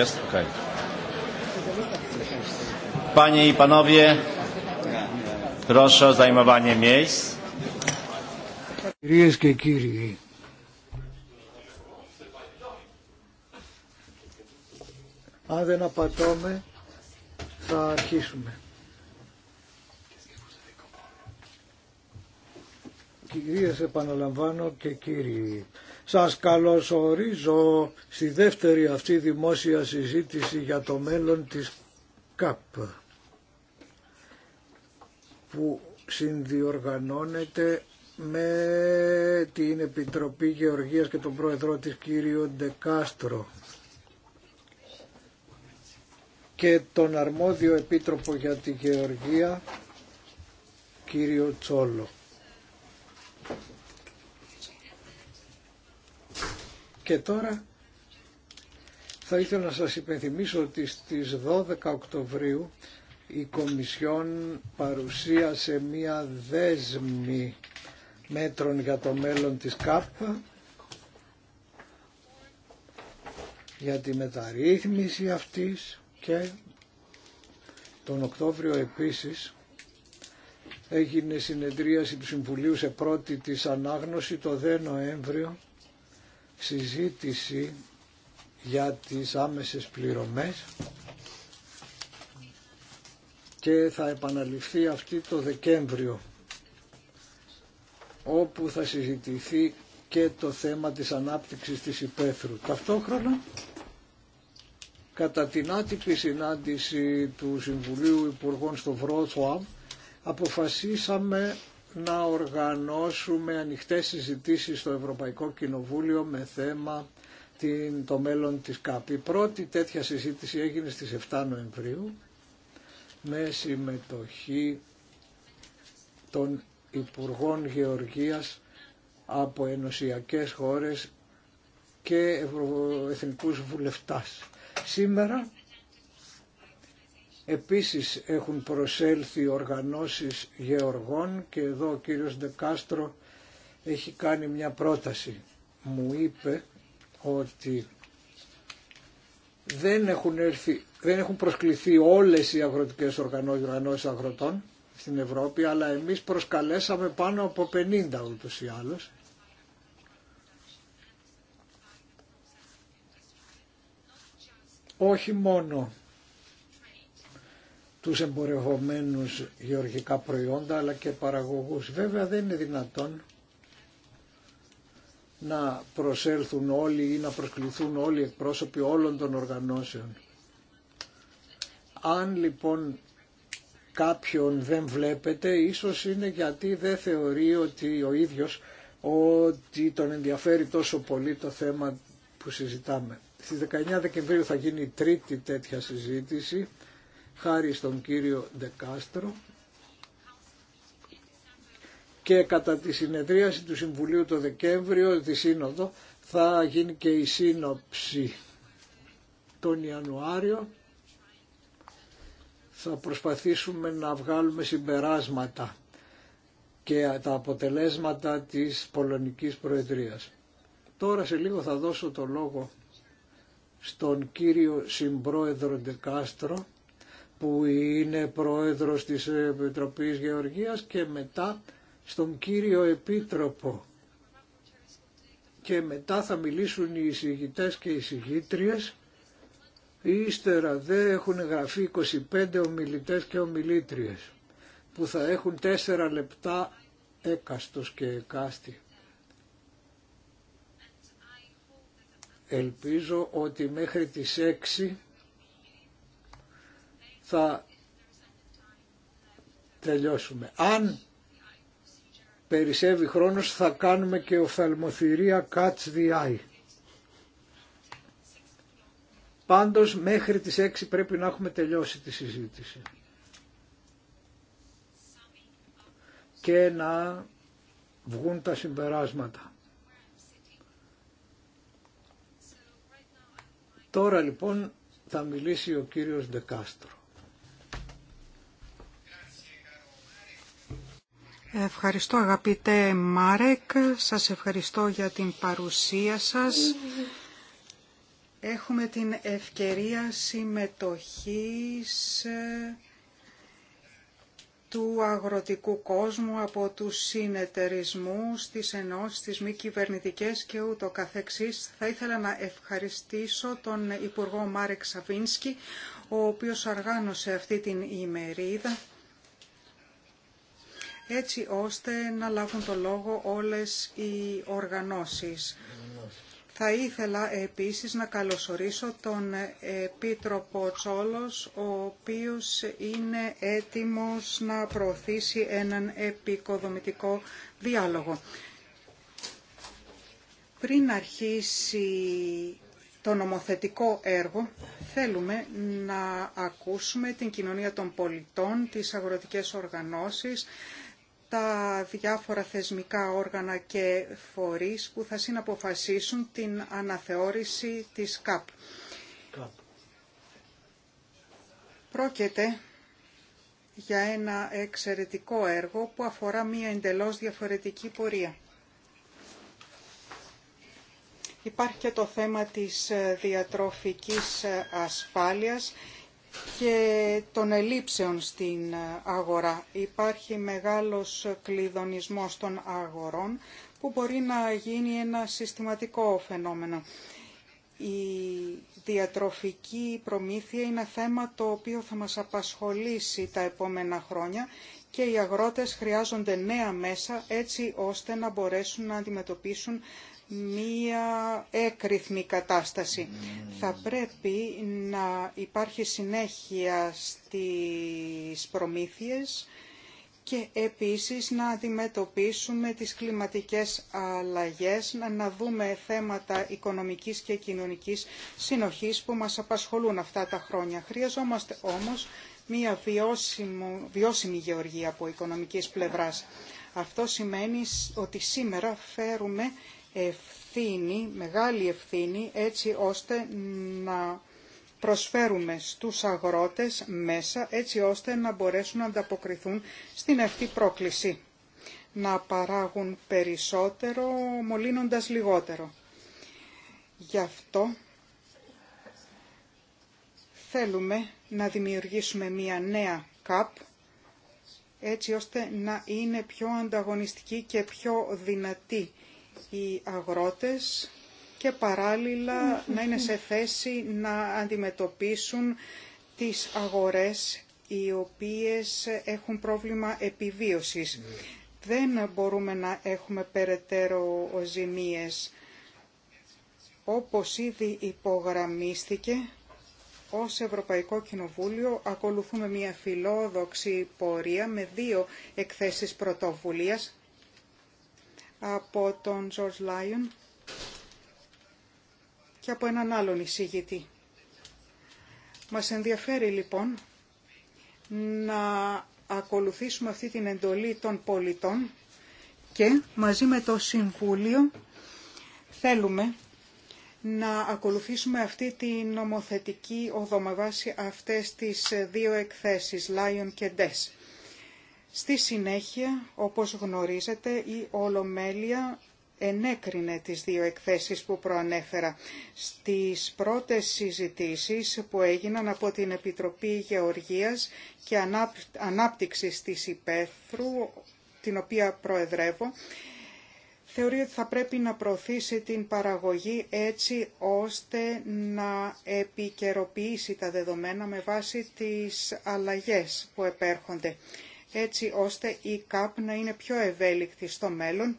Jest? Okej. Okay. Panie i panowie, proszę o zajmowanie miejsc. Κυρίες επαναλαμβάνω και κύριοι, σας καλωσορίζω στη δεύτερη αυτή δημόσια συζήτηση για το μέλλον της ΚΑΠ που συνδιοργανώνεται με την Επιτροπή Γεωργίας και τον Πρόεδρό της κύριο Ντεκάστρο και τον αρμόδιο Επίτροπο για τη Γεωργία κύριο Τσόλο. Και τώρα θα ήθελα να σας υπενθυμίσω ότι στις 12 Οκτωβρίου η Κομισιόν παρουσίασε μία δέσμη μέτρων για το μέλλον της ΚΑΠ για τη μεταρρύθμιση αυτής και τον Οκτώβριο επίσης έγινε συνεδρίαση του Συμβουλίου σε πρώτη της ανάγνωση το 10 Νοέμβριο συζήτηση για τις άμεσες πληρωμές και θα επαναληφθεί αυτή το Δεκέμβριο όπου θα συζητηθεί και το θέμα της ανάπτυξης της υπαίθρου. Ταυτόχρονα κατά την άτυπη συνάντηση του Συμβουλίου Υπουργών στο Βρόθουα αποφασίσαμε να οργανώσουμε ανοιχτές συζητήσεις στο Ευρωπαϊκό Κοινοβούλιο με θέμα την, το μέλλον της ΚΑΠΗ. Η πρώτη τέτοια συζήτηση έγινε στις 7 Νοεμβρίου με συμμετοχή των Υπουργών Γεωργίας από ενωσιακές χώρες και εθνικούς βουλευτάς. Σήμερα Επίσης έχουν προσέλθει οργανώσεις γεωργών και εδώ ο κύριος Ντεκάστρο έχει κάνει μια πρόταση. Μου είπε ότι δεν έχουν, έρθει, δεν έχουν προσκληθεί όλες οι αγροτικές οργανώσεις αγροτών στην Ευρώπη, αλλά εμείς προσκαλέσαμε πάνω από 50 ούτως ή άλλως. Όχι μόνο τους εμπορευομένους γεωργικά προϊόντα αλλά και παραγωγούς. Βέβαια δεν είναι δυνατόν να προσέλθουν όλοι ή να προσκληθούν όλοι οι εκπρόσωποι όλων των οργανώσεων. Αν λοιπόν κάποιον δεν βλέπετε, ίσως είναι γιατί δεν θεωρεί ότι ο ίδιος ότι τον ενδιαφέρει τόσο πολύ το θέμα που συζητάμε. Στις 19 Δεκεμβρίου θα γίνει η τρίτη τέτοια συζήτηση χάρη στον κύριο Ντεκάστρο και κατά τη συνεδρίαση του Συμβουλίου το Δεκέμβριο, τη Σύνοδο, θα γίνει και η σύνοψη τον Ιανουάριο. Θα προσπαθήσουμε να βγάλουμε συμπεράσματα και τα αποτελέσματα της Πολωνικής Προεδρίας. Τώρα σε λίγο θα δώσω το λόγο στον κύριο Συμπρόεδρο Ντεκάστρο που είναι πρόεδρος της Επιτροπής Γεωργίας και μετά στον κύριο Επίτροπο. Και μετά θα μιλήσουν οι εισηγητές και οι συγγήτριες. Ύστερα δε έχουν γραφεί 25 ομιλητές και ομιλήτριες που θα έχουν 4 λεπτά έκαστος και εκάστη. Ελπίζω ότι μέχρι τις 6 θα τελειώσουμε. Αν περισσεύει χρόνος θα κάνουμε και οφθαλμοθυρία Catch the Eye. Πάντως μέχρι τις 6 πρέπει να έχουμε τελειώσει τη συζήτηση. Και να βγουν τα συμπεράσματα. Τώρα λοιπόν θα μιλήσει ο κύριος Ντεκάστρο. Ευχαριστώ αγαπητέ Μάρεκ, σας ευχαριστώ για την παρουσία σας. Έχουμε την ευκαιρία συμμετοχής ε, του αγροτικού κόσμου, από τους συνεταιρισμούς, τις ενώσεις, τις μη κυβερνητικέ και ούτω καθεξής. Θα ήθελα να ευχαριστήσω τον Υπουργό Μάρεκ Σαβίνσκι, ο οποίος οργάνωσε αυτή την ημερίδα έτσι ώστε να λάβουν το λόγο όλες οι οργανώσεις. Θα ήθελα επίσης να καλωσορίσω τον Επίτροπο Τσόλος, ο οποίος είναι έτοιμος να προωθήσει έναν επικοδομητικό διάλογο. Πριν αρχίσει το νομοθετικό έργο, θέλουμε να ακούσουμε την κοινωνία των πολιτών, τις αγροτικές οργανώσεις, τα διάφορα θεσμικά όργανα και φορείς που θα συναποφασίσουν την αναθεώρηση της ΚΑΠ. Πρόκειται για ένα εξαιρετικό έργο που αφορά μία εντελώς διαφορετική πορεία. Υπάρχει και το θέμα της διατροφικής ασφάλειας και των ελλείψεων στην αγορά. Υπάρχει μεγάλος κλειδονισμός των αγορών που μπορεί να γίνει ένα συστηματικό φαινόμενο. Η διατροφική προμήθεια είναι θέμα το οποίο θα μας απασχολήσει τα επόμενα χρόνια και οι αγρότες χρειάζονται νέα μέσα έτσι ώστε να μπορέσουν να αντιμετωπίσουν μία έκρηθμη κατάσταση. Θα πρέπει να υπάρχει συνέχεια στις προμήθειες και επίσης να αντιμετωπίσουμε τις κλιματικές αλλαγές, να δούμε θέματα οικονομικής και κοινωνικής συνοχής που μας απασχολούν αυτά τα χρόνια. Χρειαζόμαστε όμως μία βιώσιμο, βιώσιμη γεωργία από οικονομικής πλευράς. Αυτό σημαίνει ότι σήμερα φέρουμε ευθύνη, μεγάλη ευθύνη, έτσι ώστε να προσφέρουμε στους αγρότες μέσα, έτσι ώστε να μπορέσουν να ανταποκριθούν στην αυτή πρόκληση. Να παράγουν περισσότερο, μολύνοντας λιγότερο. Γι' αυτό θέλουμε να δημιουργήσουμε μία νέα ΚΑΠ, έτσι ώστε να είναι πιο ανταγωνιστική και πιο δυνατή οι αγρότες και παράλληλα να είναι σε θέση να αντιμετωπίσουν τις αγορές οι οποίες έχουν πρόβλημα επιβίωσης. Δεν μπορούμε να έχουμε περαιτέρω ζημίες. Όπως ήδη υπογραμμίστηκε, ως Ευρωπαϊκό Κοινοβούλιο ακολουθούμε μια φιλόδοξη πορεία με δύο εκθέσεις πρωτοβουλίας από τον George Lyon και από έναν άλλον εισηγητή. Μας ενδιαφέρει λοιπόν να ακολουθήσουμε αυτή την εντολή των πολιτών και μαζί με το Συμβούλιο θέλουμε να ακολουθήσουμε αυτή την νομοθετική οδομαβάση αυτές τις δύο εκθέσεις, Lion και Des. Στη συνέχεια, όπως γνωρίζετε, η Ολομέλεια ενέκρινε τις δύο εκθέσεις που προανέφερα. Στις πρώτες συζητήσεις που έγιναν από την Επιτροπή Γεωργίας και Ανάπτυξης της Υπέθρου, την οποία προεδρεύω, θεωρεί ότι θα πρέπει να προωθήσει την παραγωγή έτσι ώστε να επικαιροποιήσει τα δεδομένα με βάση τις αλλαγές που επέρχονται έτσι ώστε η ΚΑΠ να είναι πιο ευέλικτη στο μέλλον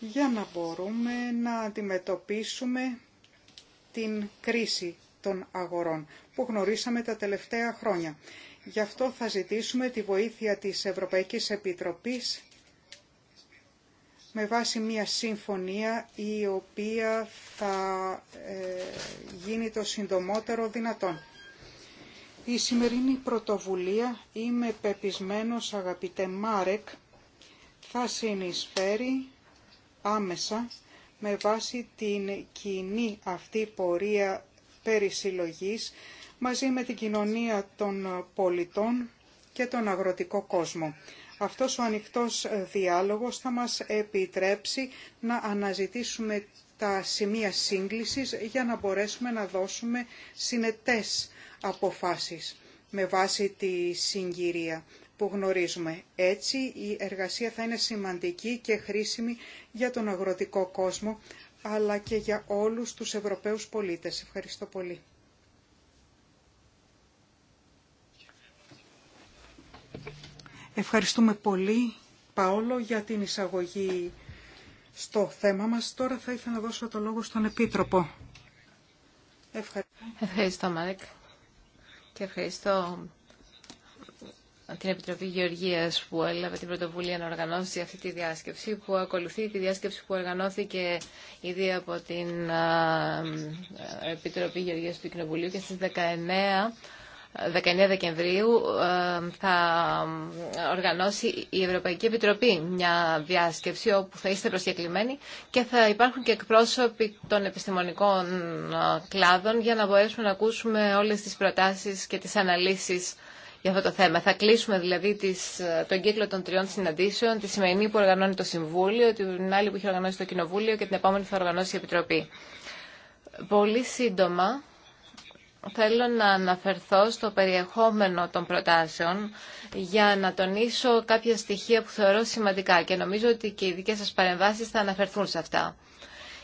για να μπορούμε να αντιμετωπίσουμε την κρίση των αγορών που γνωρίσαμε τα τελευταία χρόνια. Γι' αυτό θα ζητήσουμε τη βοήθεια της Ευρωπαϊκής Επιτροπής με βάση μια συμφωνία η οποία θα ε, γίνει το συντομότερο δυνατόν. Η σημερινή πρωτοβουλία, είμαι πεπισμένος αγαπητέ Μάρεκ, θα συνεισφέρει άμεσα με βάση την κοινή αυτή πορεία περισυλλογής μαζί με την κοινωνία των πολιτών και τον αγροτικό κόσμο. Αυτός ο ανοιχτός διάλογος θα μας επιτρέψει να αναζητήσουμε τα σημεία σύγκλησης για να μπορέσουμε να δώσουμε συνετές αποφάσεις με βάση τη συγκυρία που γνωρίζουμε. Έτσι η εργασία θα είναι σημαντική και χρήσιμη για τον αγροτικό κόσμο αλλά και για όλους τους Ευρωπαίους πολίτες. Ευχαριστώ πολύ. Ευχαριστούμε πολύ, Παόλο, για την εισαγωγή στο θέμα μας. Τώρα θα ήθελα να δώσω το λόγο στον Επίτροπο. Ευχαριστώ. Ευχαριστώ, Μάρικ. Και ευχαριστώ την Επιτροπή Γεωργίας που έλαβε την πρωτοβουλία να οργανώσει αυτή τη διάσκεψη που ακολουθεί τη διάσκεψη που οργανώθηκε ήδη από την ε, ε, Επιτροπή Γεωργίας του Κοινοβουλίου και στις 19 19 Δεκεμβρίου ε, θα οργανώσει η Ευρωπαϊκή Επιτροπή μια διάσκεψη όπου θα είστε προσκεκλημένοι και θα υπάρχουν και εκπρόσωποι των επιστημονικών ε, κλάδων για να μπορέσουμε να ακούσουμε όλες τις προτάσεις και τις αναλύσεις για αυτό το θέμα. Θα κλείσουμε δηλαδή τις, ε, τον κύκλο των τριών συναντήσεων, τη σημερινή που οργανώνει το Συμβούλιο, την άλλη που έχει οργανώσει το Κοινοβούλιο και την επόμενη που θα οργανώσει η Επιτροπή. Πολύ σύντομα, θέλω να αναφερθώ στο περιεχόμενο των προτάσεων για να τονίσω κάποια στοιχεία που θεωρώ σημαντικά και νομίζω ότι και οι δικές σας παρεμβάσεις θα αναφερθούν σε αυτά.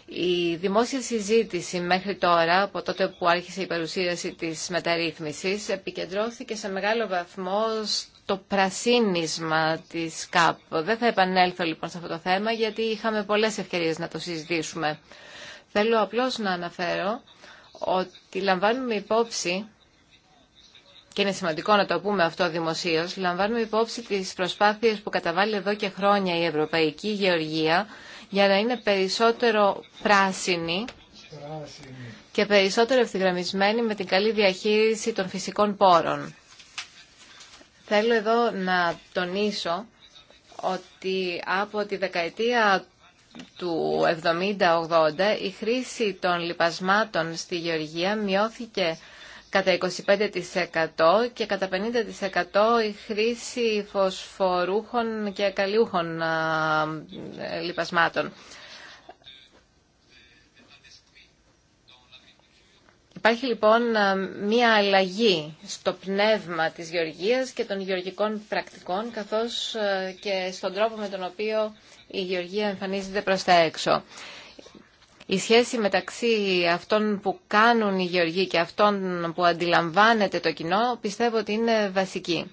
Η δημόσια συζήτηση μέχρι τώρα, από τότε που άρχισε η παρουσίαση της μεταρρύθμισης, επικεντρώθηκε σε μεγάλο βαθμό στο πρασίνισμα της ΚΑΠ. Δεν θα επανέλθω λοιπόν σε αυτό το θέμα, γιατί είχαμε πολλές ευκαιρίες να το συζητήσουμε. Θέλω απλώς να αναφέρω ότι λαμβάνουμε υπόψη και είναι σημαντικό να το πούμε αυτό δημοσίω, λαμβάνουμε υπόψη τις προσπάθειες που καταβάλει εδώ και χρόνια η Ευρωπαϊκή Γεωργία για να είναι περισσότερο πράσινη και περισσότερο ευθυγραμμισμένη με την καλή διαχείριση των φυσικών πόρων. Θέλω εδώ να τονίσω ότι από τη δεκαετία του 70-80 η χρήση των λιπασμάτων στη γεωργία μειώθηκε κατά 25% και κατά 50% η χρήση φωσφορούχων και καλλιούχων ε, λιπασμάτων. Υπάρχει λοιπόν ε, μία αλλαγή στο πνεύμα της γεωργίας και των γεωργικών πρακτικών καθώς ε, και στον τρόπο με τον οποίο η γεωργία εμφανίζεται προς τα έξω. Η σχέση μεταξύ αυτών που κάνουν οι γεωργοί και αυτών που αντιλαμβάνεται το κοινό πιστεύω ότι είναι βασική.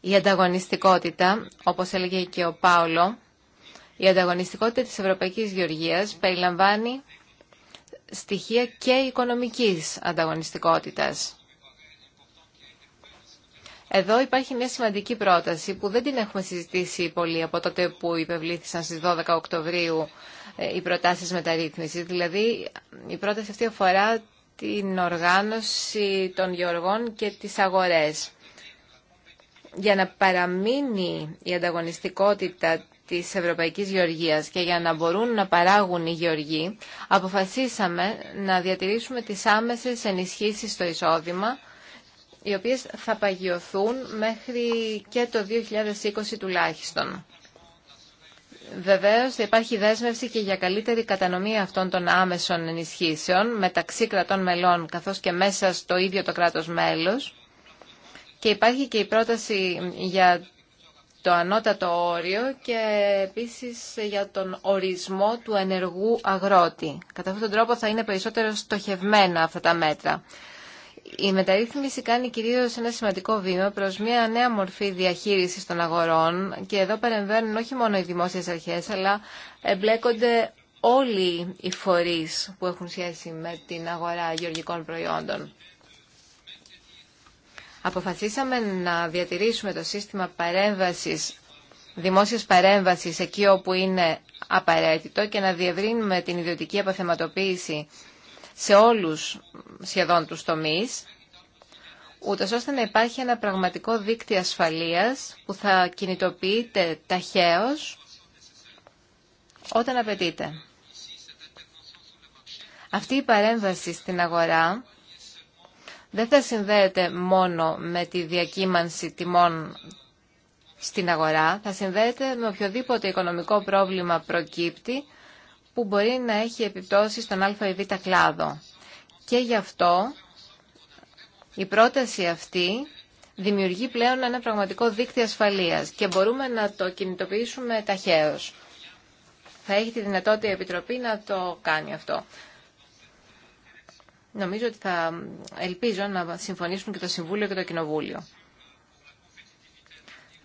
Η ανταγωνιστικότητα, όπως έλεγε και ο Πάολο, η ανταγωνιστικότητα της Ευρωπαϊκής Γεωργίας περιλαμβάνει στοιχεία και οικονομικής ανταγωνιστικότητας. Εδώ υπάρχει μια σημαντική πρόταση που δεν την έχουμε συζητήσει πολύ από τότε που υπευλήθησαν στις 12 Οκτωβρίου ε, οι προτάσεις μεταρρύθμισης. Δηλαδή η πρόταση αυτή αφορά την οργάνωση των γεωργών και τις αγορές. Για να παραμείνει η ανταγωνιστικότητα της Ευρωπαϊκής Γεωργίας και για να μπορούν να παράγουν οι γεωργοί, αποφασίσαμε να διατηρήσουμε τις άμεσες ενισχύσεις στο εισόδημα, οι οποίες θα παγιωθούν μέχρι και το 2020 τουλάχιστον. Βεβαίως θα υπάρχει δέσμευση και για καλύτερη κατανομή αυτών των άμεσων ενισχύσεων μεταξύ κρατών μελών καθώς και μέσα στο ίδιο το κράτος μέλος. Και υπάρχει και η πρόταση για το ανώτατο όριο και επίσης για τον ορισμό του ενεργού αγρότη. Κατά αυτόν τον τρόπο θα είναι περισσότερο στοχευμένα αυτά τα μέτρα. Η μεταρρύθμιση κάνει κυρίως ένα σημαντικό βήμα προς μια νέα μορφή διαχείρισης των αγορών και εδώ παρεμβαίνουν όχι μόνο οι δημόσιες αρχές αλλά εμπλέκονται όλοι οι φορείς που έχουν σχέση με την αγορά γεωργικών προϊόντων. Αποφασίσαμε να διατηρήσουμε το σύστημα παρέμβασης, δημόσιας παρέμβασης εκεί όπου είναι απαραίτητο και να διευρύνουμε την ιδιωτική αποθεματοποίηση σε όλους σχεδόν τους τομείς, ούτω ώστε να υπάρχει ένα πραγματικό δίκτυο ασφαλείας που θα κινητοποιείται ταχαίως όταν απαιτείται. Αυτή η παρέμβαση στην αγορά δεν θα συνδέεται μόνο με τη διακύμανση τιμών στην αγορά, θα συνδέεται με οποιοδήποτε οικονομικό πρόβλημα προκύπτει που μπορεί να έχει επιπτώσει στον α ή β κλάδο. Και γι' αυτό η πρόταση αυτή δημιουργεί πλέον ένα πραγματικό δίκτυο ασφαλείας και μπορούμε να το κινητοποιήσουμε ταχαίως. Θα έχει τη δυνατότητα η Επιτροπή να το κάνει αυτό νομίζω ότι θα ελπίζω να συμφωνήσουν και το Συμβούλιο και το Κοινοβούλιο.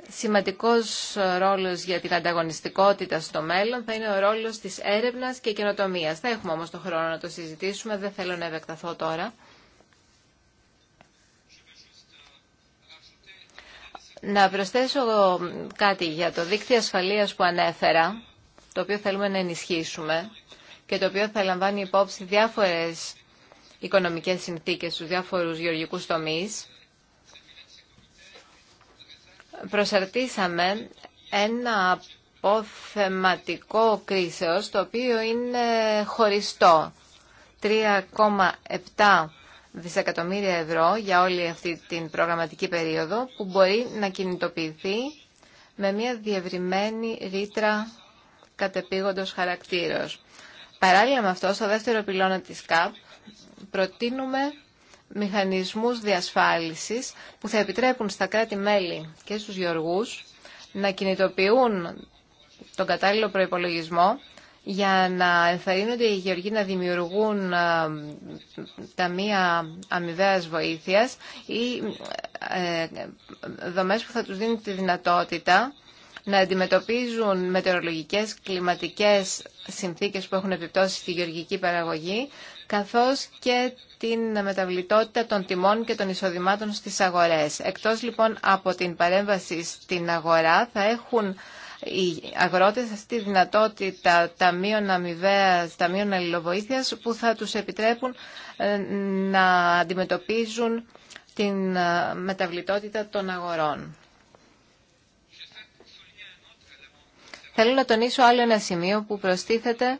Σημαντικός ρόλος για την ανταγωνιστικότητα στο μέλλον θα είναι ο ρόλος της έρευνας και καινοτομίας. Θα έχουμε όμως το χρόνο να το συζητήσουμε, δεν θέλω να επεκταθώ τώρα. Να προσθέσω κάτι για το δίκτυο ασφαλείας που ανέφερα, το οποίο θέλουμε να ενισχύσουμε και το οποίο θα λαμβάνει υπόψη διάφορες οικονομικές συνθήκες στους διάφορους γεωργικούς τομείς, προσαρτήσαμε ένα αποθεματικό κρίσεως, το οποίο είναι χωριστό. 3,7 δισεκατομμύρια ευρώ για όλη αυτή την προγραμματική περίοδο που μπορεί να κινητοποιηθεί με μια διευρυμένη ρήτρα κατεπήγοντος χαρακτήρος. Παράλληλα με αυτό, στο δεύτερο πυλώνα της ΚΑΠ προτείνουμε μηχανισμούς διασφάλισης που θα επιτρέπουν στα κράτη-μέλη και στους γεωργούς να κινητοποιούν τον κατάλληλο προϋπολογισμό για να ενθαρρύνονται οι γεωργοί να δημιουργούν ε, ταμεία αμοιβαίας βοήθειας ή ε, δομές που θα τους δίνουν τη δυνατότητα να αντιμετωπίζουν μετεωρολογικές, κλιματικές συνθήκες που έχουν επιπτώσει στη γεωργική παραγωγή καθώς και την μεταβλητότητα των τιμών και των εισοδημάτων στις αγορές. Εκτός λοιπόν από την παρέμβαση στην αγορά θα έχουν οι αγρότες τη δυνατότητα ταμείων αμοιβαίας, ταμείων αλληλοβοήθειας που θα τους επιτρέπουν ε, να αντιμετωπίζουν την ε, μεταβλητότητα των αγορών. Θέλω να τονίσω άλλο ένα σημείο που προστίθεται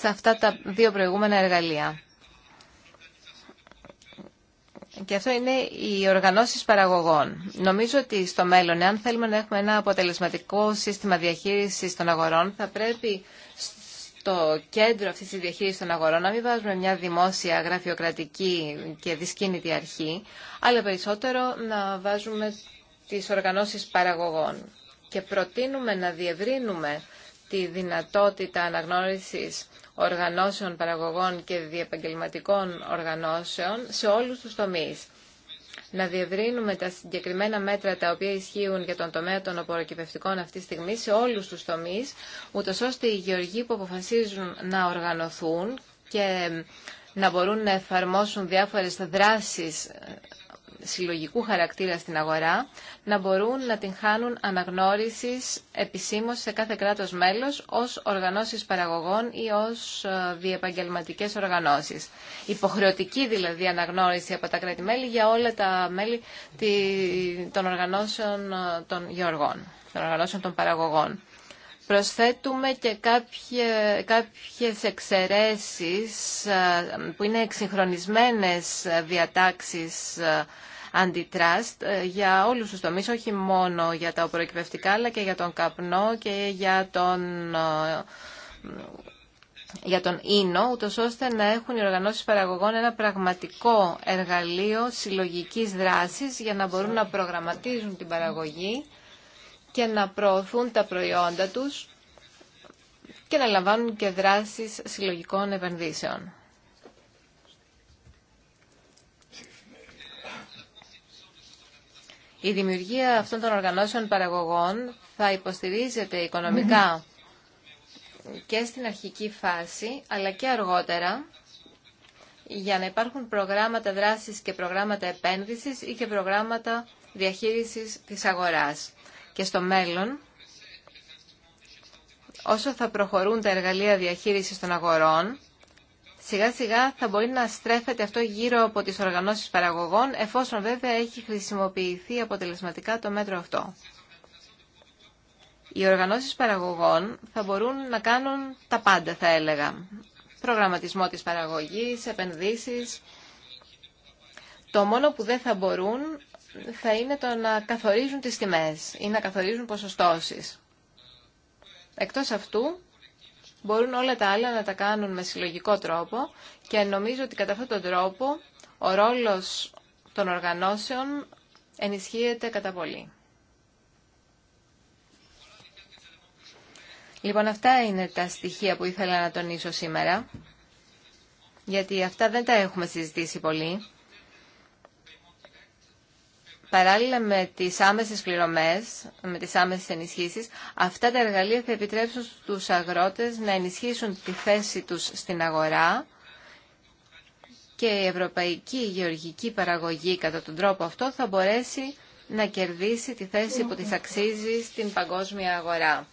σε αυτά τα δύο προηγούμενα εργαλεία. Και αυτό είναι οι οργανώσει παραγωγών. Νομίζω ότι στο μέλλον, εάν θέλουμε να έχουμε ένα αποτελεσματικό σύστημα διαχείριση των αγορών, θα πρέπει στο κέντρο αυτή τη διαχείριση των αγορών να μην βάζουμε μια δημόσια γραφειοκρατική και δυσκίνητη αρχή, αλλά περισσότερο να βάζουμε τι οργανώσει παραγωγών. Και προτείνουμε να διευρύνουμε τη δυνατότητα αναγνώρισης οργανώσεων παραγωγών και διεπαγγελματικών οργανώσεων σε όλους τους τομείς. Να διευρύνουμε τα συγκεκριμένα μέτρα τα οποία ισχύουν για τον τομέα των οποροκυπευτικών αυτή τη στιγμή σε όλους τους τομείς, ούτω ώστε οι γεωργοί που αποφασίζουν να οργανωθούν και να μπορούν να εφαρμόσουν διάφορες δράσεις συλλογικού χαρακτήρα στην αγορά να μπορούν να την χάνουν αναγνώρισης επισήμως σε κάθε κράτος μέλος ως οργανώσεις παραγωγών ή ως ε, διεπαγγελματικές οργανώσεις. Υποχρεωτική δηλαδή αναγνώριση από τα κράτη-μέλη για όλα τα μέλη των οργανώσεων ε, των γεωργών, των οργανώσεων των παραγωγών. Προσθέτουμε και κάποιες εξαιρέσεις ε, που είναι εξυγχρονισμένες διατάξεις αντιτράστ ε, για όλους τους τομείς, όχι μόνο για τα προεκπαιδευτικά, αλλά και για τον καπνό και για τον ε, για τον ίνο, ούτω ώστε να έχουν οι οργανώσει παραγωγών ένα πραγματικό εργαλείο συλλογική δράση για να μπορούν να προγραμματίζουν την παραγωγή και να προωθούν τα προϊόντα τους και να λαμβάνουν και δράσεις συλλογικών επενδύσεων. Η δημιουργία αυτών των οργανώσεων παραγωγών θα υποστηρίζεται οικονομικά και στην αρχική φάση, αλλά και αργότερα, για να υπάρχουν προγράμματα δράσης και προγράμματα επένδυσης ή και προγράμματα διαχείρισης της αγοράς. Και στο μέλλον, όσο θα προχωρούν τα εργαλεία διαχείρισης των αγορών, Σιγά σιγά θα μπορεί να στρέφεται αυτό γύρω από τις οργανώσεις παραγωγών, εφόσον βέβαια έχει χρησιμοποιηθεί αποτελεσματικά το μέτρο αυτό. Οι οργανώσεις παραγωγών θα μπορούν να κάνουν τα πάντα, θα έλεγα. Προγραμματισμό της παραγωγής, επενδύσεις. Το μόνο που δεν θα μπορούν θα είναι το να καθορίζουν τις τιμές ή να καθορίζουν ποσοστώσεις. Εκτός αυτού, Μπορούν όλα τα άλλα να τα κάνουν με συλλογικό τρόπο και νομίζω ότι κατά αυτόν τον τρόπο ο ρόλος των οργανώσεων ενισχύεται κατά πολύ. Λοιπόν, αυτά είναι τα στοιχεία που ήθελα να τονίσω σήμερα, γιατί αυτά δεν τα έχουμε συζητήσει πολύ. Παράλληλα με τις άμεσες πληρωμές, με τις άμεσες ενισχύσεις, αυτά τα εργαλεία θα επιτρέψουν στους αγρότες να ενισχύσουν τη θέση τους στην αγορά και η ευρωπαϊκή γεωργική παραγωγή κατά τον τρόπο αυτό θα μπορέσει να κερδίσει τη θέση που της αξίζει στην παγκόσμια αγορά.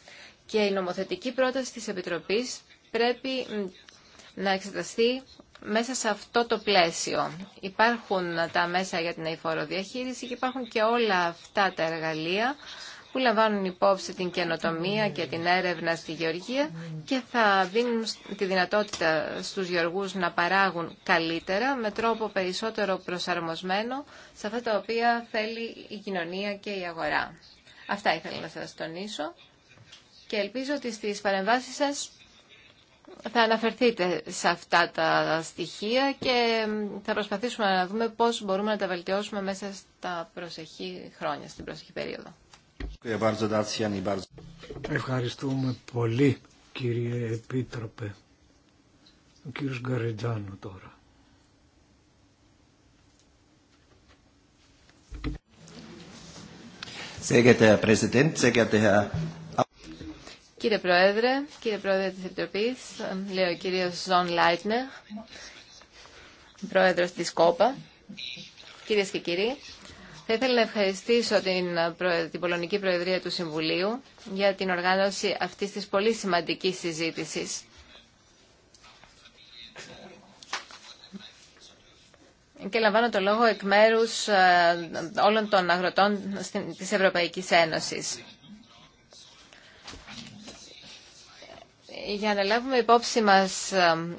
Και η νομοθετική πρόταση της Επιτροπής πρέπει να εξεταστεί μέσα σε αυτό το πλαίσιο υπάρχουν τα μέσα για την αηφοροδιαχείριση και υπάρχουν και όλα αυτά τα εργαλεία που λαμβάνουν υπόψη την καινοτομία και την έρευνα στη γεωργία και θα δίνουν τη δυνατότητα στους γεωργούς να παράγουν καλύτερα με τρόπο περισσότερο προσαρμοσμένο σε αυτά τα οποία θέλει η κοινωνία και η αγορά. Αυτά ήθελα να σας τονίσω και ελπίζω ότι στις παρεμβάσεις σας θα αναφερθείτε σε αυτά τα στοιχεία και θα προσπαθήσουμε να δούμε πώς μπορούμε να τα βελτιώσουμε μέσα στα προσεχή χρόνια, στην προσεχή περίοδο. Ευχαριστούμε πολύ κύριε Επίτροπε. Ο κύριος Γκαριτζάνο τώρα. Sehr geehrter Herr Präsident, sehr geehrter Herr Κύριε Πρόεδρε, κύριε Πρόεδρε της Επιτροπής, λέει ο κύριος Ζων Λάιτνερ, Πρόεδρος της ΚΟΠΑ, κύριε και κύριοι, θα ήθελα να ευχαριστήσω την, την Πολωνική Προεδρία του Συμβουλίου για την οργάνωση αυτής της πολύ σημαντικής συζήτησης. και λαμβάνω το λόγο εκ μέρους ε, όλων των αγροτών της Ευρωπαϊκής Ένωσης. για να λάβουμε υπόψη μας ε,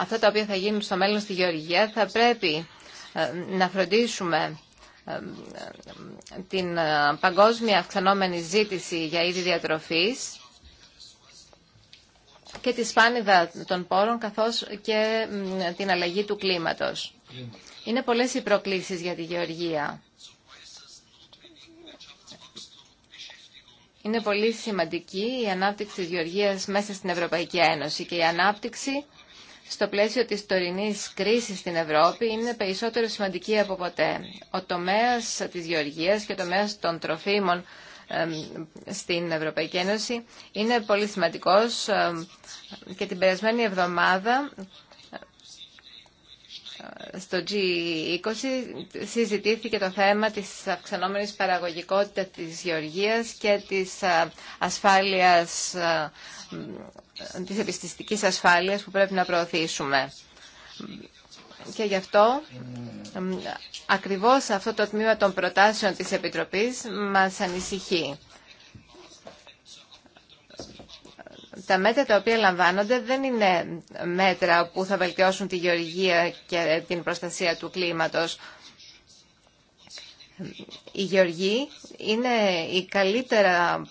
αυτά τα οποία θα γίνουν στο μέλλον στη Γεωργία, θα πρέπει ε, να φροντίσουμε ε, την παγκόσμια αυξανόμενη ζήτηση για είδη διατροφής και τη σπάνιδα των πόρων καθώς και την αλλαγή του κλίματος. Είναι πολλές οι προκλήσεις για τη γεωργία. Είναι πολύ σημαντική η ανάπτυξη γεωργίας μέσα στην Ευρωπαϊκή Ένωση και η ανάπτυξη στο πλαίσιο της τωρινής κρίσης στην Ευρώπη είναι περισσότερο σημαντική από ποτέ. Ο τομέας της γεωργίας και ο τομέας των τροφίμων στην Ευρωπαϊκή Ένωση είναι πολύ σημαντικός και την περασμένη εβδομάδα στο G20 συζητήθηκε το θέμα της αυξανόμενης παραγωγικότητας της γεωργίας και της ε, ασφάλειας, ε, της επιστηστικής ασφάλειας που πρέπει να προωθήσουμε. Και γι' αυτό ακριβώς αυτό το τμήμα των προτάσεων της Επιτροπής μας ανησυχεί. τα μέτρα τα οποία λαμβάνονται δεν είναι μέτρα που θα βελτιώσουν τη γεωργία και την προστασία του κλίματος. Η γεωργοί είναι η καλύτερα,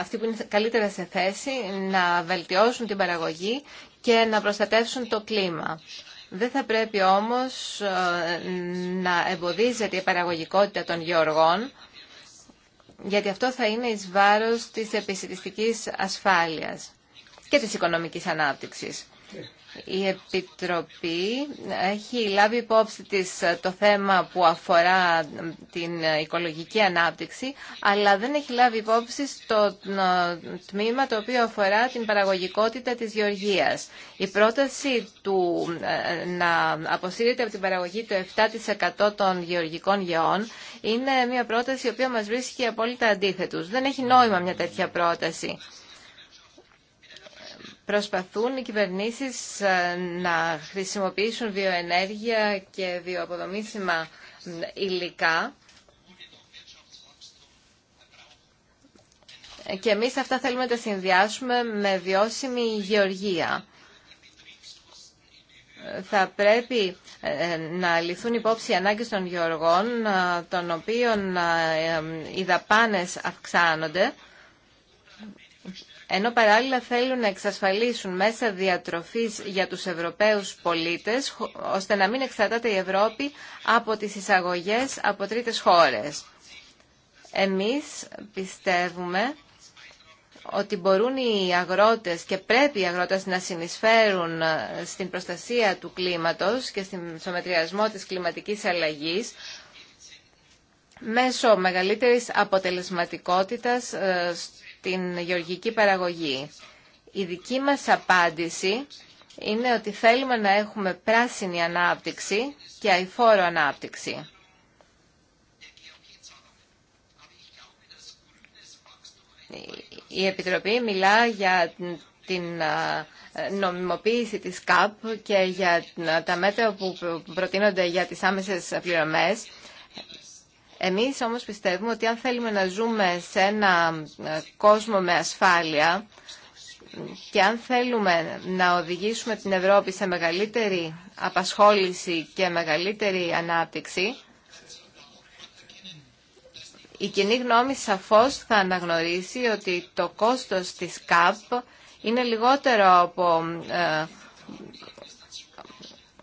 αυτοί που είναι καλύτερα σε θέση να βελτιώσουν την παραγωγή και να προστατεύσουν το κλίμα. Δεν θα πρέπει όμως ε, να εμποδίζεται η παραγωγικότητα των γεωργών γιατί αυτό θα είναι εις βάρος της επιστημιστικής ασφάλειας και της οικονομικής ανάπτυξης. Η Επιτροπή έχει λάβει υπόψη της το θέμα που αφορά την οικολογική ανάπτυξη, αλλά δεν έχει λάβει υπόψη το ε, τμήμα το οποίο αφορά την παραγωγικότητα της γεωργίας. Η πρόταση του ε, να αποσύρεται από την παραγωγή το 7% των γεωργικών γεών είναι μια πρόταση η οποία μας βρίσκει απόλυτα αντίθετους. Δεν έχει νόημα μια τέτοια πρόταση. Προσπαθούν οι κυβερνήσεις ε, να χρησιμοποιήσουν βιοενέργεια και βιοαποδομήσιμα υλικά και εμείς αυτά θέλουμε να τα συνδυάσουμε με βιώσιμη γεωργία. Θα πρέπει ε, ε, να λυθούν υπόψη οι ανάγκες των γεωργών, των οποίων οι δαπάνες αυξάνονται ενώ παράλληλα θέλουν να εξασφαλίσουν μέσα διατροφής για τους Ευρωπαίους πολίτες, ώστε να μην εξαρτάται η Ευρώπη από τις εισαγωγές από τρίτες χώρες. Εμείς πιστεύουμε ότι μπορούν οι αγρότες και πρέπει οι αγρότες να συνεισφέρουν ε, στην προστασία του κλίματος και στο μετριασμό της κλιματικής αλλαγής μέσω μεγαλύτερης αποτελεσματικότητας ε, την γεωργική παραγωγή. Η δική μας απάντηση είναι ότι θέλουμε να έχουμε πράσινη ανάπτυξη και αηφόρο ανάπτυξη. Η Επιτροπή μιλά για την νομιμοποίηση της ΚΑΠ και για τα μέτρα που προτείνονται για τις άμεσες πληρωμές εμείς όμως πιστεύουμε ότι αν θέλουμε να ζούμε σε ένα ε, κόσμο με ασφάλεια και αν θέλουμε να οδηγήσουμε την Ευρώπη σε μεγαλύτερη απασχόληση και μεγαλύτερη ανάπτυξη, η κοινή γνώμη σαφώς θα αναγνωρίσει ότι το κόστος της ΚΑΠ είναι λιγότερο από 1%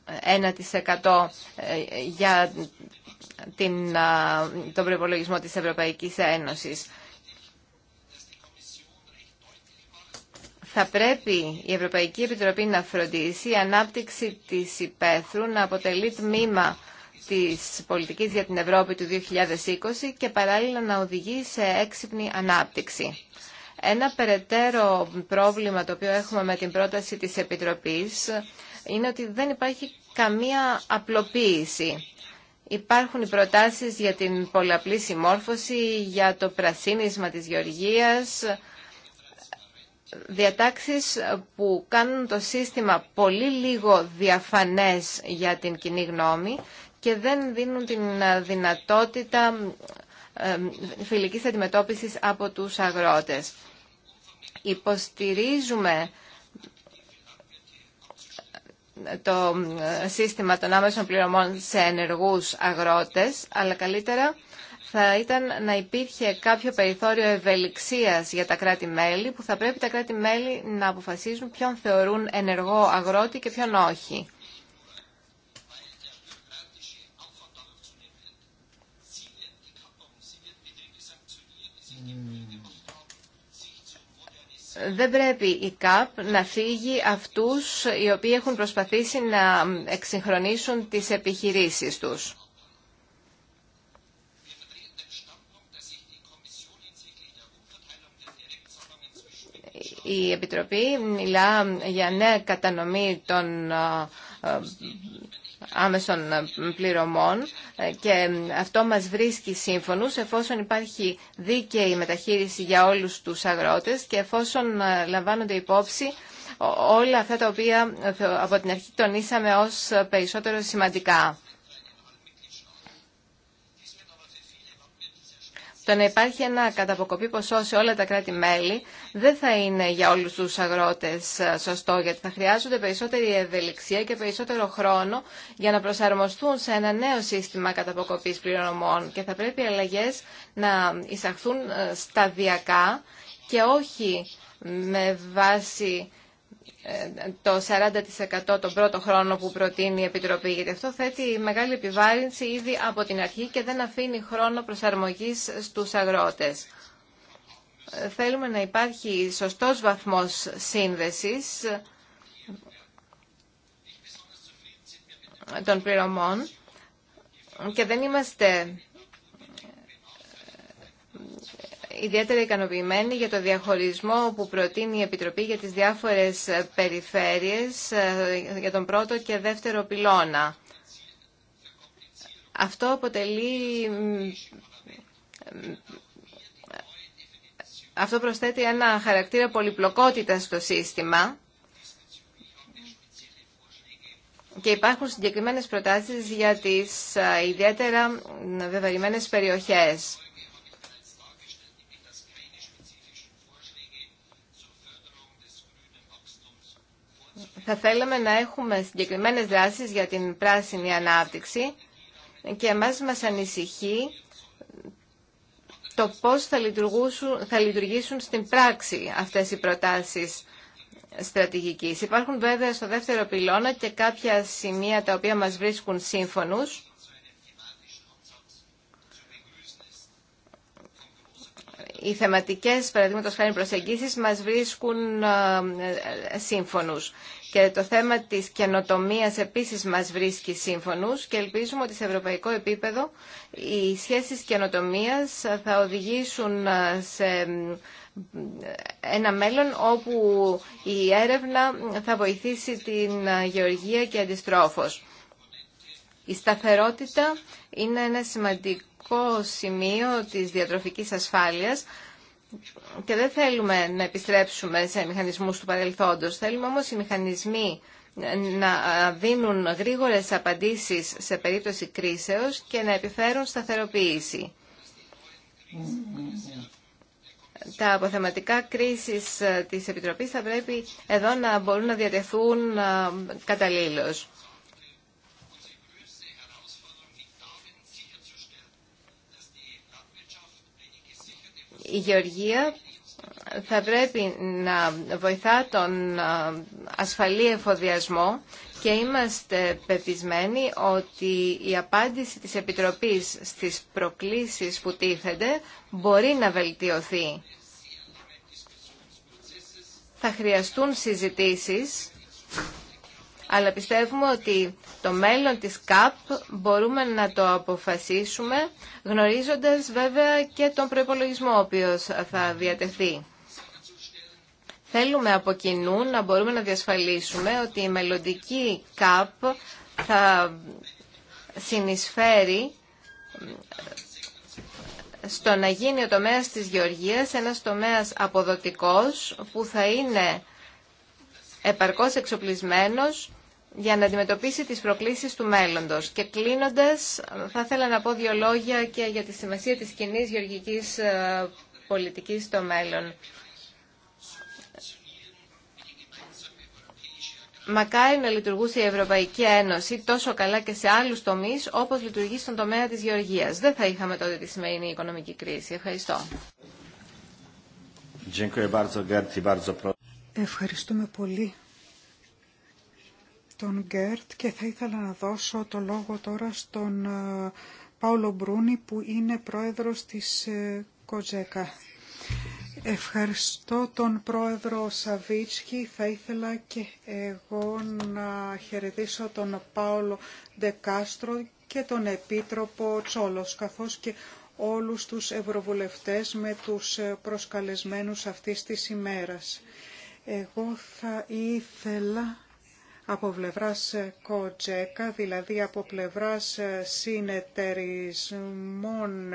ε, ε, για τον προπολογισμό της Ευρωπαϊκής Ένωσης. Θα πρέπει η Ευρωπαϊκή Επιτροπή να φροντίσει η ανάπτυξη της υπαίθρου να αποτελεί τμήμα της πολιτικής για την Ευρώπη του 2020 και παράλληλα να οδηγεί σε έξυπνη ανάπτυξη. Ένα περαιτέρω πρόβλημα το οποίο έχουμε με την πρόταση της Επιτροπής είναι ότι δεν υπάρχει καμία απλοποίηση. Υπάρχουν οι προτάσεις για την πολλαπλή συμμόρφωση, για το πρασίνισμα της γεωργίας, διατάξεις που κάνουν το σύστημα πολύ λίγο διαφανές για την κοινή γνώμη και δεν δίνουν την δυνατότητα φιλικής αντιμετώπισης από τους αγρότες. Υποστηρίζουμε το ε, σύστημα των άμεσων πληρωμών σε ενεργούς αγρότες, αλλά καλύτερα θα ήταν να υπήρχε κάποιο περιθώριο ευελιξίας για τα κράτη-μέλη, που θα πρέπει τα κράτη-μέλη να αποφασίζουν ποιον θεωρούν ενεργό αγρότη και ποιον όχι. δεν πρέπει η ΚΑΠ να φύγει αυτούς οι οποίοι έχουν προσπαθήσει να εξυγχρονίσουν τις επιχειρήσεις τους. Η Επιτροπή μιλά για νέα κατανομή των ε, άμεσων ε, πληρωμών ε, και ε, αυτό μας βρίσκει σύμφωνους εφόσον υπάρχει δίκαιη μεταχείριση για όλους τους αγρότες και εφόσον λαμβάνονται υπόψη όλα αυτά τα οποία από την αρχή τονίσαμε ως περισσότερο σημαντικά. Το να υπάρχει ένα καταποκοπή ποσό σε όλα τα κράτη-μέλη δεν θα είναι για όλους τους αγρότες ε, σωστό, γιατί θα χρειάζονται περισσότερη ευελιξία και περισσότερο χρόνο για να προσαρμοστούν σε ένα νέο σύστημα καταποκοπής πληρωμών και θα πρέπει οι αλλαγές να εισαχθούν ε, σταδιακά και όχι με βάση το 40% τον πρώτο χρόνο που προτείνει η Επιτροπή, γιατί αυτό θέτει μεγάλη επιβάρυνση ήδη από την αρχή και δεν αφήνει χρόνο προσαρμογής στους αγρότες. Θέλουμε να υπάρχει σωστός βαθμός σύνδεσης των πληρωμών και δεν είμαστε ιδιαίτερα ικανοποιημένη για το διαχωρισμό που προτείνει η Επιτροπή για τις διάφορες περιφέρειες ε, για τον πρώτο και δεύτερο πυλώνα. Αυτό αποτελεί... Αυτό προσθέτει ένα χαρακτήρα πολυπλοκότητα στο σύστημα και υπάρχουν συγκεκριμένες προτάσεις για τις ε, ιδιαίτερα βεβαρημένες περιοχές. Θα θέλαμε να έχουμε συγκεκριμένες δράσεις για την πράσινη ανάπτυξη και εμάς μας ανησυχεί το πώς θα λειτουργήσουν, θα λειτουργήσουν στην πράξη αυτές οι προτάσεις στρατηγικής. Υπάρχουν βέβαια στο δεύτερο πυλώνα και κάποια σημεία τα οποία μας βρίσκουν σύμφωνους. Οι θεματικές, παραδείγματος χάρη προσεγγίσεις, μας βρίσκουν ε, ε, σύμφωνους. Και το θέμα της καινοτομίας επίσης μας βρίσκει σύμφωνους και ελπίζουμε ότι σε ευρωπαϊκό επίπεδο οι σχέσεις καινοτομίας θα οδηγήσουν σε ένα μέλλον όπου η έρευνα θα βοηθήσει την γεωργία και αντιστρόφως. Η σταθερότητα είναι ένα σημαντικό σημείο της διατροφικής ασφάλειας και δεν θέλουμε να επιστρέψουμε σε μηχανισμούς του παρελθόντος. Θέλουμε όμως οι μηχανισμοί να δίνουν γρήγορες απαντήσεις σε περίπτωση κρίσεως και να επιφέρουν σταθεροποίηση. Τα αποθεματικά κρίσεις της Επιτροπής θα πρέπει εδώ να μπορούν να διατεθούν καταλήλως. η γεωργία θα πρέπει να βοηθά τον ασφαλή εφοδιασμό και είμαστε πεπισμένοι ότι η απάντηση της Επιτροπής στις προκλήσεις που τίθενται μπορεί να βελτιωθεί. Θα χρειαστούν συζητήσεις αλλά πιστεύουμε ότι το μέλλον της ΚΑΠ μπορούμε να το αποφασίσουμε γνωρίζοντας βέβαια και τον προϋπολογισμό ο οποίος θα διατεθεί. Θέλουμε από κοινού να μπορούμε να διασφαλίσουμε ότι η μελλοντική ΚΑΠ θα συνεισφέρει ε, στο να γίνει ο τομέας της γεωργίας ένας τομέας αποδοτικός που θα είναι επαρκώς εξοπλισμένος για να αντιμετωπίσει τις προκλήσεις του μέλλοντος. Και κλείνοντας, θα ήθελα να πω δύο λόγια και για τη σημασία της κοινή γεωργικής ε, πολιτικής στο μέλλον. Μακάρι να λειτουργούσε η Ευρωπαϊκή Ένωση τόσο καλά και σε άλλους τομείς όπως λειτουργεί στον τομέα της γεωργίας. Δεν θα είχαμε τότε τη σημερινή οικονομική κρίση. Ευχαριστώ. Ευχαριστούμε πολύ τον Γκέρτ και θα ήθελα να δώσω το λόγο τώρα στον ε, Πάολο Μπρούνι που είναι πρόεδρος της ε, Κοτζέκα. Ευχαριστώ τον πρόεδρο Σαβίτσκι. Θα ήθελα και εγώ να χαιρετήσω τον Πάολο Ντεκάστρο και τον Επίτροπο Τσόλος, καθώς και όλους τους ευρωβουλευτές με τους ε, προσκαλεσμένους αυτής της ημέρας. Εγώ θα ήθελα από πλευράς ε, Κοτζέκα, δηλαδή από πλευράς ε, συνεταιρισμών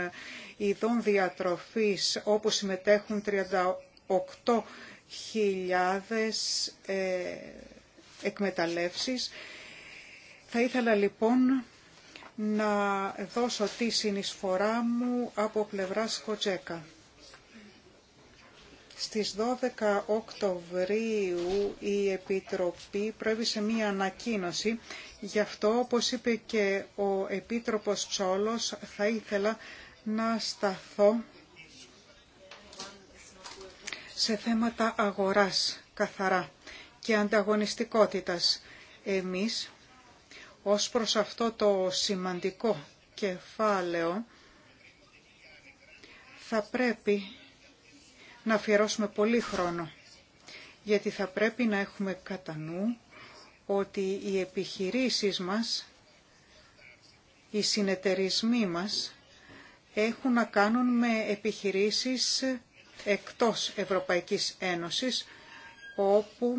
ειδών διατροφής όπου συμμετέχουν 38.000 ε, εκμεταλλεύσεις. Θα ήθελα λοιπόν να δώσω τη συνεισφορά μου από πλευράς Κοτζέκα. Στις 12 Οκτωβρίου η Επιτροπή προέβησε μία ανακοίνωση. Γι' αυτό, όπως είπε και ο Επίτροπος Τσόλος, θα ήθελα να σταθώ σε θέματα αγοράς καθαρά και ανταγωνιστικότητας. Εμείς, ως προς αυτό το σημαντικό κεφάλαιο, θα πρέπει να αφιερώσουμε πολύ χρόνο, γιατί θα πρέπει να έχουμε κατά νου ότι οι επιχειρήσεις μας, οι συνεταιρισμοί μας, έχουν να κάνουν με επιχειρήσεις εκτός Ευρωπαϊκής Ένωσης, όπου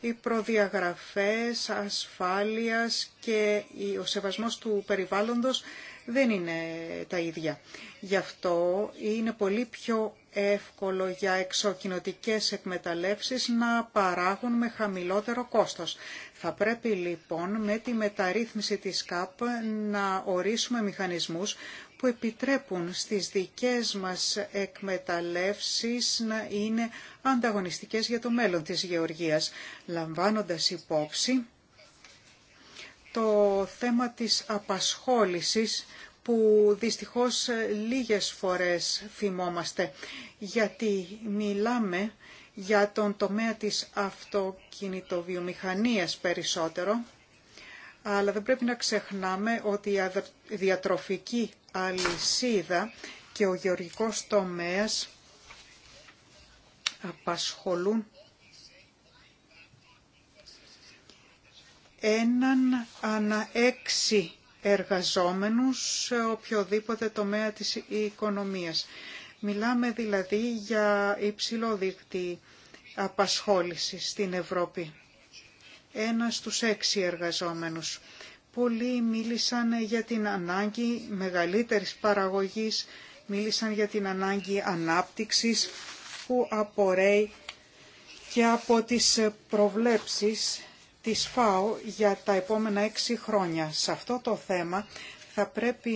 οι προδιαγραφές ασφάλειας και ο σεβασμός του περιβάλλοντος δεν είναι τα ίδια. Γι' αυτό είναι πολύ πιο εύκολο για εξοκοινωτικές εκμεταλλεύσεις να παράγουν με χαμηλότερο κόστος. Θα πρέπει λοιπόν με τη μεταρρύθμιση της ΚΑΠ να ορίσουμε μηχανισμούς που επιτρέπουν στις δικές μας εκμεταλλεύσεις να είναι ανταγωνιστικές για το μέλλον της γεωργίας, λαμβάνοντας υπόψη το θέμα της απασχόλησης που δυστυχώς ε, λίγες φορές θυμόμαστε, γιατί μιλάμε για τον τομέα της αυτοκινητοβιομηχανίας περισσότερο, αλλά δεν πρέπει να ξεχνάμε ότι η διατροφική αλυσίδα και ο γεωργικός τομέας απασχολούν έναν ανά έξι εργαζόμενους σε οποιοδήποτε τομέα της οικονομίας. Μιλάμε δηλαδή για υψηλό απασχόληση στην Ευρώπη. Ένα στους έξι εργαζόμενους. Πολλοί μίλησαν για την ανάγκη μεγαλύτερης παραγωγής, μίλησαν για την ανάγκη ανάπτυξης που απορρέει και από τις προβλέψεις της ΦΑΟ για τα επόμενα έξι χρόνια. Σε αυτό το θέμα θα πρέπει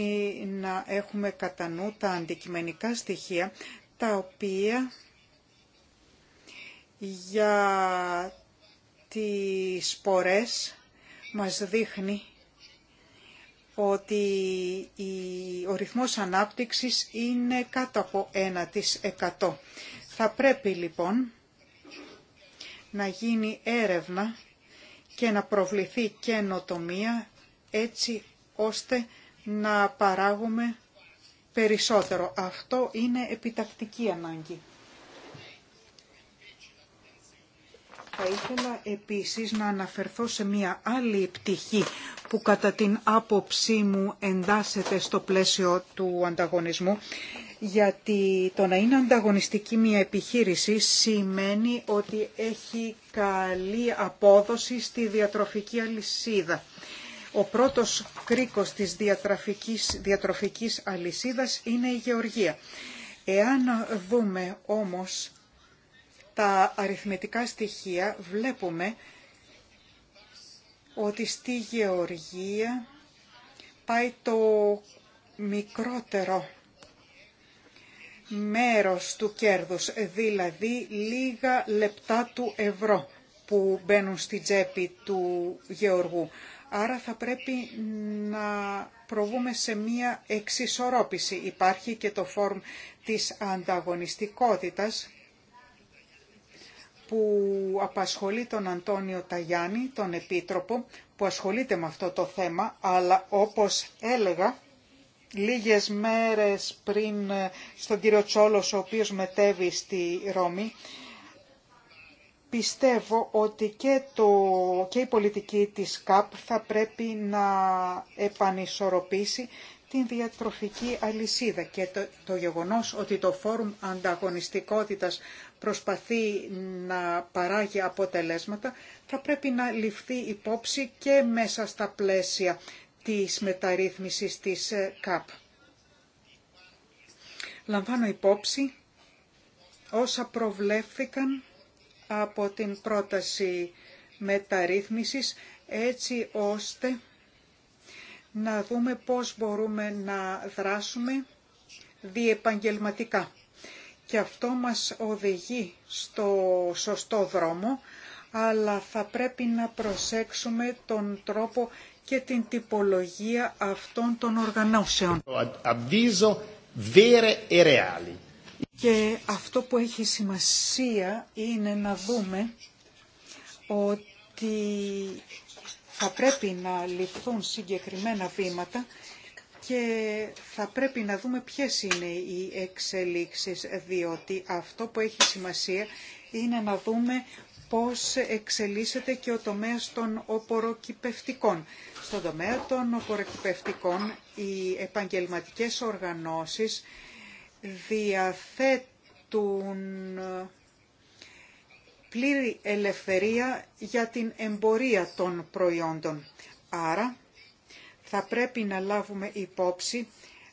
να έχουμε κατά νου τα αντικειμενικά στοιχεία τα οποία για τις πορές μας δείχνει ότι ο ρυθμός ανάπτυξης είναι κάτω από 1%. Θα πρέπει λοιπόν να γίνει έρευνα και να προβληθεί καινοτομία έτσι ώστε να παράγουμε περισσότερο. Αυτό είναι επιτακτική ανάγκη. Θα ήθελα επίσης να αναφερθώ σε μια άλλη πτυχή που κατά την άποψή μου εντάσσεται στο πλαίσιο του ανταγωνισμού, γιατί το να είναι ανταγωνιστική μια επιχείρηση σημαίνει ότι έχει καλή απόδοση στη διατροφική αλυσίδα. Ο πρώτος κρίκος της διατροφικής, διατροφικής αλυσίδας είναι η γεωργία. Εάν δούμε όμως τα αριθμητικά στοιχεία βλέπουμε ότι στη γεωργία πάει το μικρότερο μέρος του κέρδους, δηλαδή λίγα λεπτά του ευρώ που μπαίνουν στη τσέπη του γεωργού. Άρα θα πρέπει να προβούμε σε μία εξισορρόπηση. Υπάρχει και το φόρμ της ανταγωνιστικότητας που απασχολεί τον Αντώνιο Ταγιάννη, τον Επίτροπο, που ασχολείται με αυτό το θέμα, αλλά όπως έλεγα, λίγες μέρες πριν ε, στον κύριο Τσόλος, ο οποίος μετέβη στη Ρώμη, πιστεύω ότι και, το, και η πολιτική της ΚΑΠ θα πρέπει να επανισορροπήσει την διατροφική αλυσίδα και το, το γεγονός ότι το Φόρουμ Ανταγωνιστικότητας προσπαθεί να παράγει αποτελέσματα θα πρέπει να ληφθεί υπόψη και μέσα στα πλαίσια της μεταρρύθμισης της ε, ΚΑΠ. Λαμβάνω υπόψη όσα προβλέφθηκαν από την πρόταση μεταρρύθμισης έτσι ώστε να δούμε πώς μπορούμε να δράσουμε διεπαγγελματικά. Και αυτό μας οδηγεί στο σωστό δρόμο, αλλά θα πρέπει να προσέξουμε τον τρόπο και την τυπολογία αυτών των οργανώσεων. E και αυτό που έχει σημασία είναι να δούμε ότι θα πρέπει να ληφθούν συγκεκριμένα βήματα και θα πρέπει να δούμε ποιες είναι οι εξελίξεις, διότι αυτό που έχει σημασία είναι να δούμε πώς εξελίσσεται και ο τομέας των οποροκυπευτικών. Στον τομέα των οποροκυπευτικών οι επαγγελματικές οργανώσεις διαθέτουν πλήρη ελευθερία για την εμπορία των προϊόντων. Άρα θα πρέπει να λάβουμε υπόψη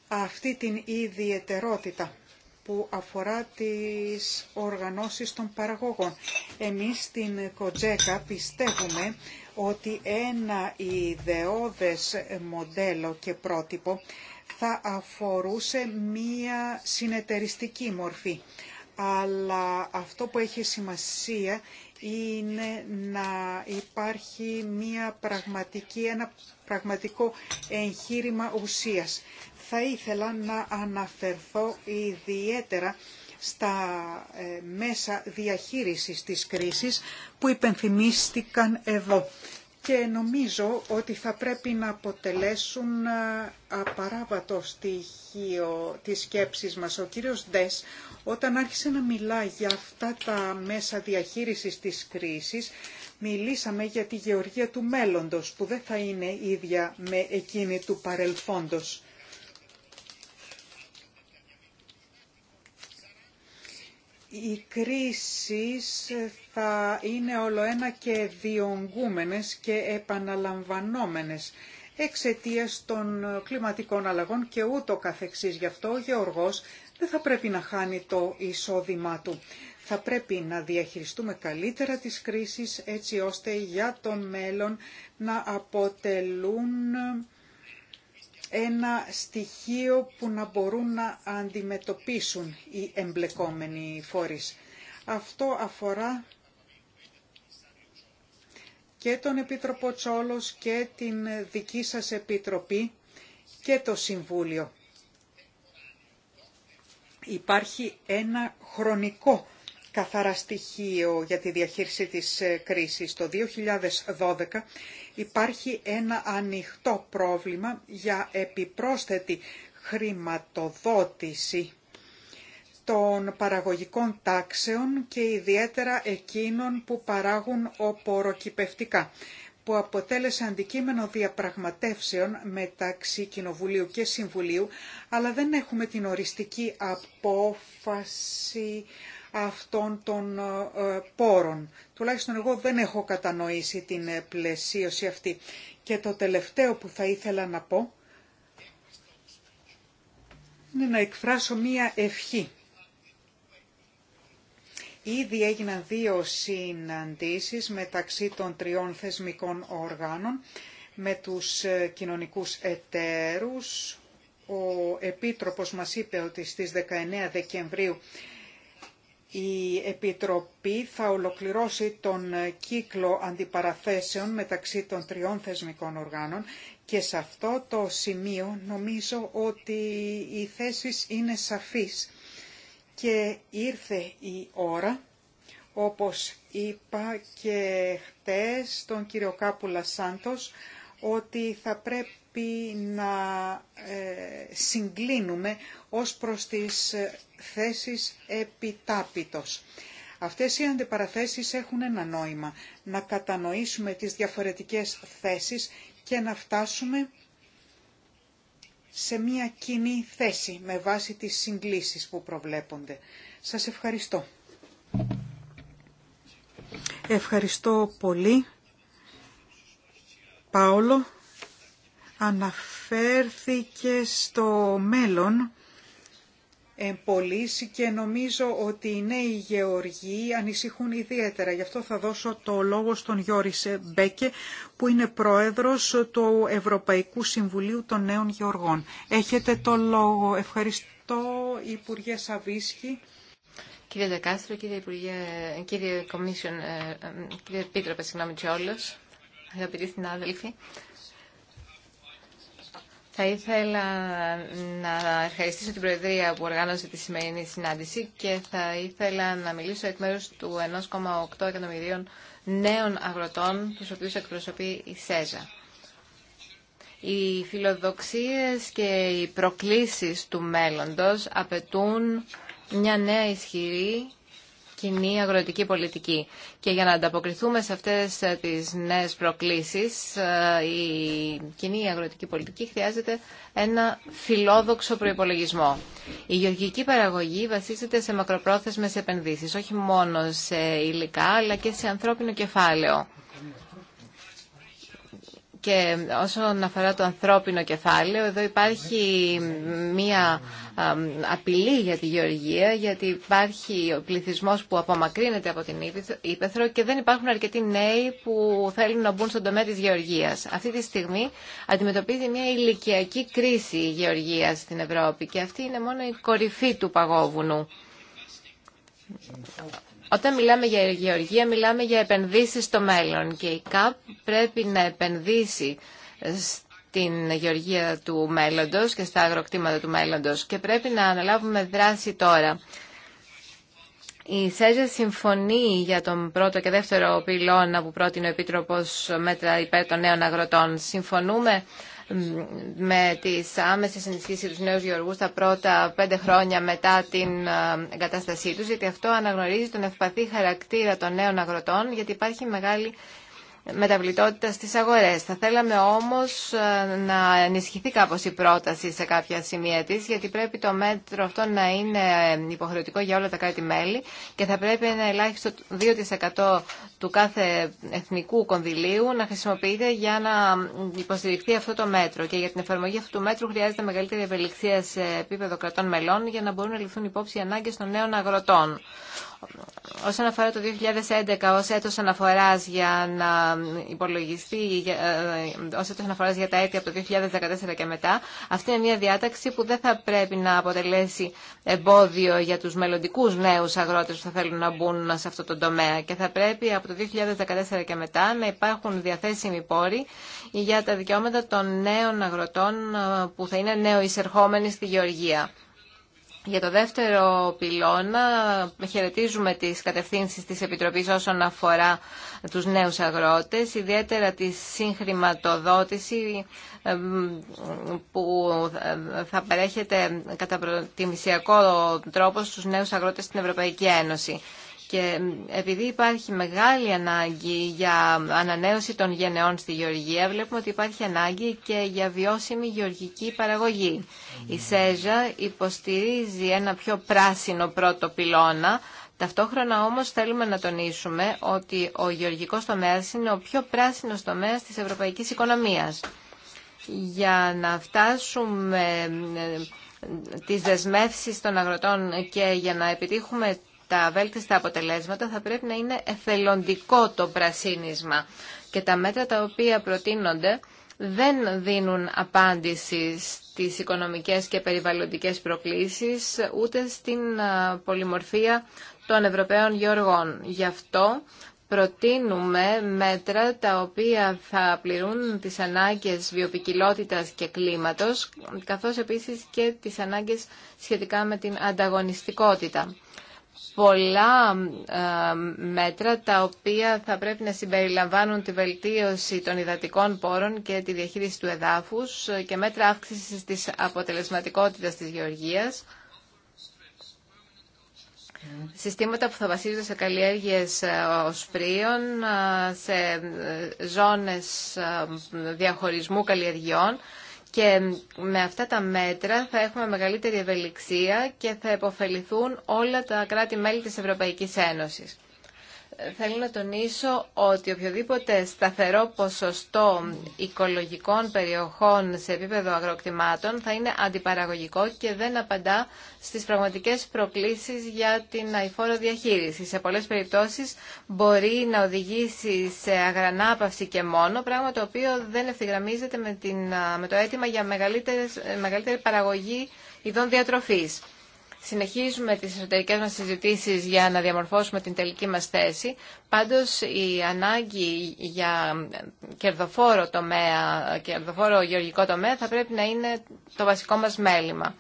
αυτή την ιδιαιτερότητα που αφορά τις οργανώσεις των παραγωγών. Εμείς στην Κοτζέκα πιστεύουμε ότι ένα ιδεώδες μοντέλο και πρότυπο θα αφορούσε μία συνεταιριστική μορφή. Αλλά αυτό που έχει σημασία είναι να υπάρχει μια πραγματική, ένα πραγματικό εγχείρημα ουσίας θα ήθελα να αναφερθώ ιδιαίτερα στα ε, μέσα διαχείρισης της κρίσης που υπενθυμίστηκαν εδώ και νομίζω ότι θα πρέπει να αποτελέσουν ε, απαράβατο στοιχείο της σκέψης μας. Ο κύριος Ντες, όταν άρχισε να μιλά για αυτά τα μέσα διαχείρισης της κρίσης, μιλήσαμε για τη γεωργία του μέλλοντος, που δεν θα είναι ίδια με εκείνη του παρελθόντος. οι κρίσεις θα είναι ολοένα και διονγκούμενες και επαναλαμβανόμενες εξαιτίας των κλιματικών αλλαγών και ούτω καθεξής. Γι' αυτό ο Γεωργός δεν θα πρέπει να χάνει το εισόδημά του. Θα πρέπει να διαχειριστούμε καλύτερα τις κρίσεις έτσι ώστε για το μέλλον να αποτελούν ένα στοιχείο που να μπορούν να αντιμετωπίσουν οι εμπλεκόμενοι φορείς. Αυτό αφορά και τον Επίτροπο Τσόλος και την δική σας Επιτροπή και το Συμβούλιο. Υπάρχει ένα χρονικό καθαρά στοιχείο για τη διαχείριση της ε, κρίσης. Το 2012 υπάρχει ένα ανοιχτό πρόβλημα για επιπρόσθετη χρηματοδότηση των παραγωγικών τάξεων και ιδιαίτερα εκείνων που παράγουν οποροκυπευτικά που αποτέλεσε αντικείμενο διαπραγματεύσεων μεταξύ Κοινοβουλίου και Συμβουλίου, αλλά δεν έχουμε την οριστική απόφαση αυτών των ε, ε, πόρων. Τουλάχιστον εγώ δεν έχω κατανοήσει την ε, πλαισίωση αυτή. Και το τελευταίο που θα ήθελα να πω είναι να εκφράσω μία ευχή. Ήδη έγιναν δύο συναντήσεις μεταξύ των τριών θεσμικών οργάνων με τους κοινωνικούς εταίρους. Ο Επίτροπος μας είπε ότι στις 19 Δεκεμβρίου η Επιτροπή θα ολοκληρώσει τον κύκλο αντιπαραθέσεων μεταξύ των τριών θεσμικών οργάνων και σε αυτό το σημείο νομίζω ότι οι θέσεις είναι σαφής και ήρθε η ώρα, όπως είπα και χτες τον κύριο Κάπουλα Σάντος, ότι θα πρέπει να ε, συγκλίνουμε ως προς τις ε, θέσεις επιτάπητος. Αυτές οι αντιπαραθέσεις έχουν ένα νόημα, να κατανοήσουμε τις διαφορετικές θέσεις και να φτάσουμε σε μία κοινή θέση με βάση τις συγκλήσεις που προβλέπονται. Σας ευχαριστώ. Ευχαριστώ πολύ. Πάολο, αναφέρθηκε στο μέλλον εμπολίσει και νομίζω ότι οι νέοι γεωργοί ανησυχούν ιδιαίτερα. Γι' αυτό θα δώσω το λόγο στον Γιώρη Μπέκε που είναι πρόεδρος του Ευρωπαϊκού Συμβουλίου των Νέων Γεωργών. Έχετε το λόγο. Ευχαριστώ Υπουργέ Σαβίσχη. Κύριε Δεκάστρο, κύριε, Υπουργέ, κύριε, Commission, ε, ε, κύριε Πίτροπε, συγγνώμη και όλους, αγαπητοί συνάδελφοι. Θα ήθελα να ευχαριστήσω την Προεδρία που οργάνωσε τη σημερινή συνάντηση και θα ήθελα να μιλήσω εκ μέρους του 1,8 εκατομμυρίων νέων αγροτών, τους οποίους εκπροσωπεί η ΣΕΖΑ. Οι φιλοδοξίες και οι προκλήσεις του μέλλοντος απαιτούν μια νέα ισχυρή κοινή αγροτική πολιτική. Και για να ανταποκριθούμε σε αυτές ε, τις νέες προκλήσεις, ε, η κοινή αγροτική πολιτική χρειάζεται ένα φιλόδοξο προϋπολογισμό. Η γεωργική παραγωγή βασίζεται σε μακροπρόθεσμες επενδύσεις, όχι μόνο σε υλικά, αλλά και σε ανθρώπινο κεφάλαιο. Και όσον αφορά το ανθρώπινο κεφάλαιο, εδώ υπάρχει μία απειλή για τη γεωργία, γιατί υπάρχει ο πληθυσμός που απομακρύνεται από την Ήπεθρο και δεν υπάρχουν αρκετοί νέοι που θέλουν να μπουν στον τομέα της γεωργίας. Αυτή τη στιγμή αντιμετωπίζει μια ηλικιακή κρίση η γεωργία στην Ευρώπη και αυτή είναι μόνο η κορυφή του παγόβουνου. Όταν μιλάμε για γεωργία, μιλάμε για επενδύσεις στο μέλλον και η ΚΑΠ πρέπει να επενδύσει στην γεωργία του μέλλοντος και στα αγροκτήματα του μέλλοντος και πρέπει να αναλάβουμε δράση τώρα. Η ΣΕΖΕ συμφωνεί για τον πρώτο και δεύτερο πυλώνα που πρότεινε ο Επίτροπος μέτρα υπέρ των νέων αγροτών. Συμφωνούμε με τις άμεσες ενισχύσεις του τους νέους γεωργούς τα πρώτα πέντε χρόνια μετά την ε, εγκατάστασή τους, γιατί αυτό αναγνωρίζει τον ευπαθή χαρακτήρα των νέων αγροτών, γιατί υπάρχει μεγάλη μεταβλητότητα στις αγορές. Θα θέλαμε όμως ε, να ενισχυθεί κάπως η πρόταση σε κάποια σημεία της, γιατί πρέπει το μέτρο αυτό να είναι υποχρεωτικό για όλα τα κράτη-μέλη και θα πρέπει ένα ελάχιστο 2% του κάθε εθνικού κονδυλίου να χρησιμοποιείται για να υποστηριχθεί αυτό το μέτρο. Και για την εφαρμογή αυτού του μέτρου χρειάζεται μεγαλύτερη ευελιξία σε επίπεδο κρατών μελών για να μπορούν να ληφθούν υπόψη οι ανάγκες των νέων αγροτών όσον αφορά το 2011 ως έτος αναφοράς για να υπολογιστεί ε, ε, ως έτος αναφοράς για τα έτη από το 2014 και μετά αυτή είναι μια διάταξη που δεν θα πρέπει να αποτελέσει εμπόδιο για τους μελλοντικού νέους αγρότες που θα θέλουν να μπουν σε αυτό το τομέα και θα πρέπει από το 2014 και μετά να υπάρχουν διαθέσιμοι πόροι για τα δικαιώματα των νέων αγροτών ε, που θα είναι νέο εισερχόμενοι στη Γεωργία. Για το δεύτερο πυλώνα χαιρετίζουμε τις κατευθύνσεις της Επιτροπής όσον αφορά τους νέους αγρότες, ιδιαίτερα τη συγχρηματοδότηση που θα παρέχεται κατά προτιμησιακό τρόπο στους νέους αγρότες στην Ευρωπαϊκή Ένωση. Και επειδή υπάρχει μεγάλη ανάγκη για ανανέωση των γενεών στη γεωργία, βλέπουμε ότι υπάρχει ανάγκη και για βιώσιμη γεωργική παραγωγή. Η ΣΕΖΑ υποστηρίζει ένα πιο πράσινο πρώτο πυλώνα, Ταυτόχρονα όμως θέλουμε να τονίσουμε ότι ο γεωργικός τομέας είναι ο πιο πράσινος τομέας της ευρωπαϊκής οικονομίας. Για να φτάσουμε ε, τις δεσμεύσεις των αγροτών και για να επιτύχουμε τα βέλτιστα αποτελέσματα θα πρέπει να είναι εθελοντικό το πρασίνισμα και τα μέτρα τα οποία προτείνονται δεν δίνουν απάντηση στις οικονομικές και περιβαλλοντικές προκλήσεις ούτε στην πολυμορφία των Ευρωπαίων γεωργών. Γι' αυτό προτείνουμε μέτρα τα οποία θα πληρούν τις ανάγκες βιοπικιλότητας και κλίματος καθώς επίσης και τις ανάγκες σχετικά με την ανταγωνιστικότητα πολλά ε, μέτρα τα οποία θα πρέπει να συμπεριλαμβάνουν τη βελτίωση των υδατικών πόρων και τη διαχείριση του εδάφους ε, και μέτρα αύξησης της αποτελεσματικότητας της γεωργίας συστήματα που θα βασίζονται σε καλλιέργειες οσπρίων, ε, σε ζώνες διαχωρισμού καλλιεργιών, και με αυτά τα μέτρα θα έχουμε μεγαλύτερη ευελιξία και θα επωφεληθούν όλα τα κράτη-μέλη της Ευρωπαϊκής Ένωσης θέλω να τονίσω ότι οποιοδήποτε σταθερό ποσοστό οικολογικών περιοχών σε επίπεδο αγροκτημάτων θα είναι αντιπαραγωγικό και δεν απαντά στις πραγματικές προκλήσεις για την αηφόρο διαχείριση. Σε πολλές περιπτώσεις μπορεί να οδηγήσει σε αγρανάπαυση και μόνο, πράγμα το οποίο δεν ευθυγραμμίζεται με, την, με το αίτημα για μεγαλύτερη παραγωγή ειδών διατροφής. Συνεχίζουμε τις εσωτερικές μας συζητήσεις για να διαμορφώσουμε την τελική μας θέση. Πάντως η ανάγκη για κερδοφόρο τομέα, κερδοφόρο γεωργικό τομέα θα πρέπει να είναι το βασικό μας μέλημα.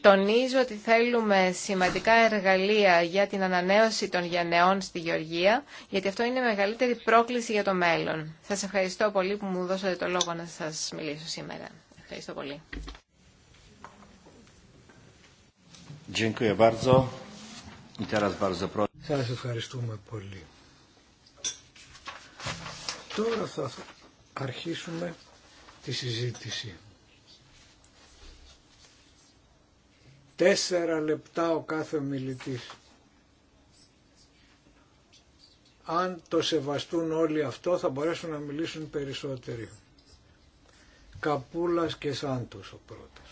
Τονίζω ότι θέλουμε σημαντικά εργαλεία για την ανανέωση των γενεών στη Γεωργία, γιατί αυτό είναι η μεγαλύτερη πρόκληση για το μέλλον. Σας ευχαριστώ πολύ που μου δώσατε το λόγο να σας μιλήσω σήμερα. Ευχαριστώ πολύ. Σας ευχαριστούμε πολύ. Τώρα θα αρχίσουμε τη συζήτηση. Τέσσερα λεπτά ο κάθε μιλητής. Αν το σεβαστούν όλοι αυτό θα μπορέσουν να μιλήσουν περισσότεροι. Καπούλας και Σάντος ο πρώτος.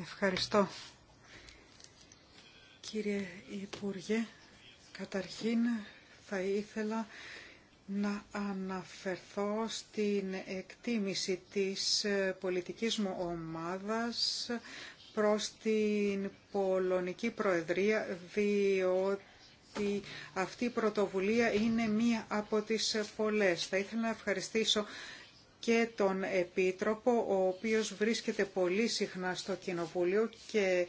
Ευχαριστώ. Κύριε Υπουργέ, καταρχήν θα ήθελα να αναφερθώ στην εκτίμηση της πολιτικής μου ομάδας προς την Πολωνική Προεδρία, διότι αυτή η πρωτοβουλία είναι μία από τις πολλές. Θα ήθελα να ευχαριστήσω και τον Επίτροπο, ο οποίος βρίσκεται πολύ συχνά στο Κοινοβούλιο και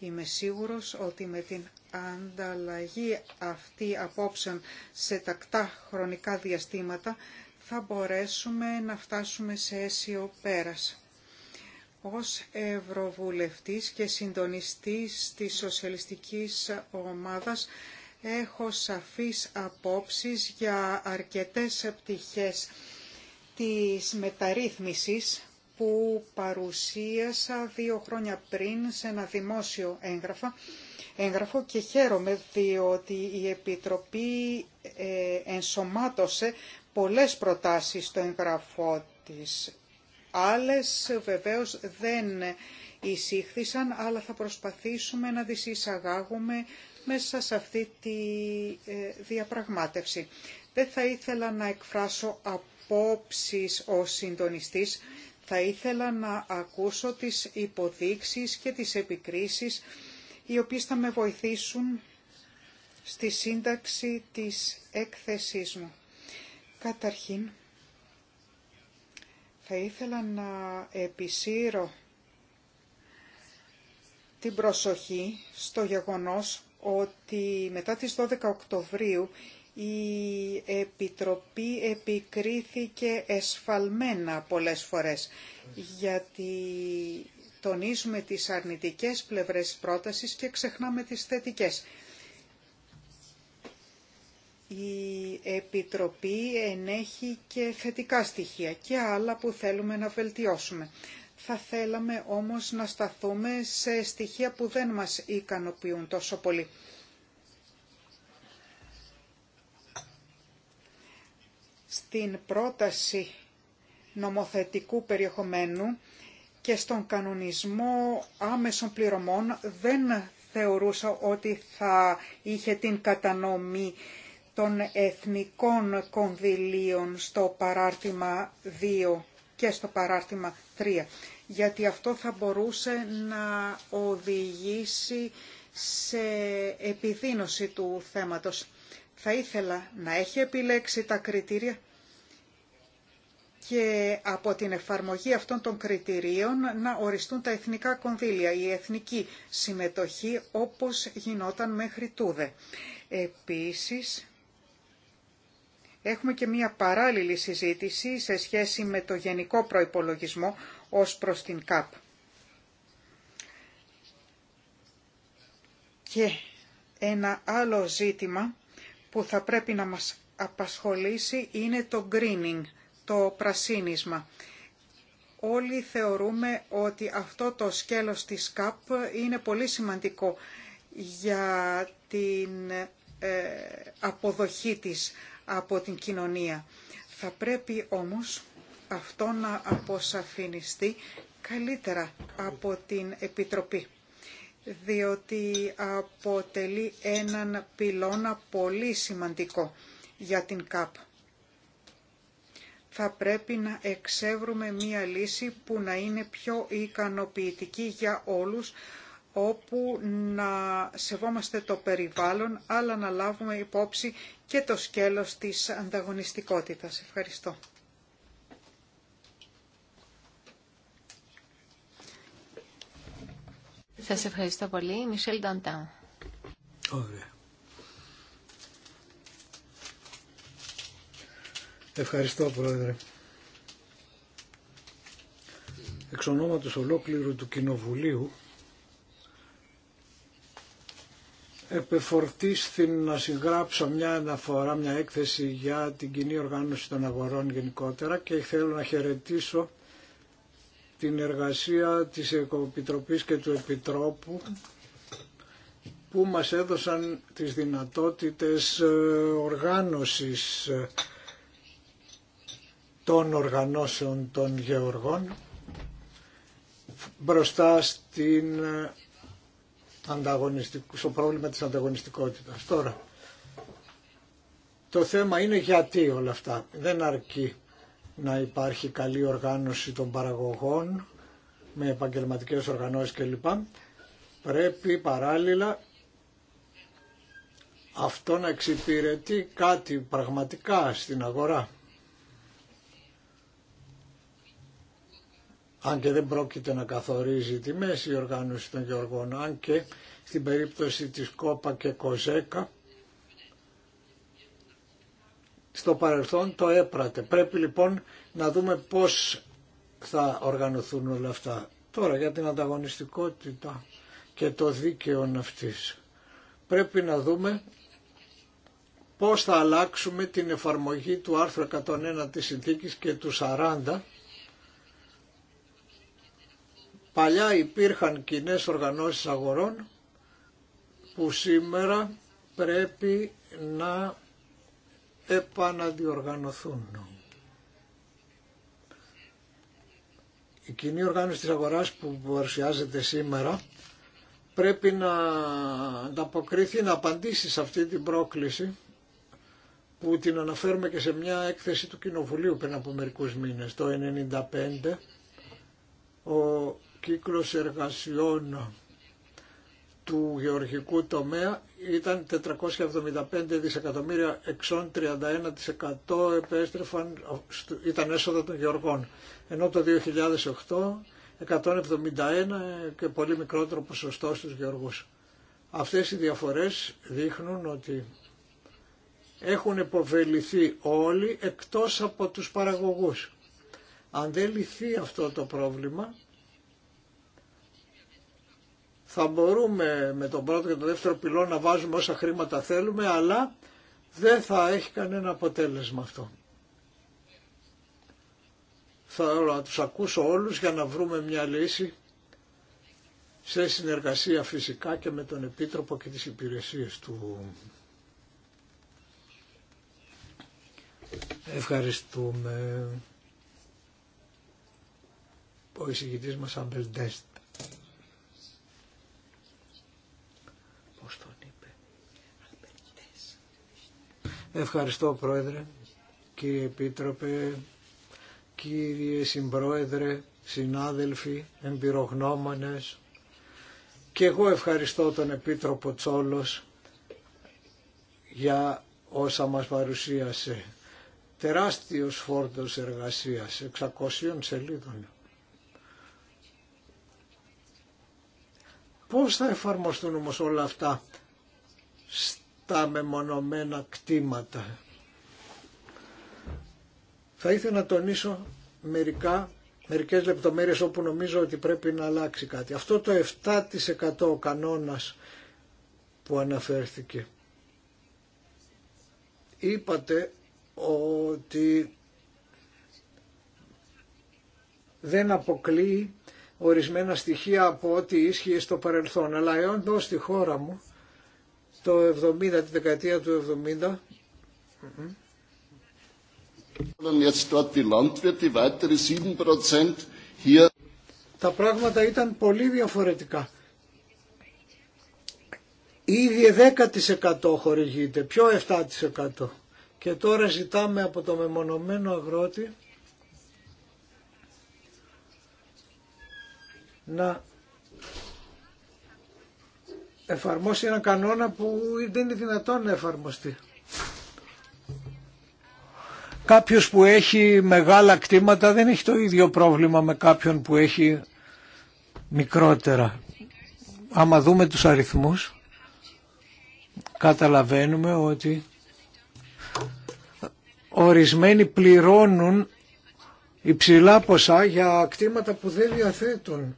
είμαι σίγουρος ότι με την ανταλλαγή αυτή απόψεων σε τακτά χρονικά διαστήματα θα μπορέσουμε να φτάσουμε σε αίσιο πέρας. Ως Ευρωβουλευτής και συντονιστής της Σοσιαλιστικής Ομάδας έχω σαφείς απόψεις για αρκετές πτυχές της μεταρρύθμισης που παρουσίασα δύο χρόνια πριν σε ένα δημόσιο έγγραφο, έγγραφο και χαίρομαι διότι η Επιτροπή ε, ενσωμάτωσε πολλές προτάσεις στο εγγραφό της. Άλλες βεβαίως δεν εισήχθησαν, αλλά θα προσπαθήσουμε να τις εισαγάγουμε μέσα σε αυτή τη ε, διαπραγμάτευση. Δεν θα ήθελα να εκφράσω απόψεις ο συντονιστής, θα ήθελα να ακούσω τις υποδείξεις και τις επικρίσεις οι οποίες θα με βοηθήσουν στη σύνταξη της έκθεσής μου. Καταρχήν, θα ήθελα να επισύρω την προσοχή στο γεγονός ότι μετά τις 12 Οκτωβρίου η Επιτροπή επικρίθηκε εσφαλμένα πολλές φορές, γιατί τονίζουμε τις αρνητικές πλευρές πρότασης και ξεχνάμε τις θετικές. Η Επιτροπή ενέχει και θετικά στοιχεία και άλλα που θέλουμε να βελτιώσουμε. Θα θέλαμε όμως να σταθούμε σε στοιχεία που δεν μας ικανοποιούν τόσο πολύ. στην πρόταση νομοθετικού περιεχομένου και στον κανονισμό άμεσων πληρωμών δεν θεωρούσα ότι θα είχε την κατανομή των εθνικών κονδυλίων στο παράρτημα 2 και στο παράρτημα 3, γιατί αυτό θα μπορούσε να οδηγήσει σε επιδίνωση του θέματος. Θα ήθελα να έχει επιλέξει τα κριτήρια και από την εφαρμογή αυτών των κριτηρίων να οριστούν τα εθνικά κονδύλια, η εθνική συμμετοχή όπως γινόταν μέχρι τούδε. Επίσης, έχουμε και μία παράλληλη συζήτηση σε σχέση με το γενικό προϋπολογισμό ως προς την ΚΑΠ. Και ένα άλλο ζήτημα που θα πρέπει να μας απασχολήσει είναι το greening το πρασίνισμα. Όλοι θεωρούμε ότι αυτό το σκέλος της ΚΑΠ είναι πολύ σημαντικό για την ε, αποδοχή της από την κοινωνία. Θα πρέπει όμως αυτό να αποσαφινιστεί καλύτερα από την Επιτροπή διότι αποτελεί έναν πυλώνα πολύ σημαντικό για την ΚΑΠ θα πρέπει να εξεύρουμε μία λύση που να είναι πιο ικανοποιητική για όλους, όπου να σεβόμαστε το περιβάλλον, αλλά να λάβουμε υπόψη και το σκέλος της ανταγωνιστικότητας. Ευχαριστώ. Σας ευχαριστώ πολύ. Μισελ Ευχαριστώ Πρόεδρε. Εξ ονόματος ολόκληρου του Κοινοβουλίου επεφορτίστην να συγγράψω μια αναφορά, μια έκθεση για την κοινή οργάνωση των αγορών γενικότερα και θέλω να χαιρετήσω την εργασία της Επιτροπής και του Επιτρόπου που μας έδωσαν τις δυνατότητες ε, οργάνωσης ε, των οργανώσεων των γεωργών μπροστά στην ε, στο πρόβλημα της ανταγωνιστικότητας. Τώρα, το θέμα είναι γιατί όλα αυτά. Δεν αρκεί να υπάρχει καλή οργάνωση των παραγωγών με επαγγελματικές οργανώσεις κλπ. Πρέπει παράλληλα αυτό να εξυπηρετεί κάτι πραγματικά στην αγορά. αν και δεν πρόκειται να καθορίζει τη μέση η οργάνωση των Γεωργών, αν και στην περίπτωση της ΚΟΠΑ και ΚΟΖΕΚΑ, στο παρελθόν το έπρατε. Πρέπει λοιπόν να δούμε πώς θα οργανωθούν όλα αυτά. Τώρα για την ανταγωνιστικότητα και το δίκαιο αυτής. Πρέπει να δούμε πώς θα αλλάξουμε την εφαρμογή του άρθρου 101 της συνθήκης και του 40 Παλιά υπήρχαν κοινέ οργανώσεις αγορών που σήμερα πρέπει να επαναδιοργανωθούν. Η κοινή οργάνωση της αγοράς που παρουσιάζεται σήμερα πρέπει να ανταποκριθεί, να απαντήσει σε αυτή την πρόκληση που την αναφέρουμε και σε μια έκθεση του Κοινοβουλίου πριν από μερικούς μήνες, το 1995, ο κύκλος εργασιών του γεωργικού τομέα ήταν 475 δισεκατομμύρια εξών 31% επέστρεφαν, ήταν έσοδα των γεωργών. Ενώ το 2008 171 και πολύ μικρότερο ποσοστό στους γεωργούς. Αυτές οι διαφορές δείχνουν ότι έχουν υποβεληθεί όλοι εκτός από τους παραγωγούς. Αν δεν λυθεί αυτό το πρόβλημα θα μπορούμε με τον πρώτο και τον δεύτερο πυλό να βάζουμε όσα χρήματα θέλουμε, αλλά δεν θα έχει κανένα αποτέλεσμα αυτό. Θα τους ακούσω όλους για να βρούμε μια λύση σε συνεργασία φυσικά και με τον Επίτροπο και τις υπηρεσίες του. Ευχαριστούμε. Ο εισηγητής μας Ευχαριστώ Πρόεδρε, κύριε Επίτροπε, κύριε Συμπρόεδρε, συνάδελφοι, εμπειρογνώμονες. Και εγώ ευχαριστώ τον Επίτροπο Τσόλος για όσα μας παρουσίασε. Τεράστιος φόρτος εργασίας, 600 σελίδων. Πώς θα εφαρμοστούν όμως όλα αυτά τα μεμονωμένα κτήματα. Θα ήθελα να τονίσω μερικά, μερικές λεπτομέρειες όπου νομίζω ότι πρέπει να αλλάξει κάτι. Αυτό το 7% ο κανόνας που αναφέρθηκε. Είπατε ότι δεν αποκλείει ορισμένα στοιχεία από ό,τι ίσχυε στο παρελθόν. Αλλά εάν δω στη χώρα μου το 70, τη δεκαετία του 70. Τα πράγματα ήταν πολύ διαφορετικά. Ήδη 10% χορηγείται, πιο 7%. Και τώρα ζητάμε από το μεμονωμένο αγρότη να εφαρμόσει έναν κανόνα που δεν είναι δυνατόν να εφαρμοστεί. Κάποιος που έχει μεγάλα κτήματα δεν έχει το ίδιο πρόβλημα με κάποιον που έχει μικρότερα. Άμα δούμε τους αριθμούς καταλαβαίνουμε ότι ορισμένοι πληρώνουν υψηλά ποσά για κτήματα που δεν διαθέτουν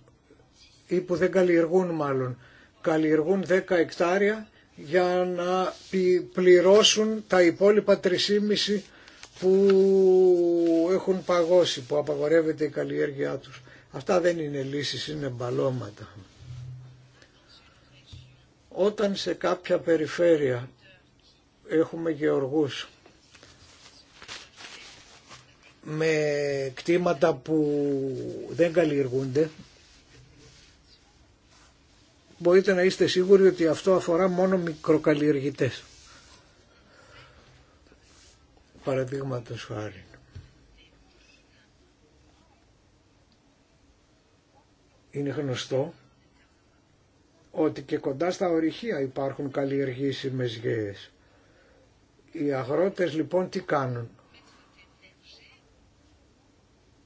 ή που δεν καλλιεργούν μάλλον καλλιεργούν 10 εκτάρια για να πληρώσουν τα υπόλοιπα 3,5 που έχουν παγώσει, που απαγορεύεται η καλλιέργειά τους. Αυτά δεν είναι λύσεις, είναι μπαλώματα. Όταν σε κάποια περιφέρεια έχουμε γεωργούς με κτήματα που δεν καλλιεργούνται μπορείτε να είστε σίγουροι ότι αυτό αφορά μόνο μικροκαλλιεργητές. Παραδείγματο χάρη. Είναι γνωστό ότι και κοντά στα ορυχεία υπάρχουν καλλιεργήσιμες γέες. Οι αγρότες λοιπόν τι κάνουν.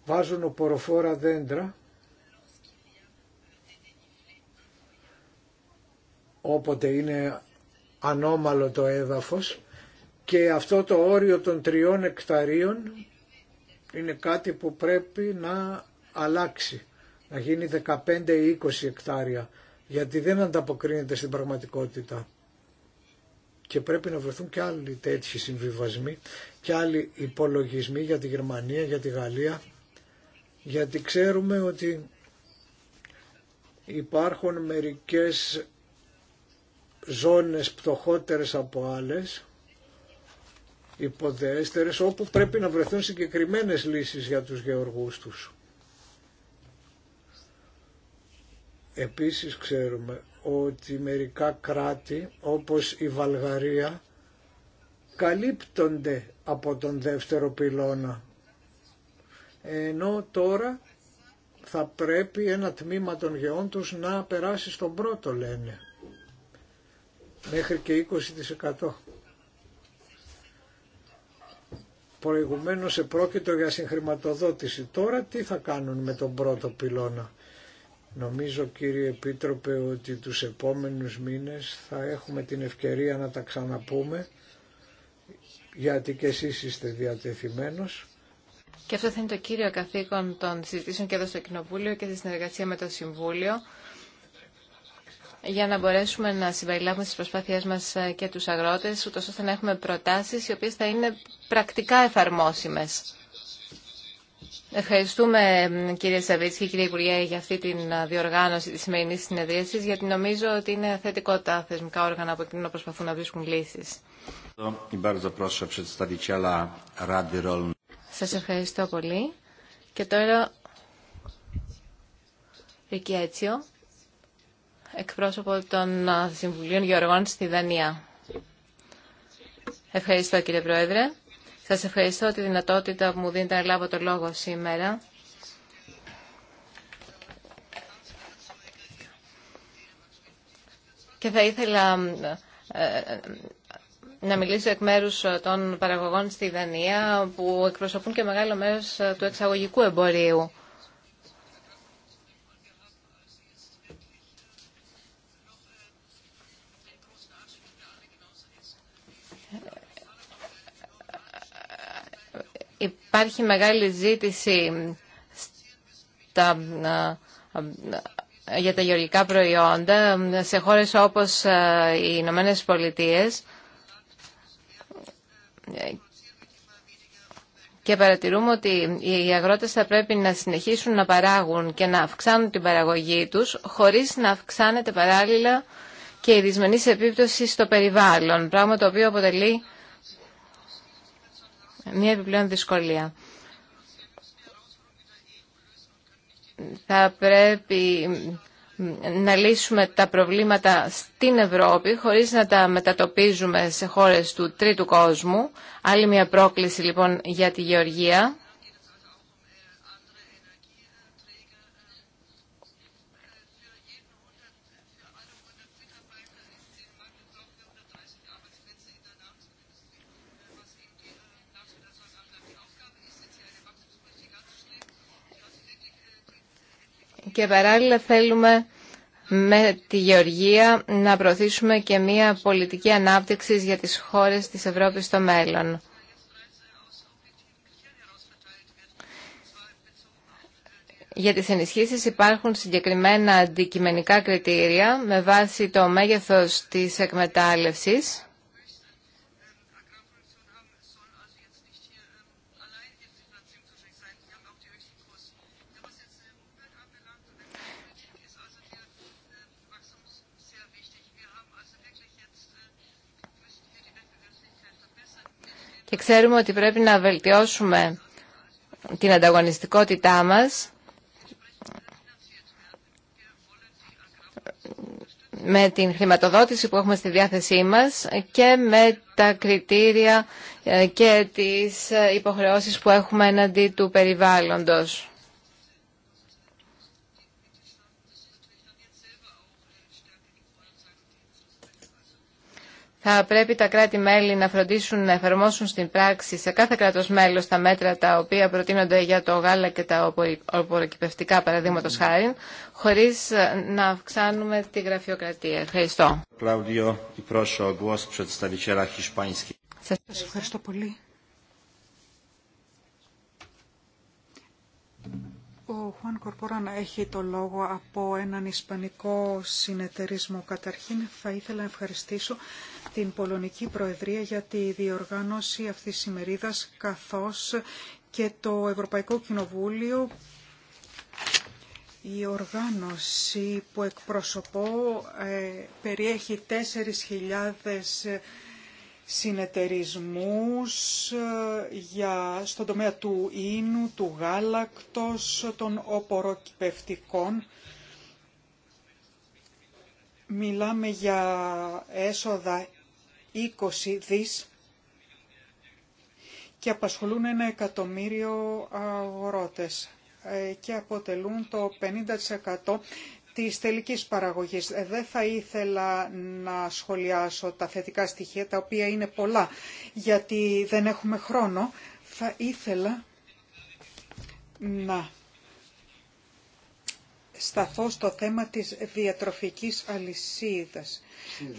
Βάζουν οποροφόρα δέντρα όποτε είναι ανώμαλο το έδαφος και αυτό το όριο των τριών εκταρίων είναι κάτι που πρέπει να αλλάξει, να γίνει 15 ή 20 εκτάρια, γιατί δεν ανταποκρίνεται στην πραγματικότητα. Και πρέπει να βρεθούν και άλλοι τέτοιοι συμβιβασμοί και άλλοι υπολογισμοί για τη Γερμανία, για τη Γαλλία, γιατί ξέρουμε ότι υπάρχουν μερικές ζώνες πτωχότερες από άλλες, υποδέστερες, όπου πρέπει να βρεθούν συγκεκριμένες λύσεις για τους γεωργούς τους. Επίσης ξέρουμε ότι μερικά κράτη όπως η Βαλγαρία καλύπτονται από τον δεύτερο πυλώνα. Ενώ τώρα θα πρέπει ένα τμήμα των γεών τους να περάσει στον πρώτο λένε μέχρι και 20%. Προηγουμένως επρόκειτο για συγχρηματοδότηση. Τώρα τι θα κάνουν με τον πρώτο πυλώνα. Νομίζω κύριε Επίτροπε ότι τους επόμενους μήνες θα έχουμε την ευκαιρία να τα ξαναπούμε γιατί και εσείς είστε διατεθειμένος. Και αυτό θα είναι το κύριο καθήκον των συζητήσεων και εδώ στο Κοινοβούλιο και στη συνεργασία με το Συμβούλιο για να μπορέσουμε να συμπεριλάβουμε στις προσπάθειές μας ε, και τους αγρότες, ούτως ώστε να έχουμε προτάσεις οι οποίες θα είναι πρακτικά εφαρμόσιμες. Ευχαριστούμε κύριε και κύριε Υπουργέ, για αυτή τη ε, διοργάνωση της σημερινή συνεδρίασης, γιατί νομίζω ότι είναι θετικό τα θεσμικά όργανα από εκείνο να προσπαθούν να βρίσκουν λύσεις. Σας ευχαριστώ πολύ. Και τώρα, Ρικιέτσιο εκπρόσωπο των Συμβουλίων Γεωργών στη Δανία. Ευχαριστώ κύριε Πρόεδρε. Σας ευχαριστώ τη δυνατότητα που μου δίνετε να λάβω το λόγο σήμερα. Και θα ήθελα ε, ε, να μιλήσω εκ μέρους των παραγωγών στη Δανία που εκπροσωπούν και μεγάλο μέρος ε, του εξαγωγικού εμπορίου. Υπάρχει μεγάλη ζήτηση για τα γεωργικά προϊόντα σε χώρες όπως οι Ηνωμένε Πολιτείες και παρατηρούμε ότι οι αγρότες θα πρέπει να συνεχίσουν να παράγουν και να αυξάνουν την παραγωγή τους χωρίς να αυξάνεται παράλληλα και η δυσμενής επίπτωση στο περιβάλλον, πράγμα το οποίο αποτελεί μια επιπλέον δυσκολία. Θα πρέπει να λύσουμε τα προβλήματα στην Ευρώπη χωρίς να τα μετατοπίζουμε σε χώρες του τρίτου κόσμου. Άλλη μια πρόκληση λοιπόν για τη Γεωργία. και παράλληλα θέλουμε με τη Γεωργία να προωθήσουμε και μια πολιτική ανάπτυξη για τις χώρες της Ευρώπης στο μέλλον. Για τις ενισχύσεις υπάρχουν συγκεκριμένα αντικειμενικά κριτήρια με βάση το μέγεθος της εκμετάλλευσης και ξέρουμε ότι πρέπει να βελτιώσουμε την ανταγωνιστικότητά μας με την χρηματοδότηση που έχουμε στη διάθεσή μας και με τα κριτήρια ε, και τις ε, υποχρεώσεις που έχουμε έναντι του περιβάλλοντος. θα πρέπει τα κράτη-μέλη να φροντίσουν να εφαρμόσουν στην πράξη σε κάθε κράτος μέλος τα μέτρα τα οποία προτείνονται για το γάλα και τα οποροκυπευτικά παραδείγματο χάρη, χωρίς ε, να αυξάνουμε τη γραφειοκρατία. Ευχαριστώ. Σας ευχαριστώ πολύ. Ο Χουάν Κορπόραν έχει το λόγο από έναν Ισπανικό συνεταιρισμό. Καταρχήν θα ήθελα να ευχαριστήσω την Πολωνική Προεδρία για τη διοργάνωση αυτής της ημερίδας καθώς και το Ευρωπαϊκό Κοινοβούλιο η οργάνωση που εκπροσωπώ ε, περιέχει 4.000 συνεταιρισμούς ε, για, στον τομέα του ίνου, του γάλακτος, των οποροκυπευτικών. Μιλάμε για έσοδα 20 δις και απασχολούν ένα εκατομμύριο αγορότες ε, και αποτελούν το 50% της τελικής παραγωγής. Ε, δεν θα ήθελα να σχολιάσω τα θετικά στοιχεία, τα οποία είναι πολλά, γιατί δεν έχουμε χρόνο. Θα ήθελα να σταθώ στο θέμα της διατροφικής αλυσίδας.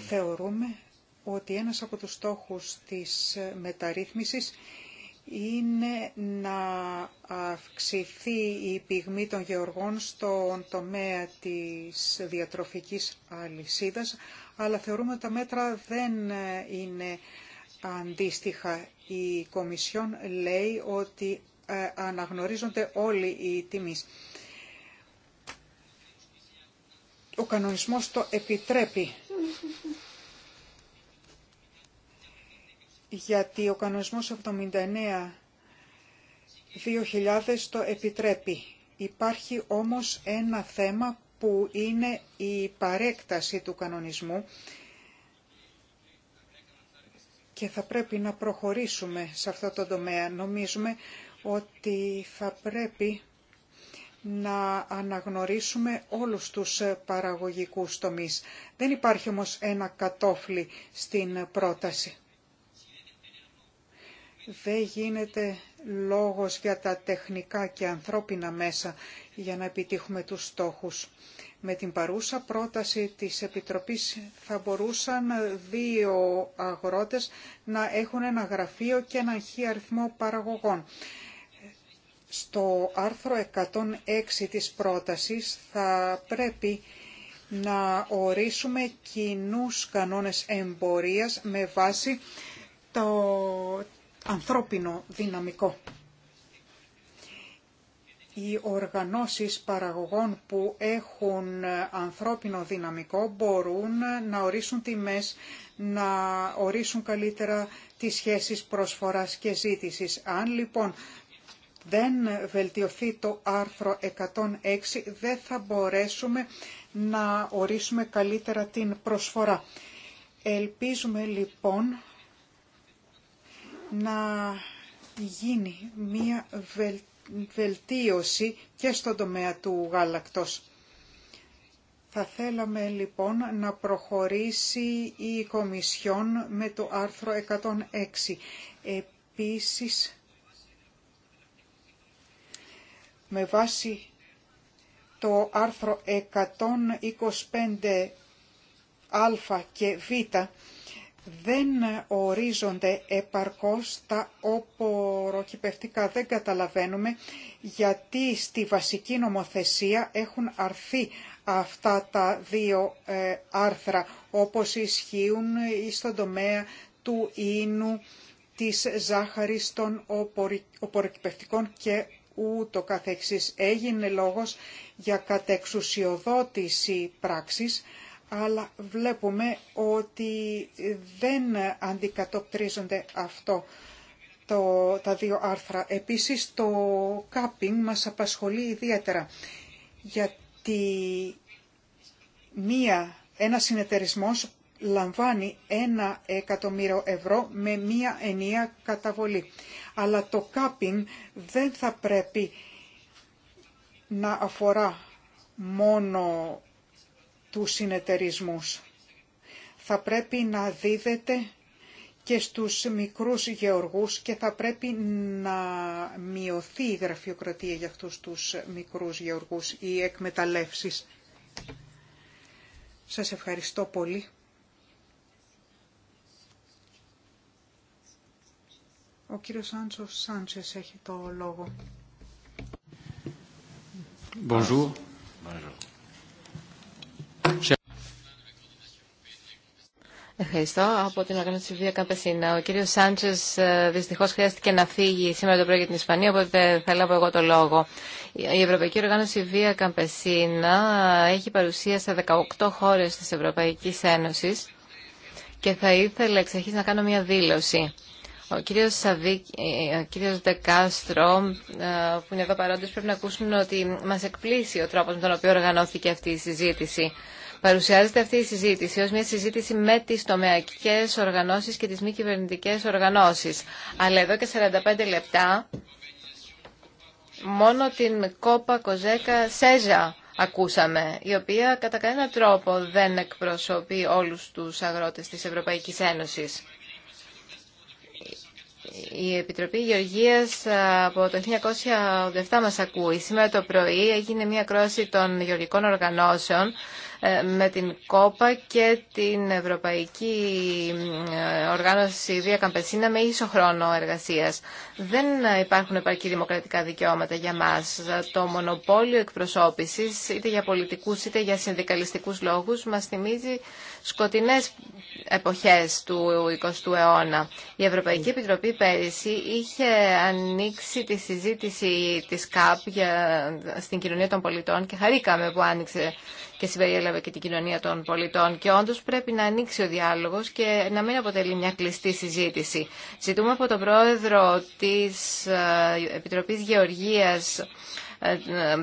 Θεωρούμε ότι ένας από τους στόχους της μεταρρύθμισης είναι να αυξηθεί η πυγμή των γεωργών στον τομέα της διατροφικής αλυσίδας, αλλά θεωρούμε ότι τα μέτρα δεν είναι αντίστοιχα. Η Κομισιόν λέει ότι ε, αναγνωρίζονται όλοι οι τιμείς. Ο κανονισμός το επιτρέπει γιατί ο κανονισμός 79 2000 το επιτρέπει. Υπάρχει όμως ένα θέμα που είναι η παρέκταση του κανονισμού και θα πρέπει να προχωρήσουμε σε αυτό το τομέα. Νομίζουμε ότι θα πρέπει να αναγνωρίσουμε όλους τους παραγωγικούς τομείς. Δεν υπάρχει όμως ένα κατόφλι στην πρόταση δεν γίνεται λόγος για τα τεχνικά και ανθρώπινα μέσα για να επιτύχουμε τους στόχους. Με την παρούσα πρόταση της Επιτροπής θα μπορούσαν δύο αγρότες να έχουν ένα γραφείο και έναν χι αριθμό παραγωγών. Στο άρθρο 106 της πρότασης θα πρέπει να ορίσουμε κοινούς κανόνες εμπορίας με βάση το, ανθρώπινο δυναμικό. Οι οργανώσεις παραγωγών που έχουν ανθρώπινο δυναμικό μπορούν να ορίσουν τιμές, να ορίσουν καλύτερα τις σχέσεις προσφοράς και ζήτησης. Αν λοιπόν δεν βελτιωθεί το άρθρο 106, δεν θα μπορέσουμε να ορίσουμε καλύτερα την προσφορά. Ελπίζουμε λοιπόν να γίνει μία βελτίωση και στον τομέα του γάλακτος. Θα θέλαμε λοιπόν να προχωρήσει η Κομισιόν με το άρθρο 106. Επίσης, με βάση το άρθρο 125α και β δεν ορίζονται επαρκώς τα οποροκυπευτικά. Δεν καταλαβαίνουμε γιατί στη βασική νομοθεσία έχουν αρθεί αυτά τα δύο ε, άρθρα, όπως ισχύουν στον τομέα του ίνου, της ζάχαρης των οποροκυπευτικών και ούτω καθεξής. Έγινε λόγος για κατεξουσιοδότηση πράξης, αλλά βλέπουμε ότι δεν αντικατοπτρίζονται αυτό το, τα δύο άρθρα. Επίσης το κάπινγκ μας απασχολεί ιδιαίτερα γιατί μία, ένα συνεταιρισμός λαμβάνει ένα εκατομμύριο ευρώ με μία ενία καταβολή. Αλλά το κάπινγκ δεν θα πρέπει να αφορά μόνο του συνεταιρισμούς. Θα πρέπει να δίδεται και στους μικρούς γεωργούς και θα πρέπει να μειωθεί η γραφειοκρατία για αυτούς τους μικρούς γεωργούς ή εκμεταλλεύσεις. Σας ευχαριστώ πολύ. Ο κύριος Σάντσο Σάντσες έχει το λόγο. Bonjour. Bonjour. Ευχαριστώ. Από την οργάνωση Βία Καμπεσίνα Ο κύριος Σάντσες ε, δυστυχώς χρειάστηκε να φύγει σήμερα το πρωί για την Ισπανία, οπότε θα λάβω εγώ το λόγο. Η Ευρωπαϊκή Οργάνωση Βία Καμπεσίνα έχει παρουσία σε 18 χώρες της Ευρωπαϊκής Ένωσης και θα ήθελα εξ να κάνω μια δήλωση. Ο κύριος Σαβίκ, ε, ε, κύριος Δεκάστρο, ε, που είναι εδώ παρόντες, πρέπει να ακούσουν ότι μας εκπλήσει ο τρόπος με τον οποίο οργανώθηκε αυτή η συζήτηση. Παρουσιάζεται αυτή η συζήτηση ως μια συζήτηση με τις τομεακές οργανώσεις και τις μη κυβερνητικέ οργανώσεις. Αλλά εδώ και 45 λεπτά μόνο την κόπα Κοζέκα Σέζα ακούσαμε, η οποία κατά κανένα τρόπο δεν εκπροσωπεί όλους τους αγρότες της Ευρωπαϊκής Ένωσης. Η Επιτροπή Γεωργίας ε, από το 1987 μα ακούει. Σήμερα το πρωί έγινε μια κρόση των γεωργικών οργανώσεων ε, με την ΚΟΠΑ και την Ευρωπαϊκή ε, Οργάνωση Βία Καμπεσίνα με ίσο χρόνο εργασία. Δεν υπάρχουν επαρκή δημοκρατικά δικαιώματα για μας. Το μονοπόλιο εκπροσώπηση, είτε για πολιτικούς είτε για συνδικαλιστικούς λόγου μα θυμίζει σκοτεινές εποχές του 20ου αιώνα. Η Ευρωπαϊκή Επιτροπή πέρυσι είχε ανοίξει τη συζήτηση της ΚΑΠ στην κοινωνία των πολιτών και χαρήκαμε που άνοιξε και συμπεριέλαβε και την κοινωνία των πολιτών και όντως πρέπει να ανοίξει ο διάλογος και να μην αποτελεί μια κλειστή συζήτηση. Ζητούμε από τον Πρόεδρο της ε, Επιτροπής Γεωργίας ε,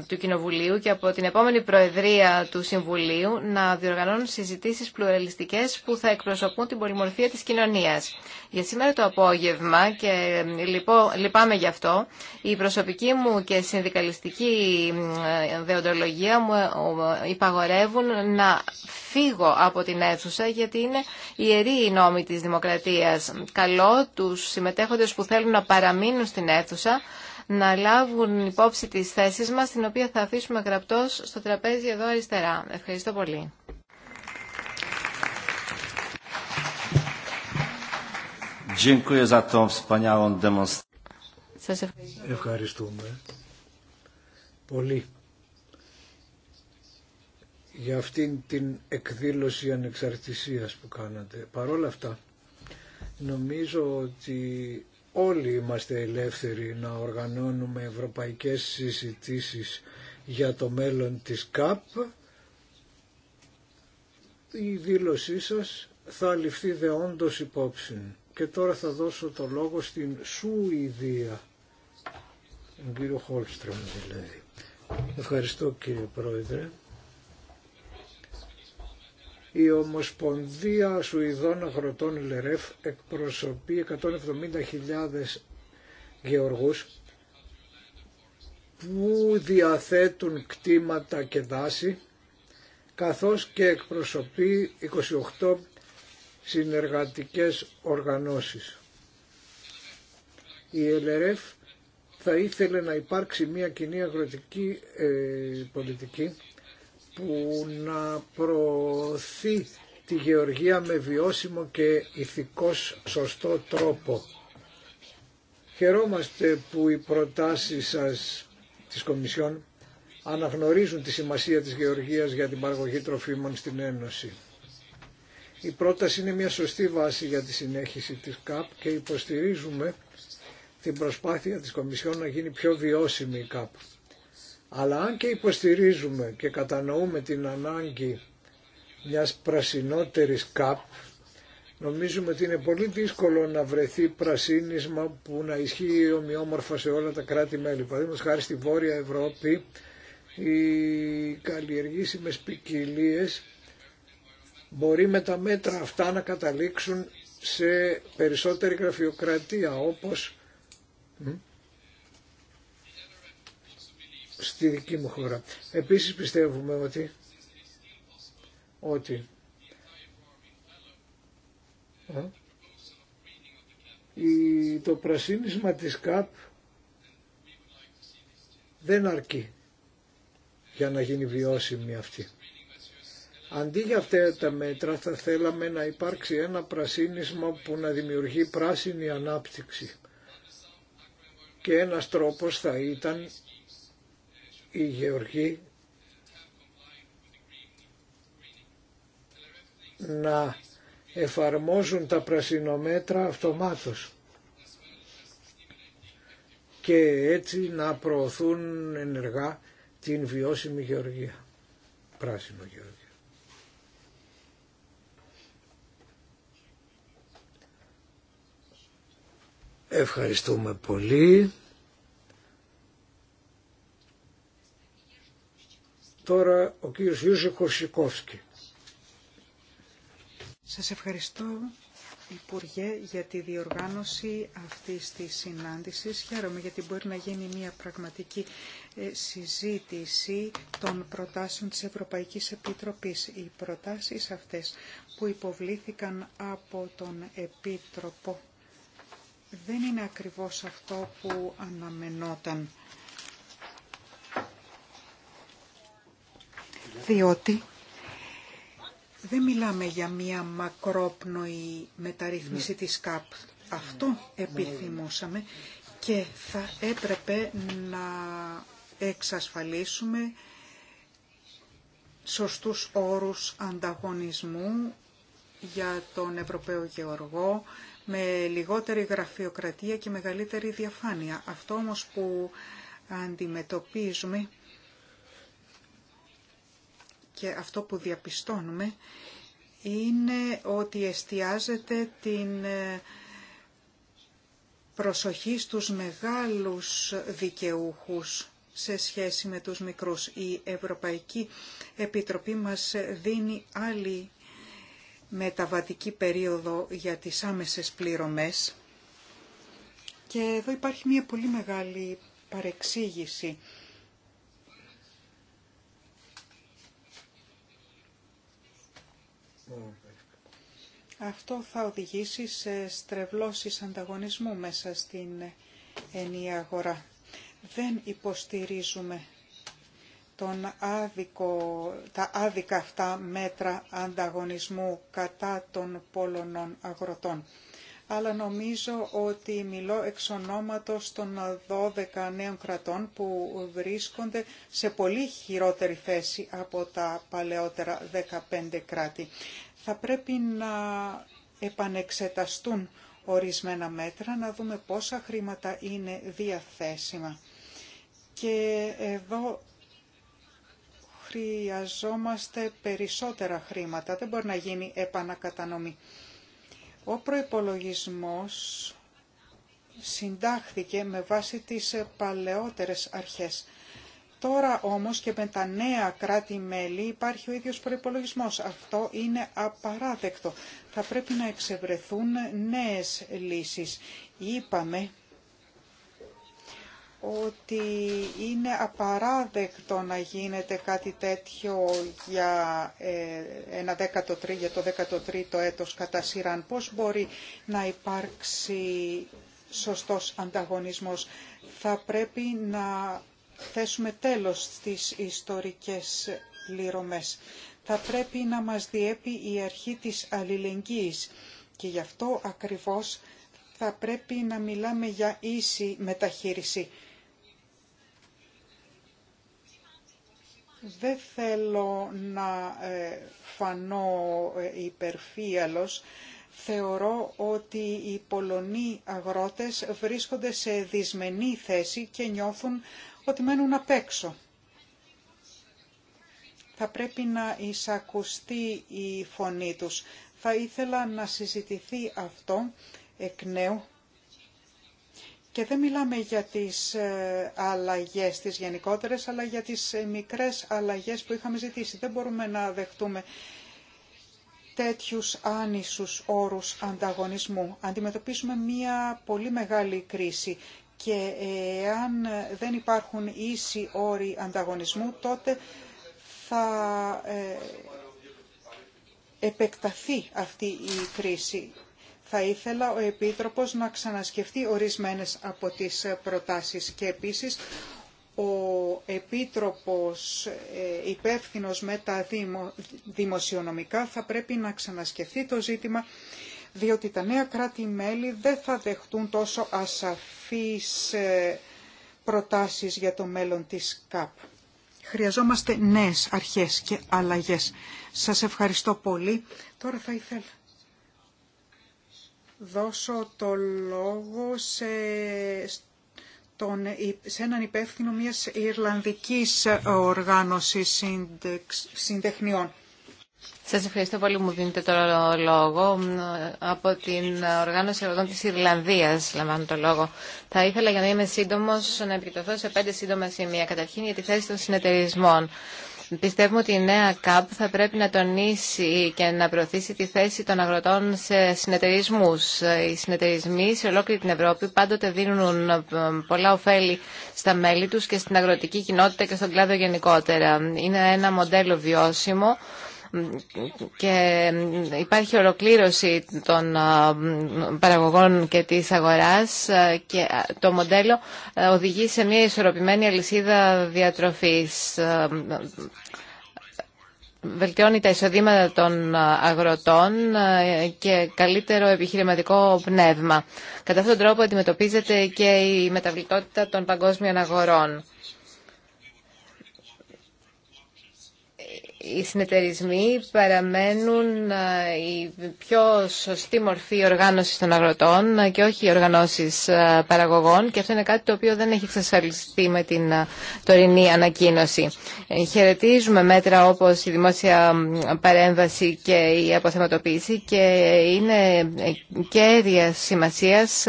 του Κοινοβουλίου και από την επόμενη Προεδρία του Συμβουλίου να διοργανώνουν συζητήσει πλουραλιστικέ που θα εκπροσωπούν την πολυμορφία της κοινωνία. Για σήμερα το απόγευμα, και ε, λυπάμαι γι' αυτό, η προσωπική μου και συνδικαλιστική ε, δεοντολογία μου υπαγορεύουν να φύγω από την αίθουσα γιατί είναι ιερή η νόμη της δημοκρατίας. Καλό τους συμμετέχοντες που θέλουν να παραμείνουν στην αίθουσα να λάβουν υπόψη τις θέσεις μας, την οποία θα αφήσουμε γραπτός στο τραπέζι εδώ αριστερά. Ευχαριστώ πολύ. Σας Ευχαριστούμε πολύ για αυτήν την εκδήλωση ανεξαρτησίας που κάνατε. Παρόλα αυτά, νομίζω ότι όλοι είμαστε ελεύθεροι να οργανώνουμε ευρωπαϊκές συζητήσεις για το μέλλον της ΚΑΠ. Η δήλωσή σας θα ληφθεί δεόντως υπόψη. Και τώρα θα δώσω το λόγο στην Σουηδία, τον κύριο Χόλστρομ δηλαδή. Ευχαριστώ κύριε Πρόεδρε. Η Ομοσπονδία Σουηδών Αγροτών Λερεφ εκπροσωπεί 170.000 γεωργούς που διαθέτουν κτήματα και δάση καθώς και εκπροσωπεί 28 συνεργατικές οργανώσεις. Η ΕΛΕΡΕΦ θα ήθελε να υπάρξει μια κοινή αγροτική ε, πολιτική που να προωθεί τη γεωργία με βιώσιμο και ηθικός σωστό τρόπο. Χαιρόμαστε που οι προτάσεις σας της Κομισιόν αναγνωρίζουν τη σημασία της γεωργίας για την παραγωγή τροφίμων στην Ένωση. Η πρόταση είναι μια σωστή βάση για τη συνέχιση της ΚΑΠ και υποστηρίζουμε την προσπάθεια της Κομισιόν να γίνει πιο βιώσιμη η ΚΑΠ. Αλλά αν και υποστηρίζουμε και κατανοούμε την ανάγκη μιας πρασινότερης ΚΑΠ, νομίζουμε ότι είναι πολύ δύσκολο να βρεθεί πρασίνισμα που να ισχύει ομοιόμορφα σε όλα τα κράτη-μέλη. Παραδείγματος χάρη στη Βόρεια Ευρώπη, οι καλλιεργήσιμες ποικιλίε μπορεί με τα μέτρα αυτά να καταλήξουν σε περισσότερη γραφειοκρατία όπως στη δική μου χώρα. Επίσης πιστεύουμε ότι, ότι ε, το πρασίνισμα της ΚΑΠ δεν αρκεί για να γίνει βιώσιμη αυτή. Αντί για αυτά τα μέτρα θα θέλαμε να υπάρξει ένα πρασίνισμα που να δημιουργεί πράσινη ανάπτυξη. Και ένας τρόπος θα ήταν οι γεωργοί να εφαρμόζουν τα πρασινομέτρα αυτομάτως και έτσι να προωθούν ενεργά την βιώσιμη γεωργία, πράσινο γεωργία. Ευχαριστούμε πολύ. Τώρα ο κύριος Ιούζη Κορσικόφσκι. Σας ευχαριστώ Υπουργέ για τη διοργάνωση αυτής της συνάντησης. Χαίρομαι γιατί μπορεί να γίνει μια πραγματική ε, συζήτηση των προτάσεων της Ευρωπαϊκής Επιτροπής. Οι προτάσεις αυτές που υποβλήθηκαν από τον Επίτροπο δεν είναι ακριβώς αυτό που αναμενόταν. διότι δεν μιλάμε για μία μακρόπνοη μεταρρύθμιση της ΚΑΠ. Αυτό επιθυμούσαμε και θα έπρεπε να εξασφαλίσουμε σωστούς όρους ανταγωνισμού για τον Ευρωπαίο Γεωργό με λιγότερη γραφειοκρατία και μεγαλύτερη διαφάνεια. Αυτό όμως που αντιμετωπίζουμε και αυτό που διαπιστώνουμε είναι ότι εστιάζεται την ε, προσοχή στους μεγάλους δικαιούχους σε σχέση με τους μικρούς. Η Ευρωπαϊκή Επιτροπή μας δίνει άλλη μεταβατική περίοδο για τις άμεσες πληρωμές και εδώ υπάρχει μια πολύ μεγάλη παρεξήγηση Αυτό θα οδηγήσει σε στρεβλώσεις ανταγωνισμού μέσα στην ενιαία αγορά. Δεν υποστηρίζουμε τον άδικο, τα άδικα αυτά μέτρα ανταγωνισμού κατά των Πολωνών αγροτών αλλά νομίζω ότι μιλώ εξ ονόματος των 12 νέων κρατών που βρίσκονται σε πολύ χειρότερη θέση από τα παλαιότερα 15 κράτη. Θα πρέπει να επανεξεταστούν ορισμένα μέτρα, να δούμε πόσα χρήματα είναι διαθέσιμα. Και εδώ χρειαζόμαστε περισσότερα χρήματα, δεν μπορεί να γίνει επανακατανομή. Ο προϋπολογισμός συντάχθηκε με βάση τις παλαιότερες αρχές. Τώρα όμως και με τα νέα κράτη-μέλη υπάρχει ο ίδιος προϋπολογισμός. Αυτό είναι απαράδεκτο. Θα πρέπει να εξευρεθούν νέες λύσεις. Είπαμε ότι είναι απαράδεκτο να γίνεται κάτι τέτοιο για, ε, ένα 13, το 13ο έτος κατά σειράν. Πώς μπορεί να υπάρξει σωστός ανταγωνισμός. Θα πρέπει να θέσουμε τέλος στις ιστορικές πληρωμές. Θα πρέπει να μας διέπει η αρχή της αλληλεγγύης και γι' αυτό ακριβώς θα πρέπει να μιλάμε για ίση μεταχείριση Δεν θέλω να ε, φανώ ε, υπερφύαλος. Θεωρώ ότι οι Πολωνοί αγρότες βρίσκονται σε δυσμενή θέση και νιώθουν ότι μένουν απ' έξω. Θα πρέπει να εισακουστεί η φωνή τους. Θα ήθελα να συζητηθεί αυτό εκ νέου και δεν μιλάμε για τις ε, αλλαγές, τις γενικότερες, αλλά για τις ε, μικρές αλλαγές που είχαμε ζητήσει. Δεν μπορούμε να δεχτούμε τέτοιους άνισους όρους ανταγωνισμού. Αντιμετωπίσουμε μία πολύ μεγάλη κρίση και εάν δεν υπάρχουν ίσοι όροι ανταγωνισμού, τότε θα ε, επεκταθεί αυτή η κρίση θα ήθελα ο Επίτροπος να ξανασκεφτεί ορισμένες από τις προτάσεις και επίσης ο Επίτροπος ε, υπεύθυνος με τα δημοσιονομικά θα πρέπει να ξανασκεφτεί το ζήτημα διότι τα νέα κράτη-μέλη δεν θα δεχτούν τόσο ασαφείς ε, προτάσεις για το μέλλον της ΚΑΠ. Χρειαζόμαστε νέες αρχές και αλλαγές. Σας ευχαριστώ πολύ. Τώρα θα ήθελα δώσω το λόγο σε, τον, σε έναν υπεύθυνο μιας Ιρλανδικής οργάνωσης συντεχνιών. Σας ευχαριστώ πολύ που μου δίνετε το λόγο. Από την Οργάνωση Εργατών της Ιρλανδίας λαμβάνω το λόγο. Θα ήθελα για να είμαι σύντομος να επικοινωθώ σε πέντε σύντομα σημεία. Καταρχήν για τη θέση των συνεταιρισμών. Πιστεύουμε ότι η νέα ΚΑΠ θα πρέπει να τονίσει και να προωθήσει τη θέση των αγροτών σε συνεταιρισμού. Οι συνεταιρισμοί σε ολόκληρη την Ευρώπη πάντοτε δίνουν ε, πολλά ωφέλη στα μέλη τους και στην αγροτική κοινότητα και στον κλάδο γενικότερα. Είναι ένα μοντέλο βιώσιμο και υπάρχει ολοκλήρωση των ε, παραγωγών και της αγοράς ε, και το μοντέλο ε, οδηγεί σε μια ισορροπημένη αλυσίδα διατροφής βελτιώνει τα εισοδήματα των αγροτών και καλύτερο επιχειρηματικό πνεύμα. Κατά αυτόν τον τρόπο αντιμετωπίζεται και η μεταβλητότητα των παγκόσμιων αγορών. οι συνεταιρισμοί παραμένουν ε, η πιο σωστή μορφή οργάνωσης των αγροτών ε, και όχι οι οργανώσεις ε, παραγωγών και αυτό είναι κάτι το οποίο δεν έχει εξασφαλιστεί με την τωρινή ανακοίνωση. Χαιρετίζουμε μέτρα όπως η δημόσια παρέμβαση και η αποθεματοποίηση και είναι κέρια σημασίας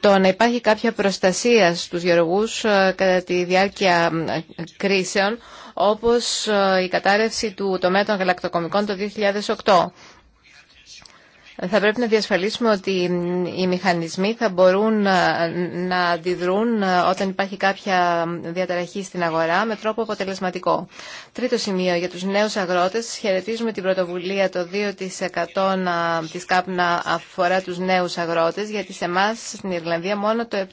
το να υπάρχει κάποια προστασία στους γεωργούς κατά τη διάρκεια κρίσεων όπως ε, η κατάρρευση του τομέα των γαλακτοκομικών το 2008 θα πρέπει να διασφαλίσουμε ότι οι μηχανισμοί θα μπορούν να αντιδρούν όταν υπάρχει κάποια διαταραχή στην αγορά με τρόπο αποτελεσματικό. Τρίτο σημείο, για τους νέους αγρότες, χαιρετίζουμε την πρωτοβουλία το 2% της ΚΑΠ να αφορά τους νέους αγρότες, γιατί σε εμά στην Ιρλανδία μόνο το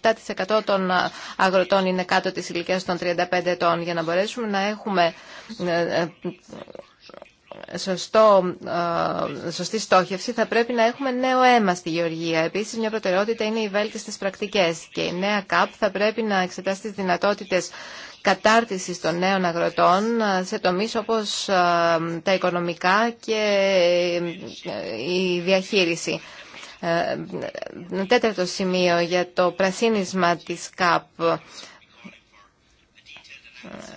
7% των αγροτών είναι κάτω της ηλικίας των 35 ετών. Για να μπορέσουμε να έχουμε ε, ε, σωστό, ε, σωστή στόχευση θα πρέπει να έχουμε νέο αίμα στη γεωργία. Επίσης μια προτεραιότητα είναι οι βέλτιστες πρακτικές και η νέα ΚΑΠ θα πρέπει να εξετάσει τις δυνατότητες κατάρτισης των νέων αγροτών ε, σε τομείς όπως ε, τα οικονομικά και η διαχείριση. Τέταρτο σημείο για το πρασίνισμα της ΚΑΠ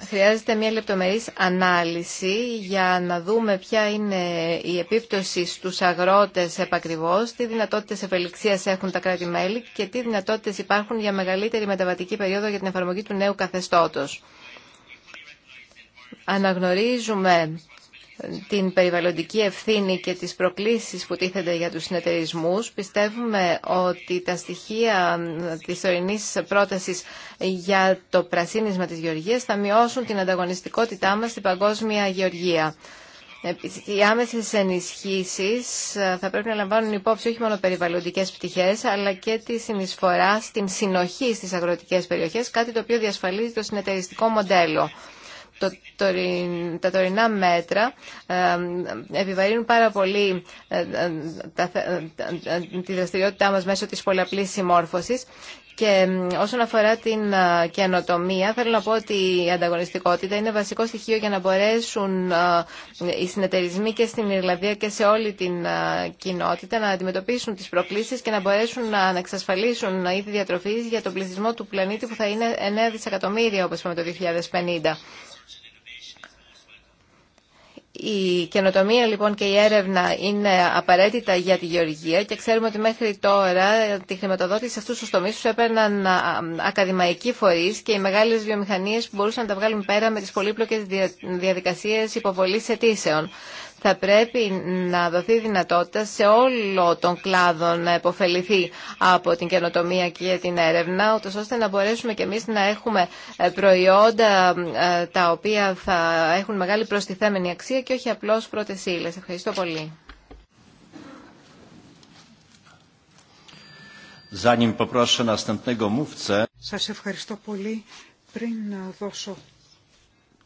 χρειάζεται μια λεπτομερής ανάλυση για να δούμε ποια είναι η επίπτωση στους αγρότες επακριβώς, τι δυνατότητες ευελιξίας έχουν τα κράτη-μέλη και τι δυνατότητες υπάρχουν για μεγαλύτερη μεταβατική περίοδο για την εφαρμογή του νέου καθεστώτος. Αναγνωρίζουμε την περιβαλλοντική ευθύνη και τις προκλήσεις που τίθενται για τους συνεταιρισμούς. Πιστεύουμε ότι τα στοιχεία της τωρινή πρότασης για το πρασίνισμα της γεωργίας θα μειώσουν την ανταγωνιστικότητά μας στην παγκόσμια γεωργία. Οι άμεσε ενισχύσει θα πρέπει να λαμβάνουν υπόψη όχι μόνο περιβαλλοντικέ πτυχέ, αλλά και τη συνεισφορά στην συνοχή στι αγροτικέ περιοχέ, κάτι το οποίο διασφαλίζει το συνεταιριστικό μοντέλο τα τωρινά μέτρα ε, επιβαρύνουν πάρα πολύ ε, ε, τη δραστηριότητά μας μέσω της πολλαπλής συμμόρφωσης και όσον αφορά την καινοτομία, θέλω να πω ότι η ανταγωνιστικότητα είναι βασικό στοιχείο για να μπορέσουν οι συνεταιρισμοί και στην Ιρλανδία και σε όλη την κοινότητα να αντιμετωπίσουν τις προκλήσεις και να μπορέσουν να εξασφαλίσουν είδη διατροφής για τον πληθυσμό του πλανήτη που θα είναι 9 δισεκατομμύρια όπως είπαμε το 2050. Η καινοτομία λοιπόν και η έρευνα είναι απαραίτητα για τη γεωργία και ξέρουμε ότι μέχρι τώρα τη χρηματοδότηση σε αυτούς τους τομείς τους έπαιρναν ακαδημαϊκοί φορείς και οι μεγάλες βιομηχανίες που μπορούσαν να τα βγάλουν πέρα με τις πολύπλοκες διαδικασίες υποβολής αιτήσεων. Θα πρέπει να δοθεί δυνατότητα σε όλο τον κλάδο να επωφεληθεί από την καινοτομία και την έρευνα, ούτως ώστε να μπορέσουμε και εμείς να έχουμε ε, προϊόντα ε, τα οποία θα έχουν μεγάλη προστιθέμενη αξία και όχι απλώς πρώτε ύλες. Ευχαριστώ πολύ. Σας ευχαριστώ πολύ. Πριν δώσω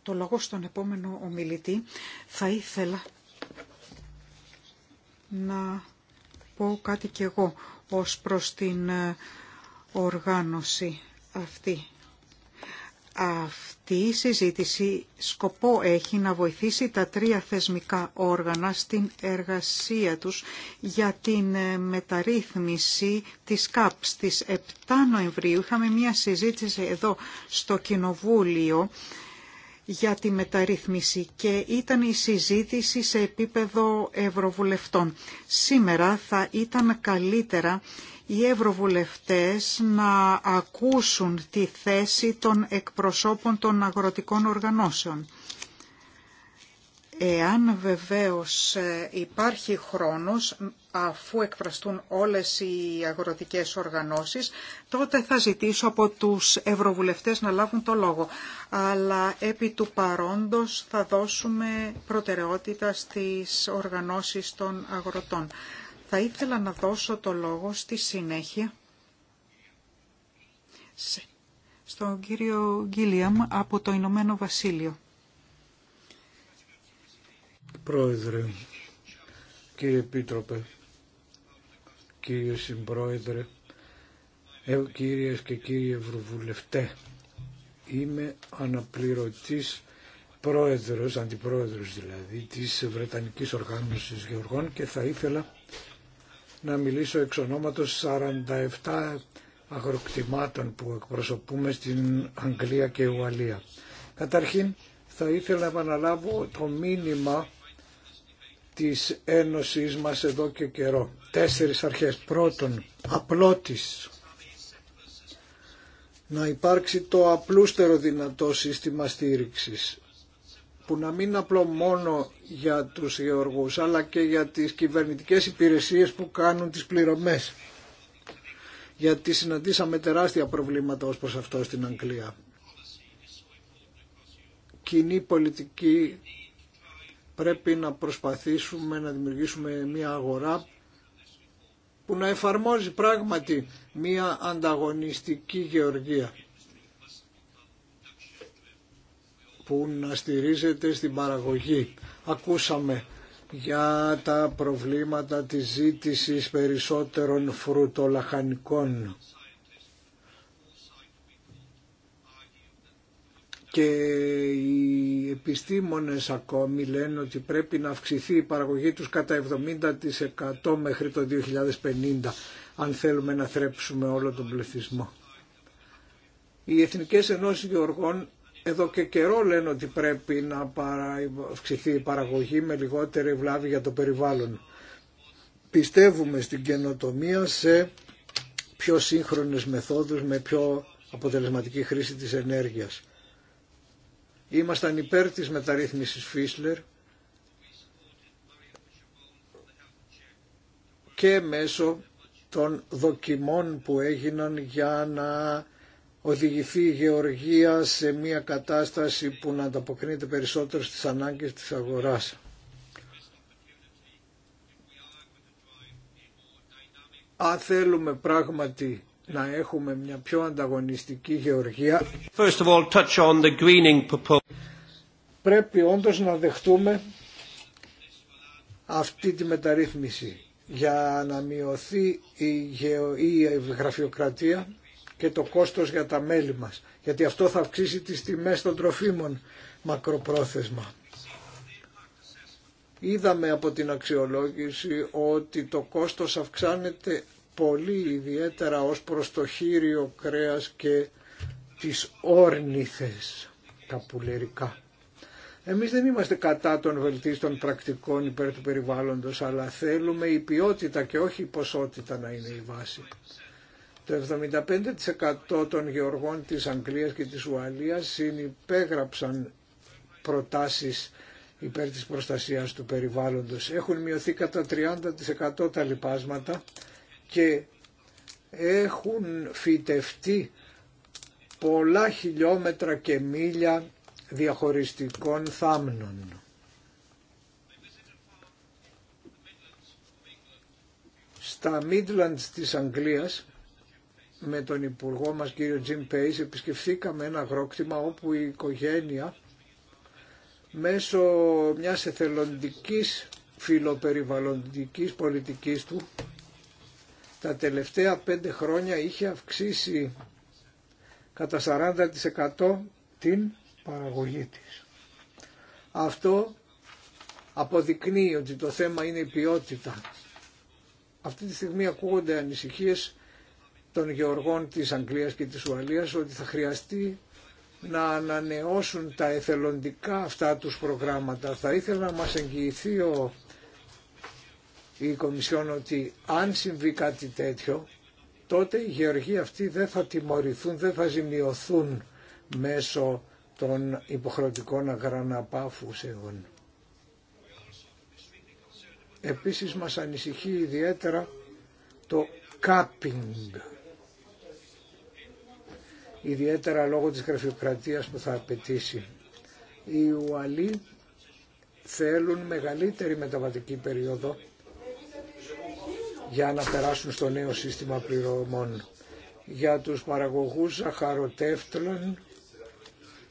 το λόγο στον επόμενο ομιλητή, θα ήθελα να πω κάτι κι εγώ ως προς την ε, οργάνωση αυτή. Αυτή η συζήτηση σκοπό έχει να βοηθήσει τα τρία θεσμικά όργανα στην εργασία τους για την ε, μεταρρύθμιση της ΚΑΠ. Στις 7 Νοεμβρίου είχαμε μια συζήτηση εδώ στο Κοινοβούλιο για τη μεταρρύθμιση και ήταν η συζήτηση σε επίπεδο ευρωβουλευτών. Σήμερα θα ήταν καλύτερα οι ευρωβουλευτές να ακούσουν τη θέση των εκπροσώπων των αγροτικών οργανώσεων. Εάν βεβαίως ε, υπάρχει χρόνος, αφού εκφραστούν όλες οι αγροτικές οργανώσεις, τότε θα ζητήσω από τους ευρωβουλευτές να λάβουν το λόγο. Αλλά επί του παρόντος θα δώσουμε προτεραιότητα στις οργανώσεις των αγροτών. Θα ήθελα να δώσω το λόγο στη συνέχεια στον κύριο Γκίλιαμ από το Ηνωμένο Βασίλειο. Πρόεδρε, κύριε Επίτροπε, κύριε Συμπρόεδρε, ε, κύριες και κύριοι Ευρωβουλευτέ, είμαι αναπληρωτής πρόεδρος, αντιπρόεδρος δηλαδή, της Βρετανικής Οργάνωσης Γεωργών και θα ήθελα να μιλήσω εξ ονόματος 47 αγροκτημάτων που εκπροσωπούμε στην Αγγλία και Ουαλία. Καταρχήν θα ήθελα να επαναλάβω το μήνυμα της Ένωσης μας εδώ και καιρό. Τέσσερις αρχές. Πρώτον, απλότης. Να υπάρξει το απλούστερο δυνατό σύστημα στήριξης που να μην απλό μόνο για τους γεωργούς αλλά και για τις κυβερνητικές υπηρεσίες που κάνουν τις πληρωμές γιατί συναντήσαμε τεράστια προβλήματα ως προς αυτό στην Αγγλία. Κοινή πολιτική πρέπει να προσπαθήσουμε να δημιουργήσουμε μια αγορά που να εφαρμόζει πράγματι μια ανταγωνιστική γεωργία που να στηρίζεται στην παραγωγή. Ακούσαμε για τα προβλήματα της ζήτησης περισσότερων φρουτολαχανικών και οι επιστήμονες ακόμη λένε ότι πρέπει να αυξηθεί η παραγωγή τους κατά 70% μέχρι το 2050 αν θέλουμε να θρέψουμε όλο τον πληθυσμό. Οι Εθνικές Ενώσεις Γεωργών εδώ και καιρό λένε ότι πρέπει να αυξηθεί η παραγωγή με λιγότερη βλάβη για το περιβάλλον. Πιστεύουμε στην καινοτομία σε πιο σύγχρονες μεθόδους με πιο αποτελεσματική χρήση της ενέργειας. Ήμασταν υπέρ της μεταρρύθμισης Φίσλερ και μέσω των δοκιμών που έγιναν για να οδηγηθεί η γεωργία σε μια κατάσταση που να ανταποκρίνεται περισσότερο στις ανάγκες της αγοράς. Αν θέλουμε πράγματι να έχουμε μια πιο ανταγωνιστική γεωργία First of all, πρέπει όντως να δεχτούμε αυτή τη μεταρρύθμιση για να μειωθεί η, γεω... γραφειοκρατία και το κόστος για τα μέλη μας γιατί αυτό θα αυξήσει τις τιμές των τροφίμων μακροπρόθεσμα. Είδαμε από την αξιολόγηση ότι το κόστος αυξάνεται πολύ ιδιαίτερα ως προς το χείριο κρέας και τις όρνηθες, τα πουλερικά. Εμείς δεν είμαστε κατά των βελτίστων πρακτικών υπέρ του περιβάλλοντος, αλλά θέλουμε η ποιότητα και όχι η ποσότητα να είναι η βάση. Το 75% των γεωργών της Αγγλίας και της Ουαλίας συνυπέγραψαν προτάσεις υπέρ της προστασίας του περιβάλλοντος. Έχουν μειωθεί κατά 30% τα λοιπάσματα και έχουν φυτευτεί πολλά χιλιόμετρα και μίλια διαχωριστικών θάμνων. Στα Midlands της Αγγλίας με τον υπουργό μας κύριο Jim Pace επισκεφθήκαμε ένα αγρόκτημα όπου η οικογένεια μέσω μιας εθελοντικής φιλοπεριβαλλοντικής πολιτικής του τα τελευταία πέντε χρόνια είχε αυξήσει κατά 40% την παραγωγή της. Αυτό αποδεικνύει ότι το θέμα είναι η ποιότητα. Αυτή τη στιγμή ακούγονται ανησυχίες των γεωργών της Αγγλίας και της Ουαλίας ότι θα χρειαστεί να ανανεώσουν τα εθελοντικά αυτά τους προγράμματα. Θα ήθελα να μας εγγυηθεί ο η Κομισιόν ότι αν συμβεί κάτι τέτοιο τότε οι γεωργοί αυτοί δεν θα τιμωρηθούν, δεν θα ζημιωθούν μέσω των υποχρεωτικών αγραναπάφουσεων. Επίσης μας ανησυχεί ιδιαίτερα το κάπινγκ. Ιδιαίτερα λόγω της γραφειοκρατίας που θα απαιτήσει. Οι Ουαλοί θέλουν μεγαλύτερη μεταβατική περίοδο για να περάσουν στο νέο σύστημα πληρωμών. Για τους παραγωγούς ζαχαροτεύτλων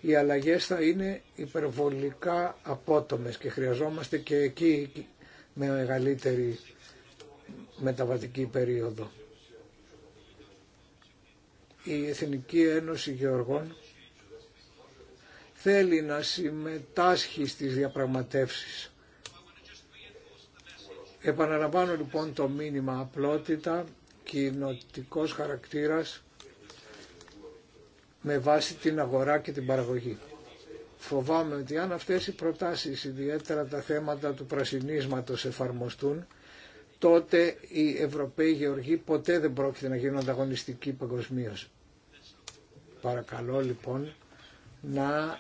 οι αλλαγές θα είναι υπερβολικά απότομες και χρειαζόμαστε και εκεί με μεγαλύτερη μεταβατική περίοδο. Η Εθνική Ένωση Γεωργών θέλει να συμμετάσχει στις διαπραγματεύσεις Επαναλαμβάνω λοιπόν το μήνυμα απλότητα, κοινοτικό χαρακτήρας με βάση την αγορά και την παραγωγή. Φοβάμαι ότι αν αυτές οι προτάσεις, ιδιαίτερα τα θέματα του πρασινίσματος εφαρμοστούν, τότε οι Ευρωπαίοι γεωργοί ποτέ δεν πρόκειται να γίνουν ανταγωνιστικοί παγκοσμίω. Παρακαλώ λοιπόν να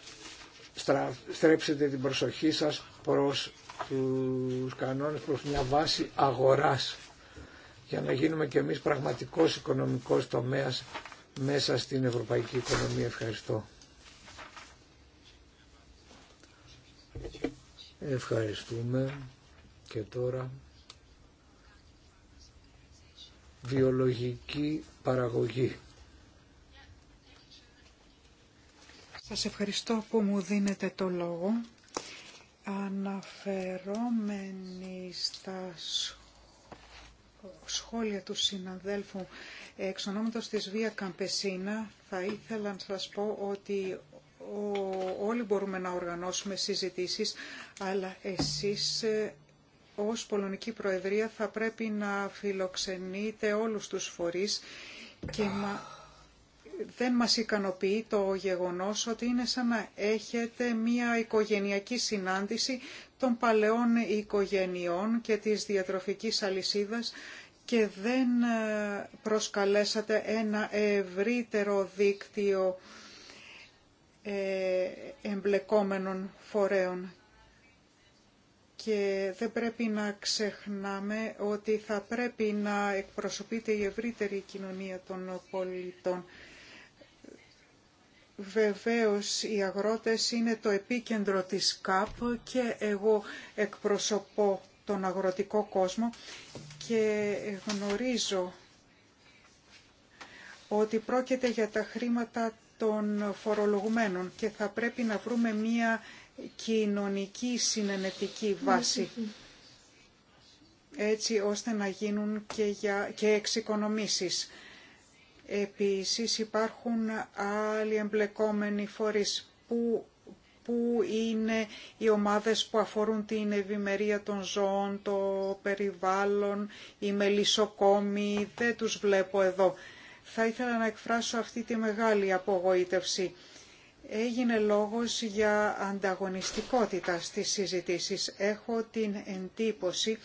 στρέψετε την προσοχή σας προς τους κανόνες προς μια βάση αγοράς για να γίνουμε και εμείς πραγματικός οικονομικός τομέας μέσα στην ευρωπαϊκή οικονομία. Ευχαριστώ. Ευχαριστούμε και τώρα βιολογική παραγωγή. Σας ευχαριστώ που μου δίνετε το λόγο. Αναφερόμενοι στα σχόλια του συναδέλφου εξ της Βία Καμπεσίνα, θα ήθελα να σας πω ότι όλοι μπορούμε να οργανώσουμε συζητήσεις, αλλά εσείς ε, ως Πολωνική Προεδρία θα πρέπει να φιλοξενείτε όλους τους φορείς και μα δεν μας ικανοποιεί το γεγονός ότι είναι σαν να έχετε μία οικογενειακή συνάντηση των παλαιών οικογενειών και της διατροφικής αλυσίδας και δεν ε, προσκαλέσατε ένα ευρύτερο δίκτυο ε, εμπλεκόμενων φορέων. Και δεν πρέπει να ξεχνάμε ότι θα πρέπει να εκπροσωπείται η ευρύτερη κοινωνία των πολιτών. Βεβαίως οι αγρότες είναι το επίκεντρο της ΚΑΠ και εγώ εκπροσωπώ τον αγροτικό κόσμο και γνωρίζω ότι πρόκειται για τα χρήματα των φορολογουμένων και θα πρέπει να βρούμε μία κοινωνική συνενετική βάση έτσι ώστε να γίνουν και, για, και εξοικονομήσεις. Επίσης υπάρχουν άλλοι εμπλεκόμενοι φορείς που, που είναι οι ομάδες που αφορούν την ευημερία των ζώων, το περιβάλλον, οι μελισσοκόμοι, δεν τους βλέπω εδώ. Θα ήθελα να εκφράσω αυτή τη μεγάλη απογοήτευση. Έγινε λόγος για ανταγωνιστικότητα στις συζητήσεις. Έχω την εντύπωση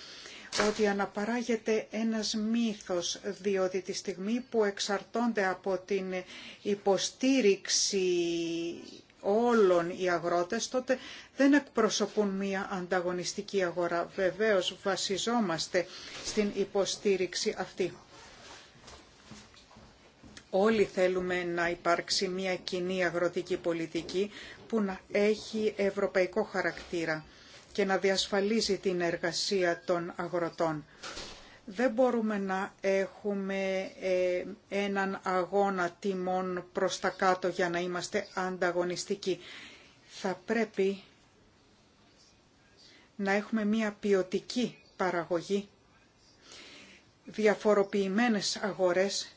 ότι αναπαράγεται ένας μύθος, διότι τη στιγμή που εξαρτώνται από την υποστήριξη όλων οι αγρότες, τότε δεν εκπροσωπούν μία ανταγωνιστική αγορά. Βεβαίως βασιζόμαστε στην υποστήριξη αυτή. Όλοι θέλουμε να υπάρξει μία κοινή αγροτική πολιτική που να έχει ευρωπαϊκό χαρακτήρα και να διασφαλίζει την εργασία των αγροτών. Δεν μπορούμε να έχουμε ε, έναν αγώνα τιμών προς τα κάτω για να είμαστε ανταγωνιστικοί. Θα πρέπει να έχουμε μια ποιοτική παραγωγή, διαφοροποιημένες αγορές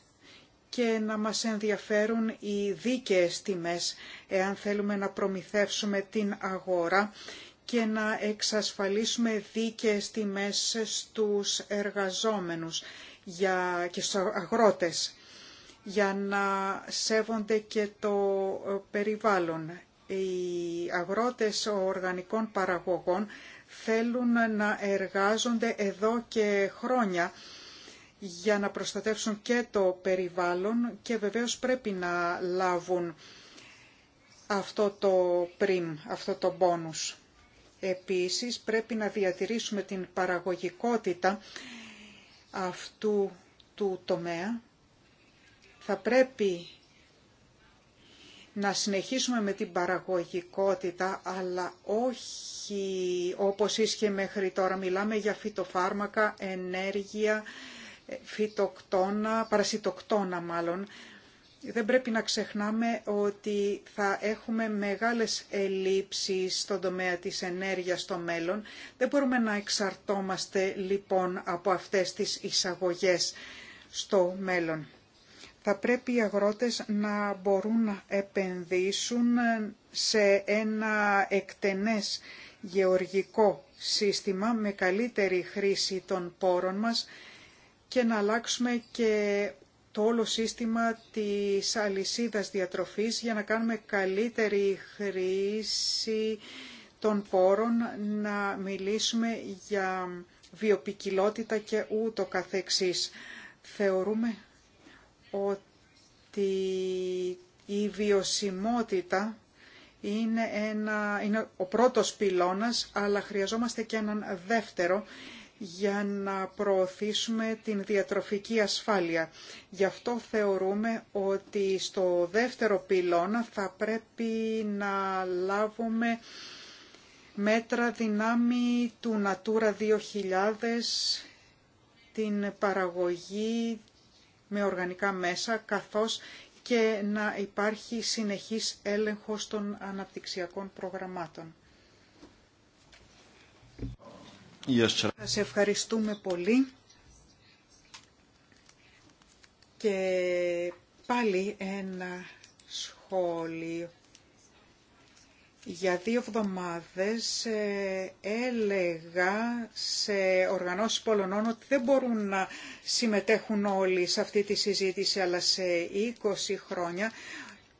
και να μας ενδιαφέρουν οι δίκαιες τιμές εάν θέλουμε να προμηθεύσουμε την αγορά και να εξασφαλίσουμε δίκαιες τιμές στους εργαζόμενους για, και στους αγρότες για να σέβονται και το περιβάλλον. Οι αγρότες οργανικών παραγωγών θέλουν να εργάζονται εδώ και χρόνια για να προστατεύσουν και το περιβάλλον και βεβαίως πρέπει να λάβουν αυτό το πριμ, αυτό το μπόνους. Επίσης πρέπει να διατηρήσουμε την παραγωγικότητα αυτού του τομέα. Θα πρέπει να συνεχίσουμε με την παραγωγικότητα, αλλά όχι όπως ίσχυε μέχρι τώρα. Μιλάμε για φυτοφάρμακα, ενέργεια, φυτοκτόνα, παρασιτοκτόνα μάλλον δεν πρέπει να ξεχνάμε ότι θα έχουμε μεγάλες ελλείψεις στον τομέα της ενέργειας στο μέλλον. Δεν μπορούμε να εξαρτώμαστε λοιπόν από αυτές τις εισαγωγές στο μέλλον. Θα πρέπει οι αγρότες να μπορούν να επενδύσουν σε ένα εκτενές γεωργικό σύστημα με καλύτερη χρήση των πόρων μας και να αλλάξουμε και το όλο σύστημα της αλυσίδας διατροφής για να κάνουμε καλύτερη χρήση των πόρων, να μιλήσουμε για βιοπικιλότητα και ούτω καθεξής. Θεωρούμε ότι η βιωσιμότητα είναι, ένα, είναι ο πρώτος πυλώνας, αλλά χρειαζόμαστε και έναν δεύτερο για να προωθήσουμε την διατροφική ασφάλεια. Γι' αυτό θεωρούμε ότι στο δεύτερο πυλώνα θα πρέπει να λάβουμε μέτρα δυνάμει του Natura 2000, την παραγωγή με οργανικά μέσα, καθώς και να υπάρχει συνεχής έλεγχος των αναπτυξιακών προγραμμάτων. Σας ευχαριστούμε πολύ και πάλι ένα σχόλιο. Για δύο εβδομάδες ε, έλεγα σε οργανώσεις Πολωνών ότι δεν μπορούν να συμμετέχουν όλοι σε αυτή τη συζήτηση, αλλά σε 20 χρόνια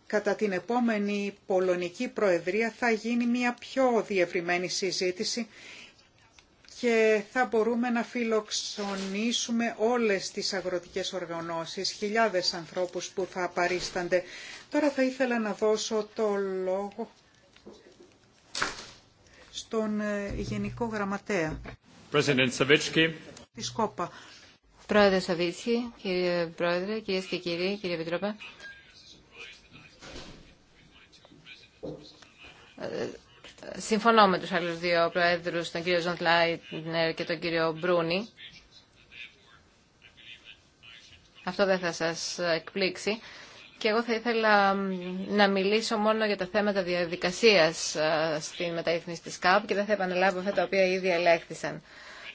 κατά την επόμενη Πολωνική Προεδρία θα γίνει μια πιο διευρυμένη συζήτηση και θα μπορούμε να φιλοξενήσουμε όλες τις αγροτικές οργανώσεις, χιλιάδες ανθρώπους που θα παρίστανται. Τώρα θα ήθελα να δώσω το λόγο στον ε, Γενικό Γραμματέα. Της Κόπα. Πρόεδρε Σαβίτσκι, κύριε Πρόεδρε, κυρίε και κύριοι, κύριε Επιτρόπε. Συμφωνώ με τους άλλους δύο προέδρους, τον κύριο Ζοντ Λάιτνερ και τον κύριο Μπρούνι. Αυτό δεν θα σας εκπλήξει. Και εγώ θα ήθελα να μιλήσω μόνο για τα θέματα διαδικασίας στην μεταρρύθμιση της ΚΑΠ και δεν θα επαναλάβω αυτά τα οποία ήδη ελέγχθησαν.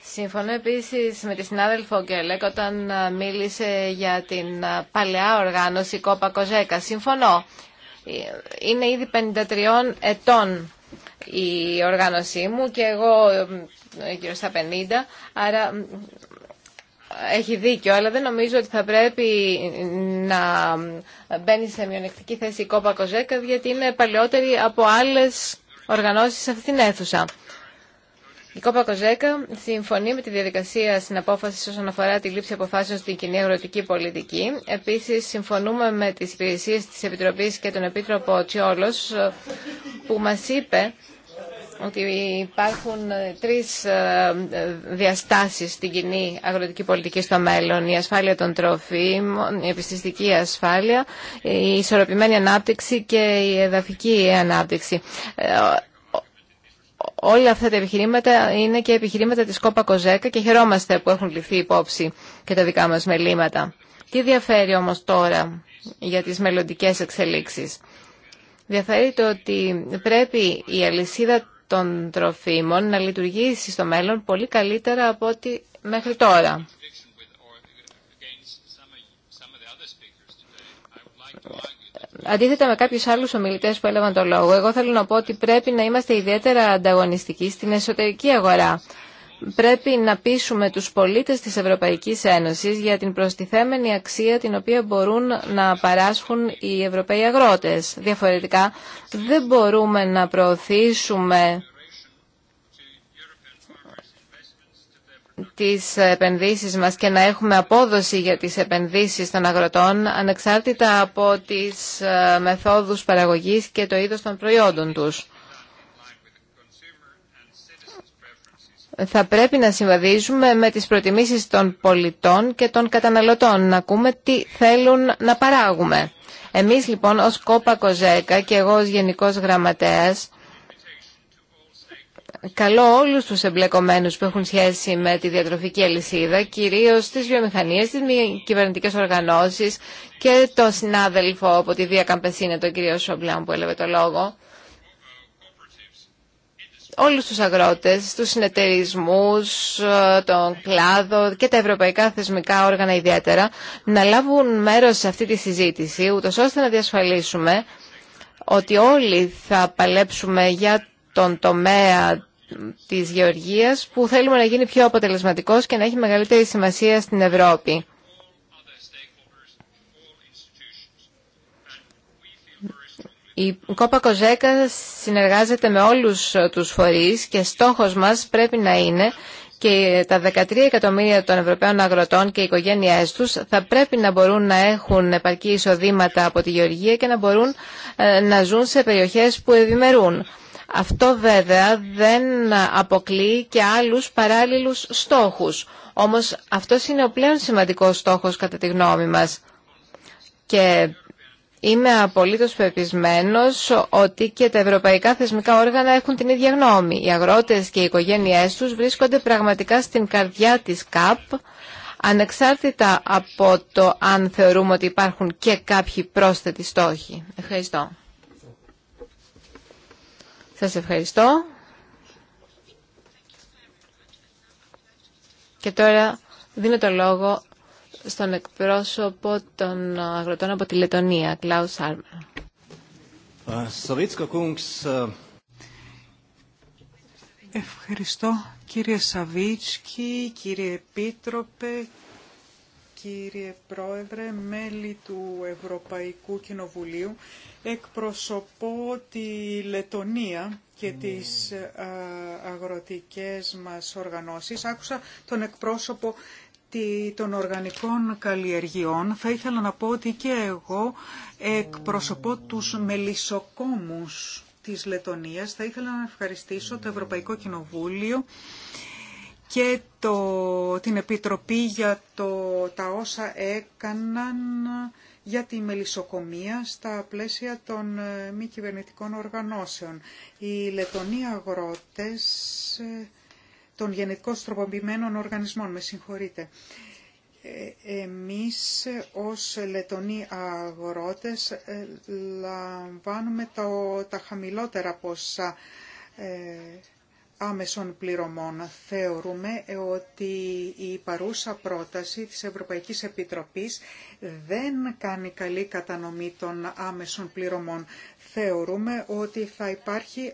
Συμφωνώ επίσης με τη συνάδελφο Γκέλεκ όταν μίλησε για την παλαιά οργάνωση Κόπα Κοζέκα. Συμφωνώ. Ε, είναι ήδη 53 ετών η οργάνωσή μου και εγώ γύρω στα 50, άρα έχει δίκιο, αλλά δεν νομίζω ότι θα πρέπει να μπαίνει σε μειονεκτική θέση η κόπα Κοζέκα, γιατί είναι παλαιότερη από άλλες οργανώσεις σε αυτήν την αίθουσα. Η ΚΟΠΑ ΚΟΖΕΚΑ συμφωνεί με τη διαδικασία στην απόφαση όσον αφορά τη λήψη αποφάσεων στην κοινή αγροτική πολιτική. Επίση, συμφωνούμε με τι υπηρεσίε τη Επιτροπή και τον Επίτροπο Τσιόλο, ε, που μα είπε ότι υπάρχουν ε, τρεις ε, ε, διαστάσεις στην κοινή αγροτική πολιτική στο μέλλον. Η ασφάλεια των τροφίμων, η επιστηστική ασφάλεια, η ισορροπημένη ανάπτυξη και η εδαφική ανάπτυξη. Όλα αυτά τα επιχειρήματα είναι και επιχειρήματα της Κόπα Κοζέκα και χαιρόμαστε που έχουν ληφθεί υπόψη και τα δικά μας μελήματα. Τι διαφέρει όμως τώρα για τις μελλοντικές εξελίξεις. Διαφέρει το ότι πρέπει η αλυσίδα των τροφίμων να λειτουργήσει στο μέλλον πολύ καλύτερα από ό,τι μέχρι τώρα. Αντίθετα με κάποιους άλλους ομιλητές που έλαβαν το λόγο, εγώ θέλω να πω ότι πρέπει να είμαστε ιδιαίτερα ανταγωνιστικοί στην εσωτερική αγορά πρέπει να πείσουμε τους πολίτες της Ευρωπαϊκής Ένωσης για την προστιθέμενη αξία την οποία μπορούν να παράσχουν οι Ευρωπαίοι αγρότες. Διαφορετικά δεν μπορούμε να προωθήσουμε τις επενδύσεις μας και να έχουμε απόδοση για τις επενδύσεις των αγροτών ανεξάρτητα από τις ε, μεθόδους παραγωγής και το είδος των προϊόντων τους. θα πρέπει να συμβαδίζουμε με τις προτιμήσεις των πολιτών και των καταναλωτών, να ακούμε τι θέλουν να παράγουμε. Εμείς λοιπόν ως Κόπα Κοζέκα και εγώ ως Γενικός Γραμματέας, καλώ όλους τους εμπλεκομένους που έχουν σχέση με τη διατροφική αλυσίδα, κυρίως τις βιομηχανίες, τις μη κυβερνητικές οργανώσεις και το συνάδελφο από τη Δία Καμπεσίνε, τον κύριο Σομπλάν που έλαβε το λόγο, όλους τους αγρότες, τους συνεταιρισμούς, ε, τον κλάδο και τα ευρωπαϊκά θεσμικά όργανα ιδιαίτερα να λάβουν μέρος σε αυτή τη συζήτηση, ούτως ώστε να διασφαλίσουμε ότι όλοι θα παλέψουμε για τον τομέα της γεωργίας που θέλουμε να γίνει πιο αποτελεσματικός και να έχει μεγαλύτερη σημασία στην Ευρώπη. Η Κόπα Κοζέκα συνεργάζεται με όλους τους φορείς και στόχος μας πρέπει να είναι και τα 13 εκατομμύρια των Ευρωπαίων αγροτών και οι οικογένειές τους θα πρέπει να μπορούν να έχουν επαρκή εισοδήματα από τη γεωργία και να μπορούν ε, να ζουν σε περιοχές που ευημερούν. Αυτό βέβαια δεν αποκλείει και άλλους παράλληλους στόχους. Όμως αυτός είναι ο πλέον σημαντικός στόχος κατά τη γνώμη μας. Και Είμαι απολύτως πεπισμένος ότι και τα ευρωπαϊκά θεσμικά όργανα έχουν την ίδια γνώμη. Οι αγρότες και οι οικογένειές τους βρίσκονται πραγματικά στην καρδιά της ΚΑΠ, ανεξάρτητα από το αν θεωρούμε ότι υπάρχουν και κάποιοι πρόσθετοι στόχοι. Ευχαριστώ. Σας ευχαριστώ. Και τώρα δίνω το λόγο στον εκπρόσωπο των αγροτών από τη Λετωνία, Κλάους Άρμα. Ε, ε, Ευχαριστώ κύριε Σαβίτσκι, κύριε Επίτροπε, κύριε Πρόεδρε, μέλη του Ευρωπαϊκού Κοινοβουλίου. Εκπροσωπώ τη Λετωνία και τις ε, αγροτικές μας οργανώσεις. Άκουσα τον εκπρόσωπο των οργανικών καλλιεργειών θα ήθελα να πω ότι και εγώ εκπροσωπώ τους μελισσοκόμους της Λετωνίας. Θα ήθελα να ευχαριστήσω το Ευρωπαϊκό Κοινοβούλιο και το, την Επιτροπή για το, τα όσα έκαναν για τη μελισσοκομεία στα πλαίσια των ε, μη κυβερνητικών οργανώσεων. Οι Λετωνοί αγρότες ε, των γενετικώς τροποποιημένων οργανισμών. Με συγχωρείτε. Ε, εμείς ως Λετονοί αγρότες ε, λαμβάνουμε το, τα χαμηλότερα ποσά ε, άμεσων πληρωμών. Θεωρούμε ότι η παρούσα πρόταση της Ευρωπαϊκής Επιτροπής δεν κάνει καλή κατανομή των άμεσων πληρωμών. Θεωρούμε ότι θα υπάρχει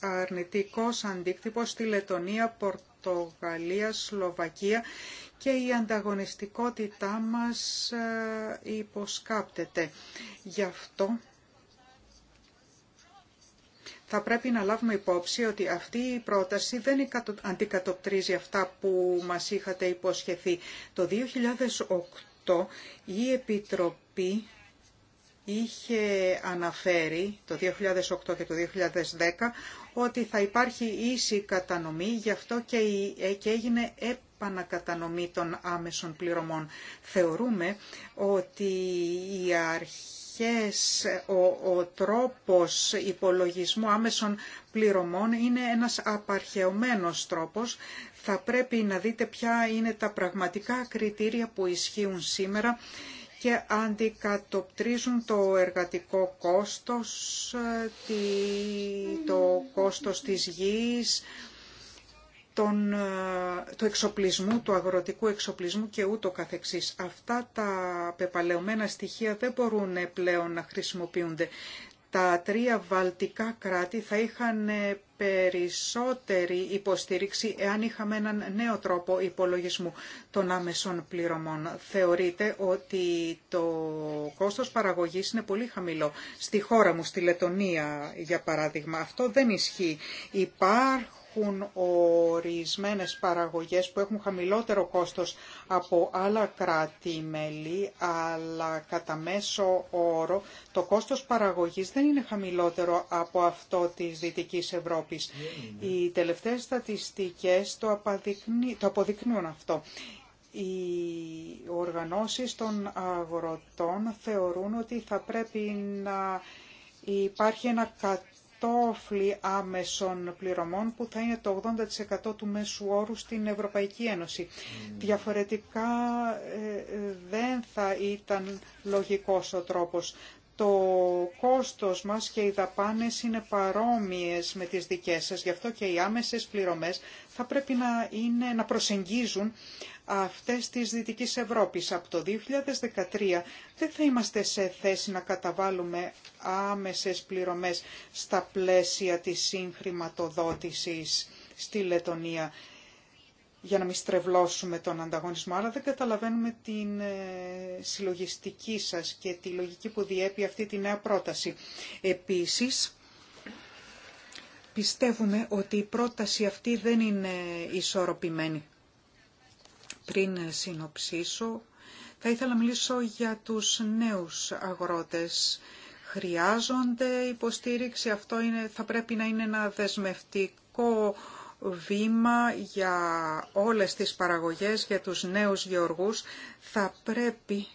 αρνητικός αντίκτυπος στη Λετωνία, Πορτογαλία, Σλοβακία και η ανταγωνιστικότητά μας ε, υποσκάπτεται. Γι' αυτό θα πρέπει να λάβουμε υπόψη ότι αυτή η πρόταση δεν αντικατοπτρίζει αυτά που μας είχατε υποσχεθεί. Το 2008 η Επιτροπή είχε αναφέρει το 2008 και το 2010 ότι θα υπάρχει ίση κατανομή, γι' αυτό και, ε, και έγινε επανακατανομή των άμεσων πληρωμών. Θεωρούμε ότι η αρχή αρχές, ο, ο τρόπος υπολογισμού άμεσων πληρωμών είναι ένας απαρχαιωμένος τρόπος. Θα πρέπει να δείτε ποια είναι τα πραγματικά κριτήρια που ισχύουν σήμερα και αντικατοπτρίζουν το εργατικό κόστος, ε, το κόστος της γης, τον, ε, του εξοπλισμού, του αγροτικού εξοπλισμού και ούτω καθεξής. Αυτά τα πεπαλαιωμένα στοιχεία δεν μπορούν πλέον να χρησιμοποιούνται. Τα τρία βαλτικά κράτη θα είχαν ε, περισσότερη υποστήριξη εάν είχαμε έναν νέο τρόπο υπολογισμού των άμεσων πληρωμών. Θεωρείται ότι το κόστος παραγωγής είναι πολύ χαμηλό. Στη χώρα μου, στη Λετωνία για παράδειγμα, αυτό δεν ισχύει. Υπάρχουν Υπάρχουν ορισμένες παραγωγές που έχουν χαμηλότερο κόστος από άλλα κράτη-μέλη, αλλά κατά μέσο όρο το κόστος παραγωγής δεν είναι χαμηλότερο από αυτό της Δυτικής Ευρώπης. Οι τελευταίες στατιστικές το, το αποδεικνύουν αυτό. Οι οργανώσεις των αγροτών θεωρούν ότι θα πρέπει να υπάρχει ένα κατόφλι άμεσων πληρωμών που θα είναι το 80% του μέσου όρου στην Ευρωπαϊκή Ένωση. Διαφορετικά ε, ε, δεν θα ήταν λογικός ο τρόπος το κόστος μας και οι δαπάνες είναι παρόμοιες με τις δικές σας, γι' αυτό και οι άμεσες πληρωμές θα πρέπει να, είναι, να προσεγγίζουν αυτές της Δυτικής Ευρώπης. Από το 2013 δεν θα είμαστε σε θέση να καταβάλουμε άμεσες πληρωμές στα πλαίσια της συγχρηματοδότησης στη Λετωνία για να μην στρεβλώσουμε τον ανταγωνισμό, αλλά δεν καταλαβαίνουμε την ε, συλλογιστική σας και τη λογική που διέπει αυτή τη νέα πρόταση. Επίσης, πιστεύουμε ότι η πρόταση αυτή δεν είναι ισορροπημένη. Πριν συνοψίσω, θα ήθελα να μιλήσω για τους νέους αγρότες. Χρειάζονται υποστήριξη, αυτό είναι, θα πρέπει να είναι ένα δεσμευτικό βήμα για όλες τις παραγωγές, για τους νέους γεωργούς. Θα πρέπει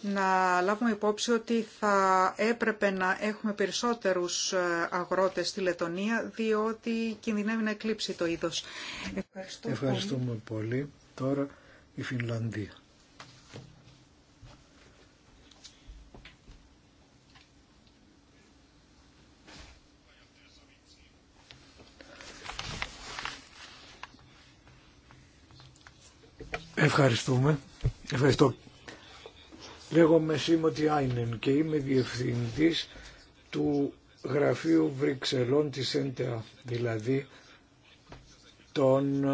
να λάβουμε υπόψη ότι θα έπρεπε να έχουμε περισσότερους ε, αγρότες στη Λετωνία, διότι κινδυνεύει να εκλείψει το είδος. Ευχαριστούμε πολύ. Τώρα η Φινλανδία. Ευχαριστούμε. Ευχαριστώ. Λέγομαι Σίμωτι Άινεν και είμαι διευθυντής του Γραφείου Βρυξελών της ΕΝΤΕΑ, δηλαδή των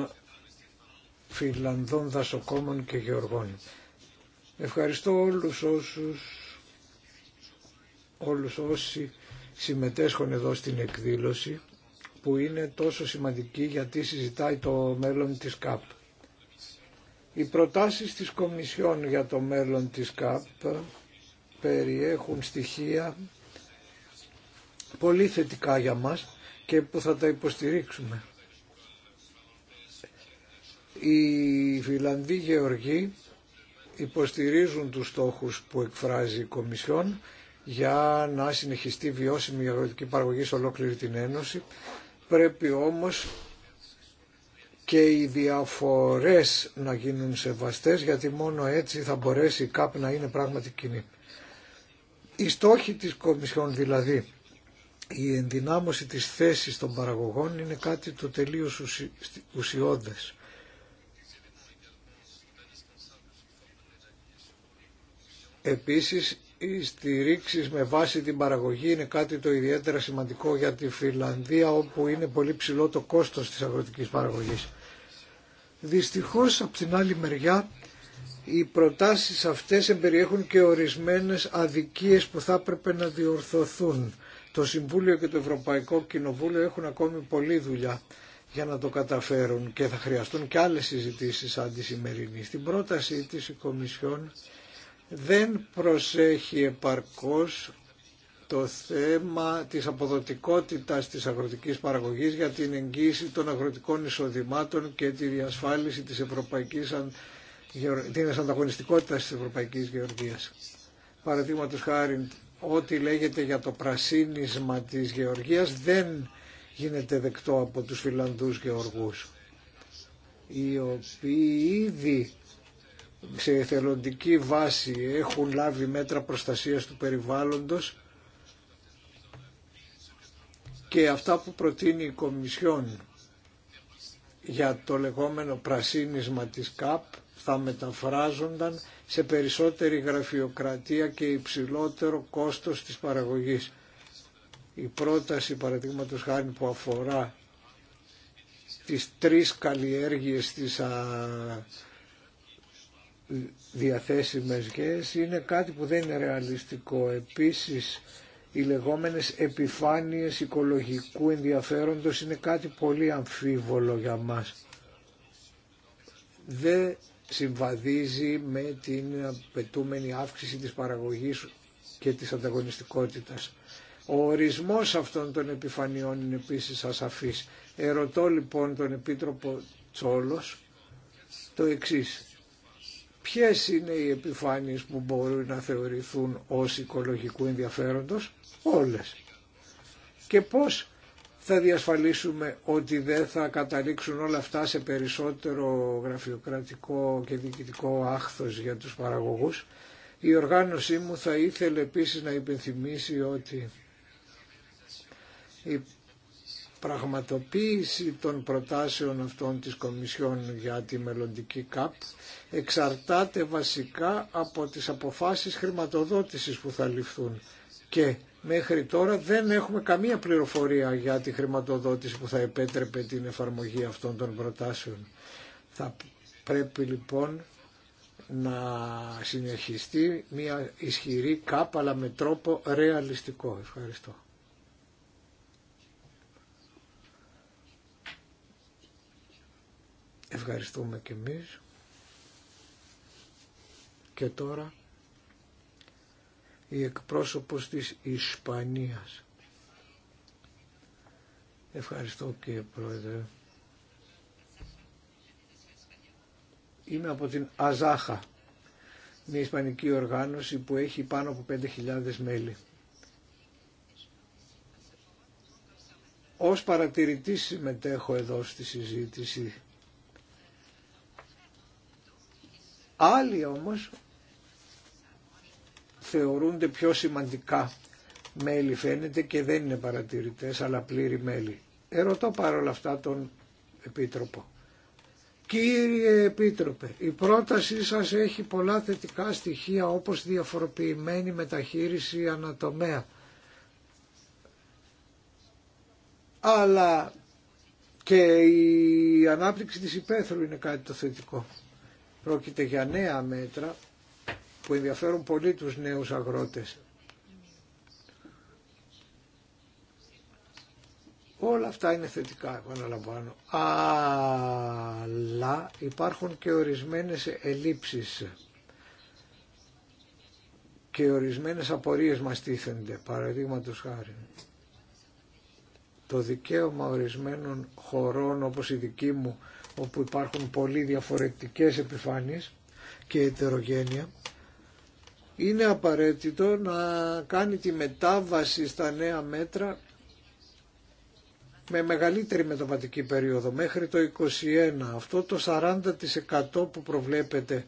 Φιλανδών Δασοκόμων και Γεωργών. Ευχαριστώ όλους όσους, όλους όσοι συμμετέσχουν εδώ στην εκδήλωση που είναι τόσο σημαντική γιατί συζητάει το μέλλον της ΚΑΠ. Οι προτάσεις της Κομισιόν για το μέλλον της ΚΑΠ περιέχουν στοιχεία πολύ θετικά για μας και που θα τα υποστηρίξουμε. Οι Φιλανδοί Γεωργοί υποστηρίζουν τους στόχους που εκφράζει η Κομισιόν για να συνεχιστεί βιώσιμη αγροτική παραγωγή σε ολόκληρη την Ένωση. Πρέπει όμως και οι διαφορές να γίνουν σεβαστές γιατί μόνο έτσι θα μπορέσει η ΚΑΠ να είναι πράγματι κοινή. Η στόχη της Κομισιόν δηλαδή η ενδυνάμωση της θέσης των παραγωγών είναι κάτι το τελείως ουσι... ουσιώδες. Επίσης οι στηρίξεις με βάση την παραγωγή είναι κάτι το ιδιαίτερα σημαντικό για τη Φιλανδία όπου είναι πολύ ψηλό το κόστος της αγροτικής παραγωγής. Δυστυχώς από την άλλη μεριά οι προτάσεις αυτές εμπεριέχουν και ορισμένες αδικίες που θα έπρεπε να διορθωθούν. Το Συμβούλιο και το Ευρωπαϊκό Κοινοβούλιο έχουν ακόμη πολλή δουλειά για να το καταφέρουν και θα χρειαστούν και άλλες συζητήσεις σαν Στην πρότασή της η Κομισιόν δεν προσέχει επαρκώς το θέμα της αποδοτικότητας της αγροτικής παραγωγής για την εγγύηση των αγροτικών εισοδημάτων και τη διασφάλιση της ευρωπαϊκής την ανταγωνιστικότητα της ευρωπαϊκής γεωργίας. Παραδείγματο χάρη, ό,τι λέγεται για το πρασίνισμα της γεωργίας δεν γίνεται δεκτό από τους Φιλανδού γεωργούς οι οποίοι ήδη σε εθελοντική βάση έχουν λάβει μέτρα προστασίας του περιβάλλοντος και αυτά που προτείνει η Κομισιόν για το λεγόμενο πρασίνισμα της ΚΑΠ θα μεταφράζονταν σε περισσότερη γραφειοκρατία και υψηλότερο κόστος της παραγωγής. Η πρόταση παραδείγματο χάρη που αφορά τις τρεις καλλιέργειες της διαθέσιμες γέες είναι κάτι που δεν είναι ρεαλιστικό. Επίσης οι λεγόμενες επιφάνειες οικολογικού ενδιαφέροντος είναι κάτι πολύ αμφίβολο για μας. Δεν συμβαδίζει με την απαιτούμενη αύξηση της παραγωγής και της ανταγωνιστικότητας. Ο ορισμός αυτών των επιφανειών είναι επίσης ασαφής. Ερωτώ λοιπόν τον Επίτροπο Τσόλος το εξής. Ποιες είναι οι επιφάνειες που μπορούν να θεωρηθούν ως οικολογικού ενδιαφέροντος, όλες. Και πώς θα διασφαλίσουμε ότι δεν θα καταλήξουν όλα αυτά σε περισσότερο γραφειοκρατικό και διοικητικό άχθος για τους παραγωγούς. Η οργάνωσή μου θα ήθελε επίσης να υπενθυμίσει ότι πραγματοποίηση των προτάσεων αυτών της Κομισιόν για τη μελλοντική ΚΑΠ εξαρτάται βασικά από τις αποφάσεις χρηματοδότησης που θα ληφθούν και μέχρι τώρα δεν έχουμε καμία πληροφορία για τη χρηματοδότηση που θα επέτρεπε την εφαρμογή αυτών των προτάσεων. Θα πρέπει λοιπόν να συνεχιστεί μια ισχυρή ΚΑΠ αλλά με τρόπο ρεαλιστικό. Ευχαριστώ. Ευχαριστούμε και εμείς. Και τώρα η εκπρόσωπος της Ισπανίας. Ευχαριστώ κύριε Πρόεδρε. Είμαι από την Αζάχα, μια ισπανική οργάνωση που έχει πάνω από 5.000 μέλη. Ως παρατηρητής συμμετέχω εδώ στη συζήτηση Άλλοι όμως θεωρούνται πιο σημαντικά μέλη φαίνεται και δεν είναι παρατηρητές αλλά πλήρη μέλη. Ερωτώ παρόλα αυτά τον Επίτροπο. Κύριε Επίτροπε, η πρότασή σας έχει πολλά θετικά στοιχεία όπως διαφοροποιημένη μεταχείριση ανατομέα. Αλλά και η ανάπτυξη της υπαίθρου είναι κάτι το θετικό. Πρόκειται για νέα μέτρα που ενδιαφέρουν πολύ τους νέους αγρότες. Όλα αυτά είναι θετικά, επαναλαμβάνω. Αλλά υπάρχουν και ορισμένες ελλείψεις και ορισμένες απορίες μας τίθενται, παραδείγματος χάρη. Το δικαίωμα ορισμένων χωρών, όπως η δική μου, όπου υπάρχουν πολύ διαφορετικές επιφάνειες και ετερογένεια, είναι απαραίτητο να κάνει τη μετάβαση στα νέα μέτρα με μεγαλύτερη μεταβατική περίοδο, μέχρι το 21. Αυτό το 40% που προβλέπετε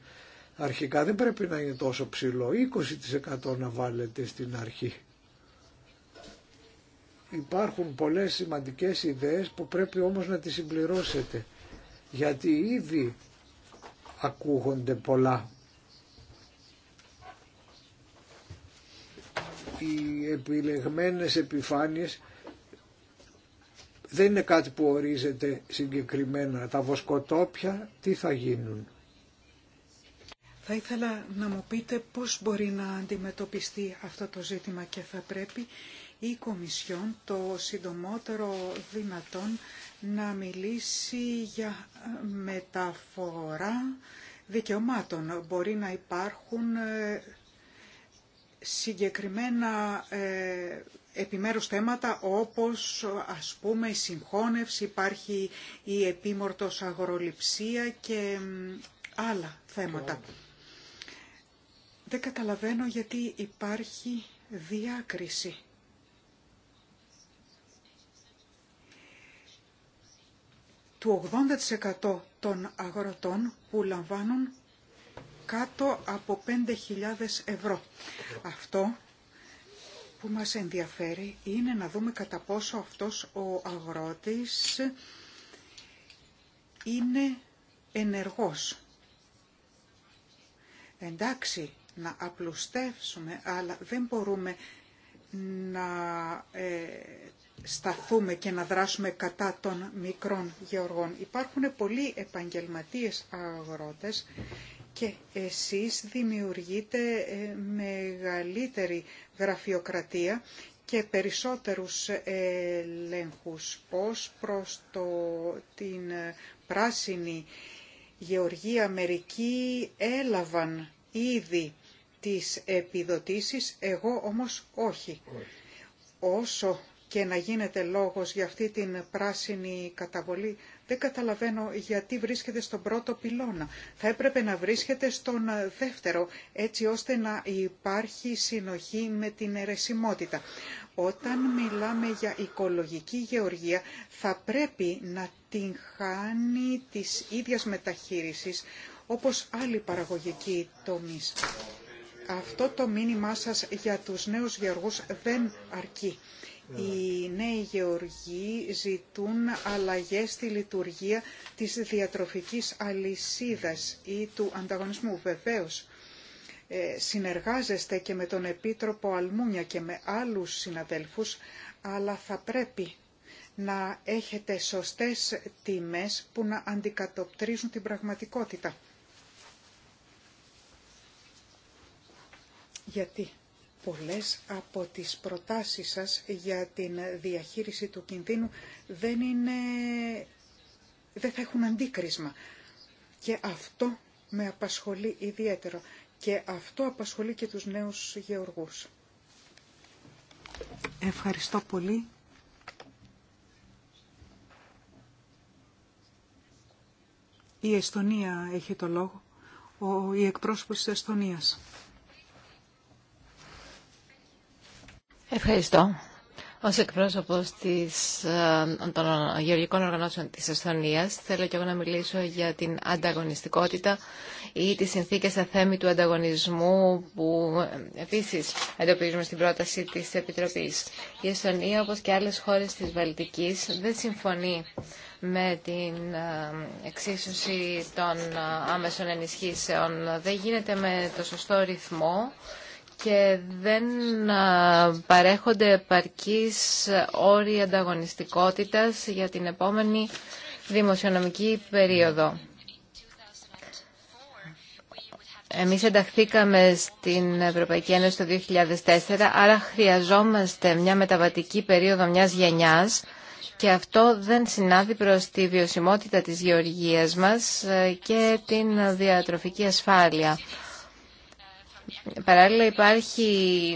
αρχικά δεν πρέπει να είναι τόσο ψηλό, 20% να βάλετε στην αρχή. Υπάρχουν πολλές σημαντικές ιδέες που πρέπει όμως να τις συμπληρώσετε γιατί ήδη ακούγονται πολλά. Οι επιλεγμένες επιφάνειες δεν είναι κάτι που ορίζεται συγκεκριμένα. Τα βοσκοτόπια τι θα γίνουν. Θα ήθελα να μου πείτε πώς μπορεί να αντιμετωπιστεί αυτό το ζήτημα και θα πρέπει η Κομισιόν το συντομότερο δυνατόν να μιλήσει για μεταφορά δικαιωμάτων. Μπορεί να υπάρχουν ε, συγκεκριμένα ε, επιμέρους θέματα όπως ας πούμε η συγχώνευση, υπάρχει η επίμορτος αγροληψία και άλλα θέματα. Δεν καταλαβαίνω γιατί υπάρχει διάκριση του 80% των αγροτών που λαμβάνουν κάτω από 5.000 ευρώ. Αυτό που μας ενδιαφέρει είναι να δούμε κατά πόσο αυτός ο αγρότης είναι ενεργός. Εντάξει, να απλουστεύσουμε, αλλά δεν μπορούμε να ε, σταθούμε και να δράσουμε κατά των μικρών γεωργών. Υπάρχουν πολλοί επαγγελματίες αγρότες και εσείς δημιουργείτε ε, μεγαλύτερη γραφειοκρατία και περισσότερους ε, ελέγχους ως προς το, την ε, πράσινη γεωργία. Μερικοί έλαβαν ήδη τις επιδοτήσεις, εγώ όμως όχι. Όσο και να γίνεται λόγος για αυτή την πράσινη καταβολή, δεν καταλαβαίνω γιατί βρίσκεται στον πρώτο πυλώνα. Θα έπρεπε να βρίσκεται στον δεύτερο, έτσι ώστε να υπάρχει συνοχή με την αιρεσιμότητα. Όταν μιλάμε για οικολογική γεωργία, θα πρέπει να την χάνει της ίδιας μεταχείρισης, όπως άλλοι παραγωγικοί τομείς. Αυτό το μήνυμά σας για τους νέους γεωργούς δεν αρκεί οι νέοι γεωργοί ζητούν αλλαγές στη λειτουργία της διατροφικής αλυσίδας ή του ανταγωνισμού. Βεβαίως, ε, συνεργάζεστε και με τον Επίτροπο Αλμούνια και με άλλους συναδέλφους, αλλά θα πρέπει να έχετε σωστές τιμές που να αντικατοπτρίζουν την πραγματικότητα. Γιατί πολλές από τις προτάσεις σας για την διαχείριση του κινδύνου δεν, είναι, δεν θα έχουν αντίκρισμα. Και αυτό με απασχολεί ιδιαίτερο. Και αυτό απασχολεί και τους νέους γεωργούς. Ευχαριστώ πολύ. Η Εστονία έχει το λόγο. Ο, η εκπρόσωπος της Εστονίας. Ευχαριστώ. Ως εκπρόσωπος ε, των γεωργικών οργανώσεων τη Εσθονία, θέλω και εγώ να μιλήσω για την ανταγωνιστικότητα ή τις συνθήκες αθέμη του ανταγωνισμού που ε, επίσης εντοπίζουμε στην πρόταση της Επιτροπής. Η Εσθονία όπως και άλλες χώρες της επιτροπη η εσθονια οπως και αλλες χωρε της βαλτικη δεν συμφωνεί με την ε, εξίσωση των άμεσων ενισχύσεων. Δεν γίνεται με το σωστό ρυθμό και δεν παρέχονται επαρκείς όροι ανταγωνιστικότητας για την επόμενη δημοσιονομική περίοδο. Εμείς ενταχθήκαμε στην Ευρωπαϊκή Ένωση το 2004, άρα χρειαζόμαστε μια μεταβατική περίοδο μιας γενιάς και αυτό δεν συνάδει προς τη βιωσιμότητα της γεωργίας μας ε, και την διατροφική ασφάλεια. Παράλληλα υπάρχει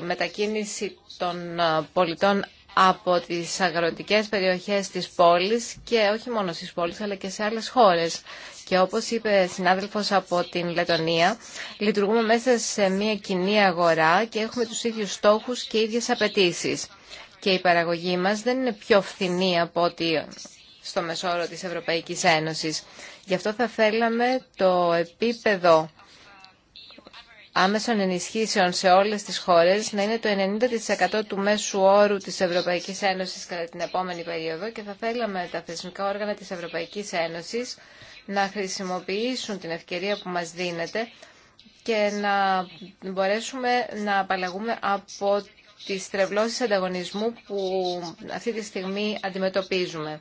μετακίνηση των ε, πολιτών από τις αγροτικές περιοχές της πόλης και όχι μόνο στις πόλεις αλλά και σε άλλες χώρες. Και όπως είπε συνάδελφος από την Λετωνία, λειτουργούμε μέσα σε μια κοινή αγορά και έχουμε τους ίδιους στόχους και ίδιες απαιτήσεις. Και η παραγωγή μας δεν είναι πιο φθηνή από ότι στο μεσόωρο της Ευρωπαϊκής Ένωσης. Γι' αυτό θα θέλαμε το επίπεδο άμεσων ενισχύσεων σε όλες τις χώρες να είναι το 90% του μέσου όρου της Ευρωπαϊκής Ένωσης κατά την επόμενη περίοδο και θα θέλαμε τα θεσμικά όργανα της Ευρωπαϊκής Ένωσης να χρησιμοποιήσουν την ευκαιρία που μας δίνεται και να μπορέσουμε να απαλλαγούμε από τις τρευλώσεις ανταγωνισμού που αυτή τη στιγμή αντιμετωπίζουμε.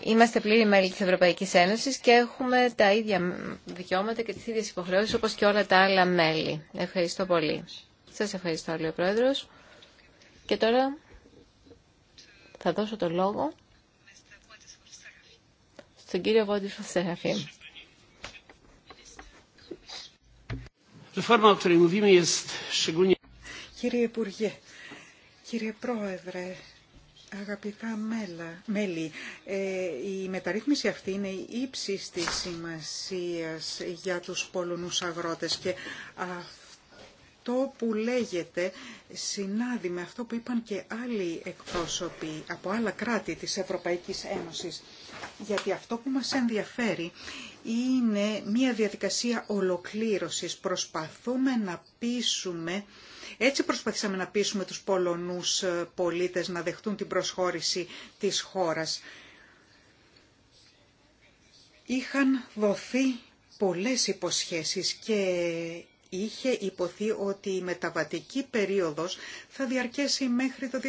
Είμαστε πλήρη μέλη της Ευρωπαϊκής Ένωσης και έχουμε τα ίδια δικαιώματα και τις ίδιες υποχρεώσεις όπως και όλα τα άλλα μέλη. Ευχαριστώ πολύ. Σας ευχαριστώ όλοι ο Και τώρα θα δώσω το λόγο στον κύριο Βόντι Σαφή. Κύριε Υπουργέ, κύριε Πρόεδρε, Αγαπητά μέλα, μέλη, ε, η μεταρρύθμιση αυτή είναι η ύψη της σημασίας για τους Πολωνούς αγρότες και αυτό που λέγεται συνάδει με αυτό που είπαν και άλλοι εκπρόσωποι από άλλα κράτη της Ευρωπαϊκής Ένωσης. Γιατί αυτό που μας ενδιαφέρει είναι μια διαδικασία ολοκλήρωσης. Προσπαθούμε να πείσουμε έτσι προσπαθήσαμε να πείσουμε τους Πολωνούς ε, πολίτες να δεχτούν την προσχώρηση της χώρας. Είχαν δοθεί πολλές υποσχέσεις και είχε υποθεί ότι η μεταβατική περίοδος θα διαρκέσει μέχρι το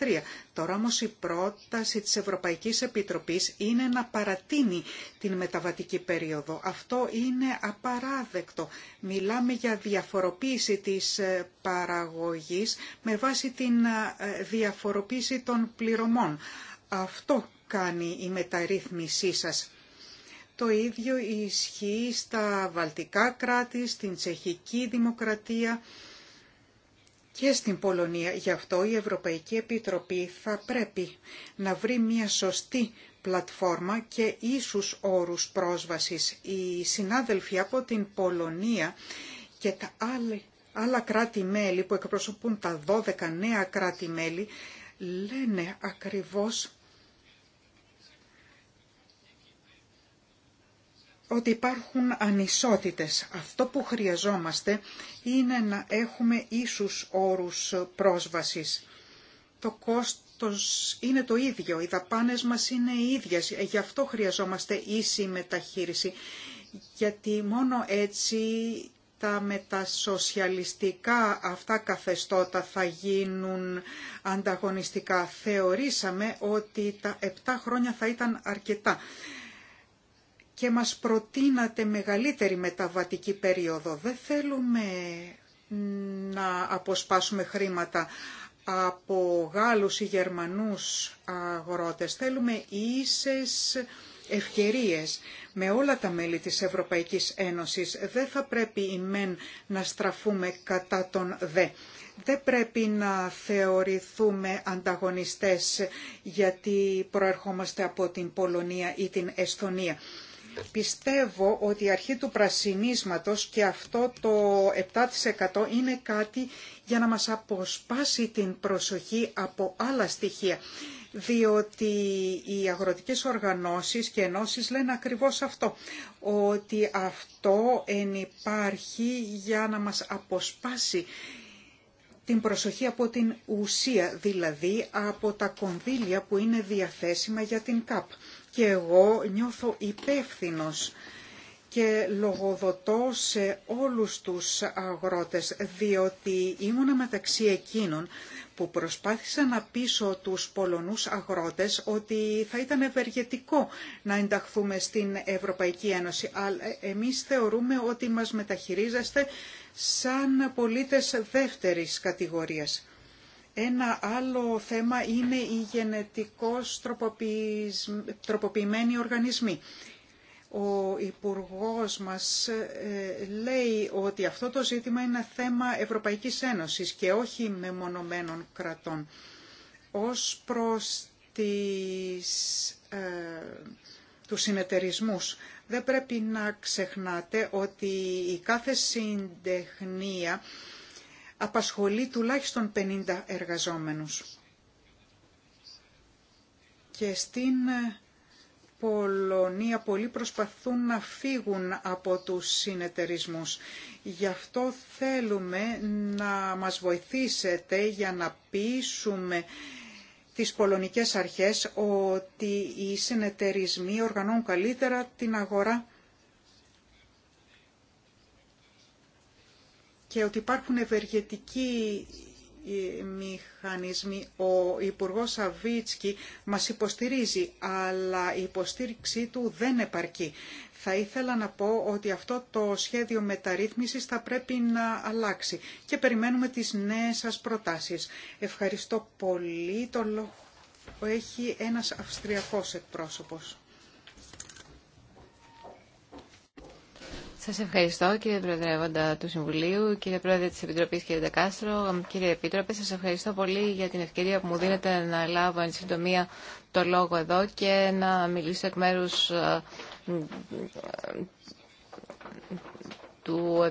2013. Τώρα όμως η πρόταση της Ευρωπαϊκής Επιτροπής είναι να παρατείνει την μεταβατική περίοδο. Αυτό είναι απαράδεκτο. Μιλάμε για διαφοροποίηση της ε, παραγωγής με βάση την ε, διαφοροποίηση των πληρωμών. Αυτό κάνει η μεταρρύθμισή σας. Το ίδιο ισχύει στα βαλτικά κράτη, στην τσεχική δημοκρατία και στην Πολωνία. Γι' αυτό η Ευρωπαϊκή Επιτροπή θα πρέπει να βρει μια σωστή πλατφόρμα και ίσους όρους πρόσβασης. Οι συνάδελφοι από την Πολωνία και τα άλλα, άλλα κράτη-μέλη που εκπροσωπούν τα 12 νέα κράτη-μέλη λένε ακριβώς ότι υπάρχουν ανισότητες. Αυτό που χρειαζόμαστε είναι να έχουμε ίσους όρους πρόσβασης. Το κόστος είναι το ίδιο, οι δαπάνες μας είναι οι ίδιες, γι' αυτό χρειαζόμαστε ίση μεταχείριση, γιατί μόνο έτσι τα μετασοσιαλιστικά αυτά καθεστώτα θα γίνουν ανταγωνιστικά. Θεωρήσαμε ότι τα επτά χρόνια θα ήταν αρκετά και μας προτείνατε μεγαλύτερη μεταβατική περίοδο. Δεν θέλουμε να αποσπάσουμε χρήματα από Γάλλους ή Γερμανούς αγρότες. Θέλουμε ίσες ευκαιρίες με όλα τα μέλη της Ευρωπαϊκής Ένωσης. Δεν θα πρέπει η μεν να στραφούμε κατά τον δε. Δεν πρέπει να θεωρηθούμε ανταγωνιστές γιατί προερχόμαστε από την Πολωνία ή την Εσθονία. Πιστεύω ότι η αρχή του πρασινίσματος και αυτό το 7% είναι κάτι για να μας αποσπάσει την προσοχή από άλλα στοιχεία. Διότι οι αγροτικές οργανώσεις και ενώσεις λένε ακριβώς αυτό, ότι αυτό ενυπάρχει για να μας αποσπάσει την προσοχή από την ουσία, δηλαδή από τα κονδύλια που είναι διαθέσιμα για την ΚΑΠ και εγώ νιώθω υπεύθυνος και λογοδοτώ σε όλους τους αγρότες, διότι ήμουνα μεταξύ εκείνων που προσπάθησα να πείσω τους Πολωνούς αγρότες ότι θα ήταν ευεργετικό να ενταχθούμε στην Ευρωπαϊκή Ένωση. Αλλά εμείς θεωρούμε ότι μας μεταχειρίζεστε σαν πολίτες δεύτερης κατηγορίας. Ένα άλλο θέμα είναι οι γενετικώς τροποποιημένοι οργανισμοί. Ο Υπουργός μας ε, λέει ότι αυτό το ζήτημα είναι θέμα Ευρωπαϊκής Ένωσης και όχι μεμονωμένων κρατών. Ως προς τις, ε, τους συνεταιρισμούς, δεν πρέπει να ξεχνάτε ότι η κάθε συντεχνία απασχολεί τουλάχιστον 50 εργαζόμενους. Και στην ε, Πολωνία πολλοί προσπαθούν να φύγουν από τους συνεταιρισμούς. Γι' αυτό θέλουμε να μας βοηθήσετε για να πείσουμε τις πολωνικές αρχές ότι οι συνεταιρισμοί οργανώνουν καλύτερα την αγορά και ότι υπάρχουν ευεργετικοί ε, μηχανισμοί. Ο Υπουργός Σαββίτσκι μας υποστηρίζει, αλλά η υποστήριξή του δεν επαρκεί. Θα ήθελα να πω ότι αυτό το σχέδιο μεταρρύθμισης θα πρέπει να αλλάξει και περιμένουμε τις νέες σας προτάσεις. Ευχαριστώ πολύ. Το λόγο έχει ένας αυστριακός εκπρόσωπος. Σας ευχαριστώ κύριε Προεδρεύοντα του Συμβουλίου, κύριε Πρόεδρε της Επιτροπής κύριε Ντακάστρο, κύριε Επίτροπε, σας ευχαριστώ πολύ για την ευκαιρία που μου δίνετε να λάβω εν συντομία το λόγο εδώ και να μιλήσω εκ μέρους ε, του,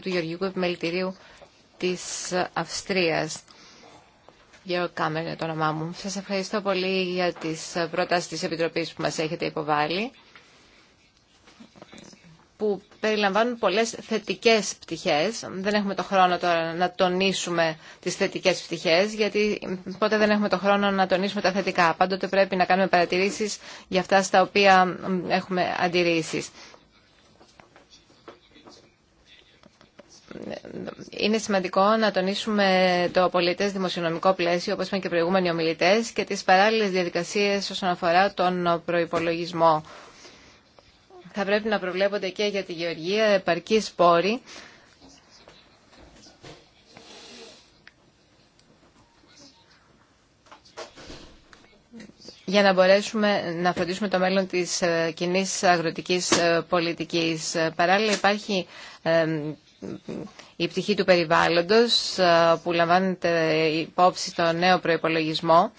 του Γεωργικού Επιμελητηρίου της Αυστρίας. Γεωργ Κάμερ είναι το όνομά μου. Σας ευχαριστώ πολύ για τις προτάσεις της Επιτροπής που μας έχετε υποβάλει που περιλαμβάνουν πολλές θετικές πτυχές. Δεν έχουμε το χρόνο τώρα να τονίσουμε τις θετικές πτυχές, γιατί πότε δεν έχουμε το χρόνο να τονίσουμε τα θετικά. Πάντοτε πρέπει να κάνουμε παρατηρήσεις για αυτά στα οποία έχουμε αντιρρήσεις. είναι σημαντικό να τονίσουμε το πολιτέ δημοσιονομικό πλαίσιο, όπω είπαν και προηγούμενοι ομιλητέ, και τι παράλληλε διαδικασίε όσον αφορά τον προπολογισμό θα πρέπει να προβλέπονται και για τη γεωργία επαρκή σπόροι για να μπορέσουμε να φροντίσουμε το μέλλον της ε, κοινή αγροτικής ε, πολιτικής. Ε, παράλληλα υπάρχει η πτυχή του περιβάλλοντος που λαμβάνεται υπόψη το νέο προϋπολογισμό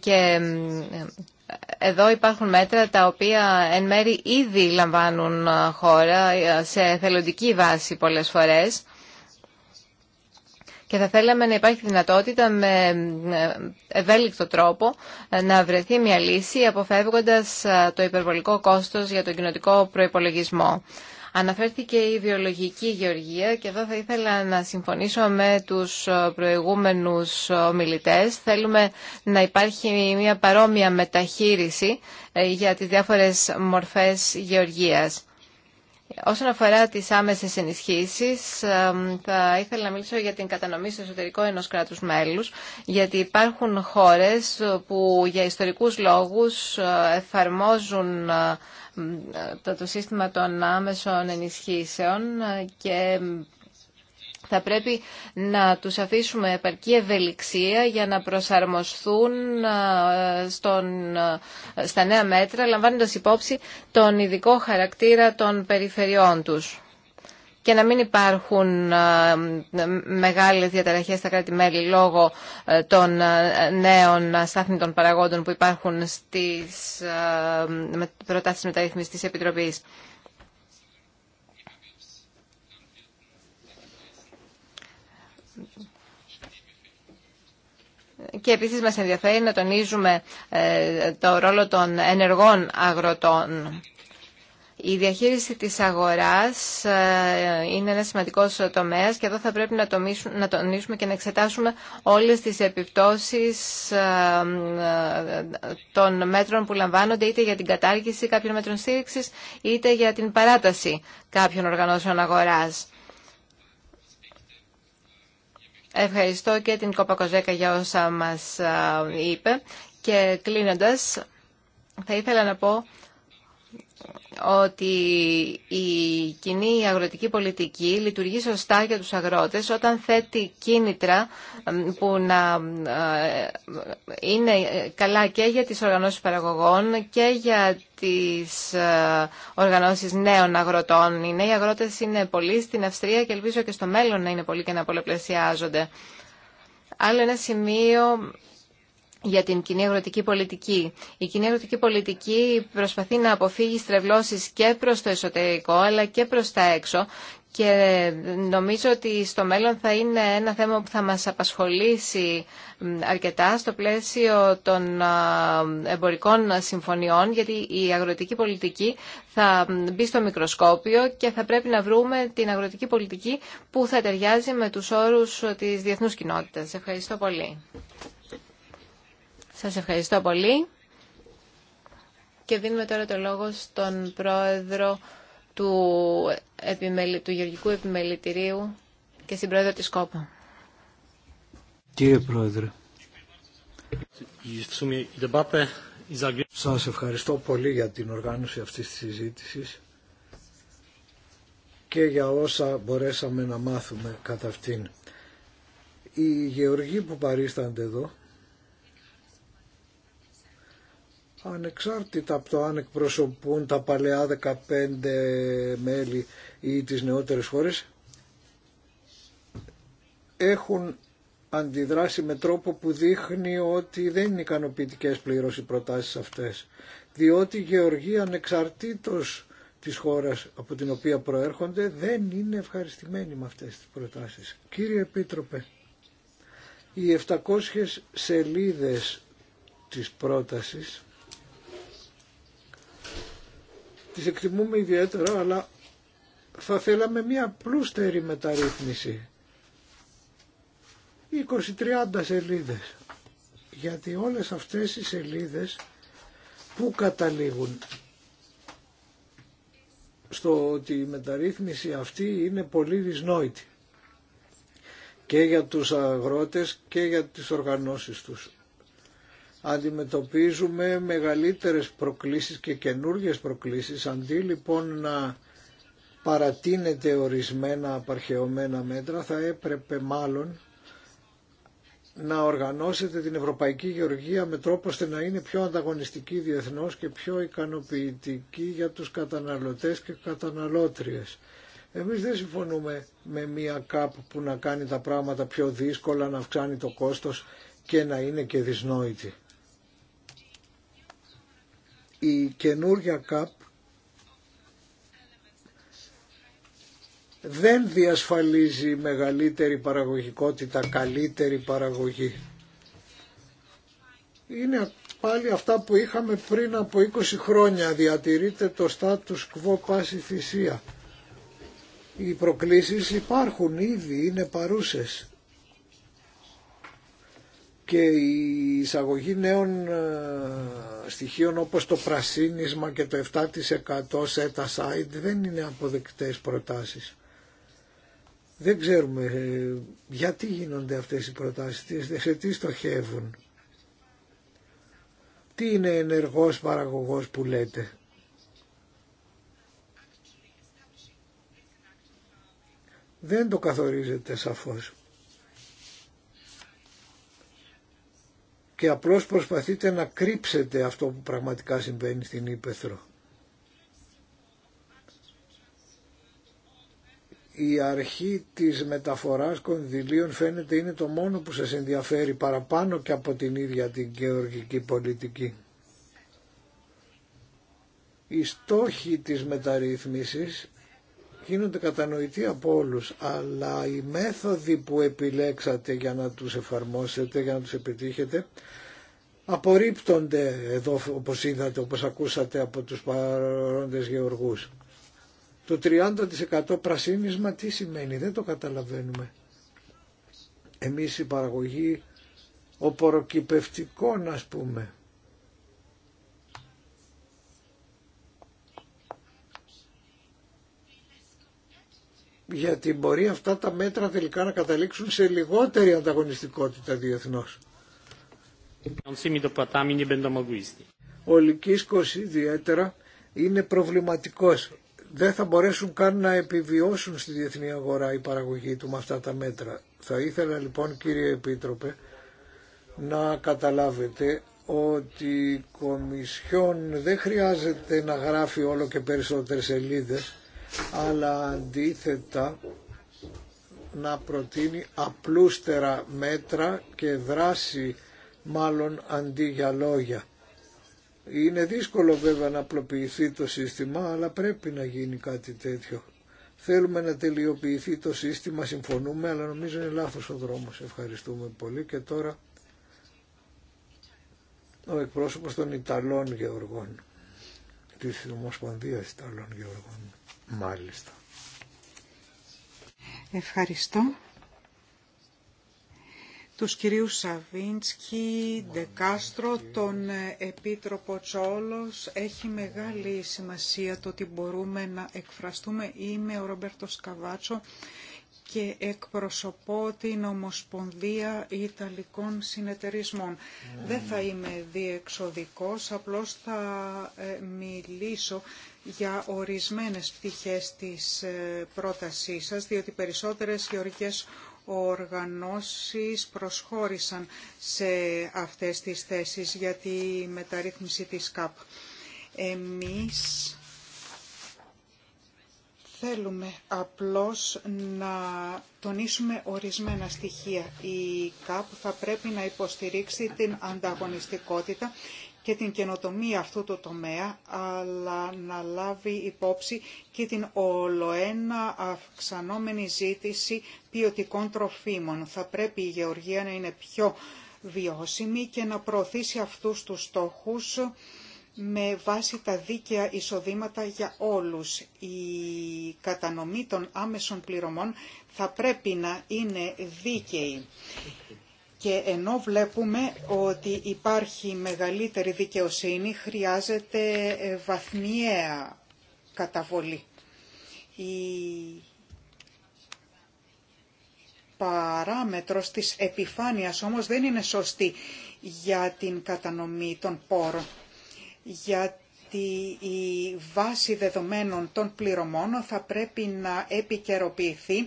και εδώ υπάρχουν μέτρα τα οποία εν μέρη ήδη λαμβάνουν χώρα σε θελοντική βάση πολλές φορές και θα θέλαμε να υπάρχει δυνατότητα με ευέλικτο τρόπο να βρεθεί μια λύση αποφεύγοντας το υπερβολικό κόστος για τον κοινοτικό προϋπολογισμό. Αναφέρθηκε η βιολογική γεωργία και εδώ θα ήθελα να συμφωνήσω με τους ε, προηγούμενους ομιλητές. Θέλουμε να υπάρχει μια παρόμοια μεταχείριση ε, για τις διάφορες μορφές γεωργίας. Όσον αφορά τις άμεσες ενισχύσεις, ε, θα ήθελα να μιλήσω για την κατανομή στο εσωτερικό ενός κράτους μέλους, γιατί υπάρχουν χώρες που για ιστορικούς λόγους εφαρμόζουν το σύστημα των άμεσων ενισχύσεων και θα πρέπει να τους αφήσουμε επαρκή ευελιξία για να προσαρμοστούν ε, στον, ε, στα νέα μέτρα, λαμβάνοντας υπόψη τον ειδικό χαρακτήρα των περιφερειών τους και να μην υπάρχουν ε, μεγάλες διαταραχές στα κράτη-μέλη λόγω ε, των ε, νέων των παραγόντων που υπάρχουν στις προτάσεις μεταρρύθμισης της Επιτροπής. Και επίσης μας ενδιαφέρει να τονίζουμε το ρόλο των ενεργών αγροτών η διαχείριση της αγοράς ε, είναι ένα σημαντικό τομέας και εδώ θα πρέπει να, να τονίσουμε και να εξετάσουμε όλες τις επιπτώσεις ε, ε, των μέτρων που λαμβάνονται είτε για την κατάργηση κάποιων μέτρων στήριξης είτε για την παράταση κάποιων οργανώσεων αγοράς. Ευχαριστώ και την Κόπα Κοζέκα για όσα μας είπε και κλείνοντας θα ήθελα να πω ότι η κοινή αγροτική πολιτική λειτουργεί σωστά για τους αγρότες όταν θέτει κίνητρα που να ε, είναι καλά και για τις οργανώσεις παραγωγών και για τις ε, οργανώσεις νέων αγροτών. Οι νέοι αγρότες είναι πολλοί στην Αυστρία και ελπίζω και στο μέλλον να είναι πολλοί και να πολλαπλασιάζονται. Άλλο ένα σημείο για την κοινή αγροτική πολιτική. Η κοινή αγροτική πολιτική προσπαθεί να αποφύγει στρεβλώσεις και προς το εσωτερικό αλλά και προς τα έξω και νομίζω ότι στο μέλλον θα είναι ένα θέμα που θα μας απασχολήσει αρκετά στο πλαίσιο των εμπορικών συμφωνιών γιατί η αγροτική πολιτική θα μπει στο μικροσκόπιο και θα πρέπει να βρούμε την αγροτική πολιτική που θα ταιριάζει με τους όρους της διεθνούς κοινότητας. Ευχαριστώ πολύ. Σας ευχαριστώ πολύ. Και δίνουμε τώρα το λόγο στον πρόεδρο του, του Γεωργικού Επιμελητηρίου και στην πρόεδρο της ΚΟΠΑ. Κύριε Πρόεδρε, σας ευχαριστώ πολύ για την οργάνωση αυτής της συζήτησης και για όσα μπορέσαμε να μάθουμε κατά αυτήν. Οι γεωργοί που παρίστανται εδώ ανεξάρτητα από το αν εκπροσωπούν τα παλαιά 15 μέλη ή τις νεότερες χώρες, έχουν αντιδράσει με τρόπο που δείχνει ότι δεν είναι ικανοποιητικέ πλήρως οι προτάσεις αυτές. Διότι η Γεωργία ανεξαρτήτως της χώρας από την οποία προέρχονται δεν είναι ευχαριστημένοι με αυτές τις προτάσεις. Κύριε οποια προερχονται δεν ειναι ευχαριστημενη με αυτες τις προτασεις κυριε επιτροπε οι 700 σελίδες της πρότασης τις εκτιμούμε ιδιαίτερα, αλλά θα θέλαμε μια πλούστερη μεταρρύθμιση. 20-30 σελίδες. Γιατί όλες αυτές οι σελίδες που καταλήγουν στο ότι η μεταρρύθμιση αυτή είναι πολύ δυσνόητη και για τους αγρότες και για τις οργανώσεις τους αντιμετωπίζουμε μεγαλύτερες προκλήσεις και καινούργιες προκλήσεις. Αντί λοιπόν να παρατείνεται ορισμένα απαρχαιωμένα μέτρα θα έπρεπε μάλλον να οργανώσετε την Ευρωπαϊκή Γεωργία με τρόπο ώστε να είναι πιο ανταγωνιστική διεθνώς και πιο ικανοποιητική για τους καταναλωτές και καταναλώτριες. Εμείς δεν συμφωνούμε με μια ΚΑΠ που να κάνει τα πράγματα πιο δύσκολα, να αυξάνει το κόστος και να είναι και δυσνόητη η καινούργια ΚΑΠ δεν διασφαλίζει μεγαλύτερη παραγωγικότητα, καλύτερη παραγωγή. Είναι πάλι αυτά που είχαμε πριν από 20 χρόνια. Διατηρείται το status quo πάση θυσία. Οι προκλήσεις υπάρχουν ήδη, είναι παρούσες. Και η εισαγωγή νέων ε, στοιχείων όπως το πρασίνισμα και το 7% set site δεν είναι αποδεκτές προτάσεις. Δεν ξέρουμε ε, γιατί γίνονται αυτές οι προτάσεις, σε τι στοχεύουν. Τι είναι ενεργός παραγωγός που λέτε. Δεν το καθορίζετε σαφώς. και απλώς προσπαθείτε να κρύψετε αυτό που πραγματικά συμβαίνει στην Ήπεθρο. Η αρχή της μεταφοράς κονδυλίων φαίνεται είναι το μόνο που σας ενδιαφέρει παραπάνω και από την ίδια την γεωργική πολιτική. Η στόχοι της μεταρρύθμισης γίνονται κατανοητοί από όλους, αλλά οι μέθοδοι που επιλέξατε για να τους εφαρμόσετε, για να τους επιτύχετε, απορρίπτονται εδώ όπως είδατε, όπως ακούσατε από τους παρόντες γεωργούς. Το 30% πρασίνισμα τι σημαίνει, δεν το καταλαβαίνουμε. Εμείς η παραγωγή οποροκυπευτικών ας πούμε γιατί μπορεί αυτά τα μέτρα τελικά να καταλήξουν σε λιγότερη ανταγωνιστικότητα διεθνώς. Ο Λυκίσκος ιδιαίτερα είναι προβληματικός. Δεν θα μπορέσουν καν να επιβιώσουν στη διεθνή αγορά η παραγωγή του με αυτά τα μέτρα. Θα ήθελα λοιπόν κύριε Επίτροπε να καταλάβετε ότι η Κομισιόν δεν χρειάζεται να γράφει όλο και περισσότερες σελίδες αλλά αντίθετα να προτείνει απλούστερα μέτρα και δράση μάλλον αντί για λόγια. Είναι δύσκολο βέβαια να απλοποιηθεί το σύστημα, αλλά πρέπει να γίνει κάτι τέτοιο. Θέλουμε να τελειοποιηθεί το σύστημα, συμφωνούμε, αλλά νομίζω είναι λάθος ο δρόμος. Ευχαριστούμε πολύ και τώρα ο εκπρόσωπος των Ιταλών Γεωργών της Ομοσπονδίας Ιταλών Γεωργών. Μάλιστα. Ευχαριστώ. Τους κυρίους Σαβίνσκι, Ντεκάστρο, τον ε, Επίτροπο Τσόλος. Έχει μεγάλη σημασία το ότι μπορούμε να εκφραστούμε. Είμαι ο Ρομπέρτο Καβάτσο και εκπροσωπώ την Ομοσπονδία Ιταλικών Συνεταιρισμών. Ναι. Δεν θα είμαι διεξοδικός, απλώς θα ε, μιλήσω για ορισμένες πτυχές της ε, πρότασής σας, διότι περισσότερες γεωργικές οργανώσεις προσχώρησαν σε αυτές τις θέσεις για τη μεταρρύθμιση της ΚΑΠ. Εμείς Θέλουμε απλώς να τονίσουμε ορισμένα στοιχεία. Η ΚΑΠ θα πρέπει να υποστηρίξει την ανταγωνιστικότητα και την καινοτομία αυτού του τομέα, αλλά να λάβει υπόψη και την ολοένα αυξανόμενη ζήτηση ποιοτικών τροφίμων. Θα πρέπει η γεωργία να είναι πιο βιώσιμη και να προωθήσει αυτούς τους στόχους με βάση τα δίκαια εισοδήματα για όλους. Η κατανομή των άμεσων πληρωμών θα πρέπει να είναι δίκαιη. Και ενώ βλέπουμε ότι υπάρχει μεγαλύτερη δικαιοσύνη, χρειάζεται βαθμιαία καταβολή. Η παράμετρος της επιφάνειας όμως δεν είναι σωστή για την κατανομή των πόρων γιατί η βάση δεδομένων των πληρωμών θα πρέπει να επικαιροποιηθεί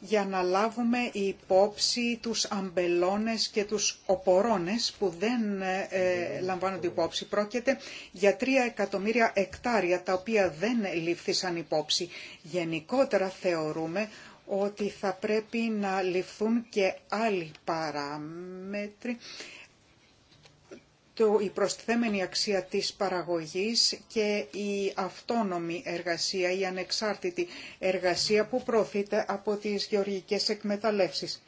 για να λάβουμε υπόψη τους αμπελώνες και τους οπορώνες που δεν ε, ε, λαμβάνονται υπόψη. Πρόκειται για 3 εκατομμύρια εκτάρια τα οποία δεν λήφθησαν υπόψη. Γενικότερα θεωρούμε ότι θα πρέπει να ληφθούν και άλλοι παράμετροι το, η προσθεμένη αξία της παραγωγής και η αυτόνομη εργασία, η ανεξάρτητη εργασία που προωθείται από τις γεωργικές εκμεταλλεύσεις.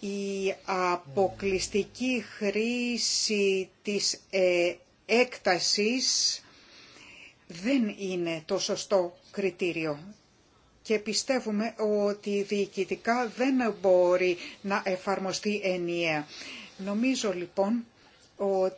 Η αποκλειστική χρήση της ε, έκτασης δεν είναι το σωστό κριτήριο και πιστεύουμε ότι διοικητικά δεν μπορεί να εφαρμοστεί ενιαία. Νομίζω λοιπόν ότι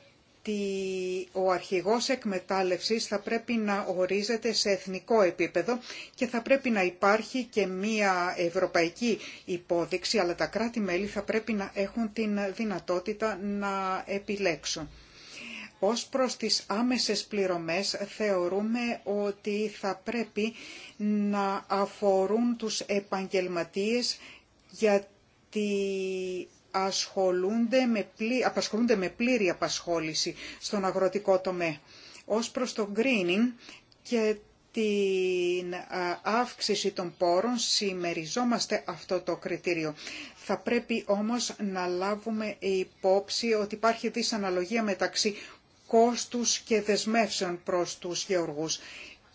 ο αρχηγός εκμετάλλευσης θα πρέπει να ορίζεται σε εθνικό επίπεδο και θα πρέπει να υπάρχει και μία ευρωπαϊκή υπόδειξη, αλλά τα κράτη-μέλη θα πρέπει να έχουν την δυνατότητα να επιλέξουν. Ως προς τις άμεσες πληρωμές θεωρούμε ότι θα πρέπει να αφορούν τους επαγγελματίες γιατί απασχολούνται με πλήρη απασχόληση στον αγροτικό τομέα. Ως προς το greening και την αύξηση των πόρων συμμεριζόμαστε αυτό το κριτήριο. Θα πρέπει όμως να λάβουμε υπόψη ότι υπάρχει δυσαναλογία μεταξύ κόστους και δεσμεύσεων προς τους γεωργούς.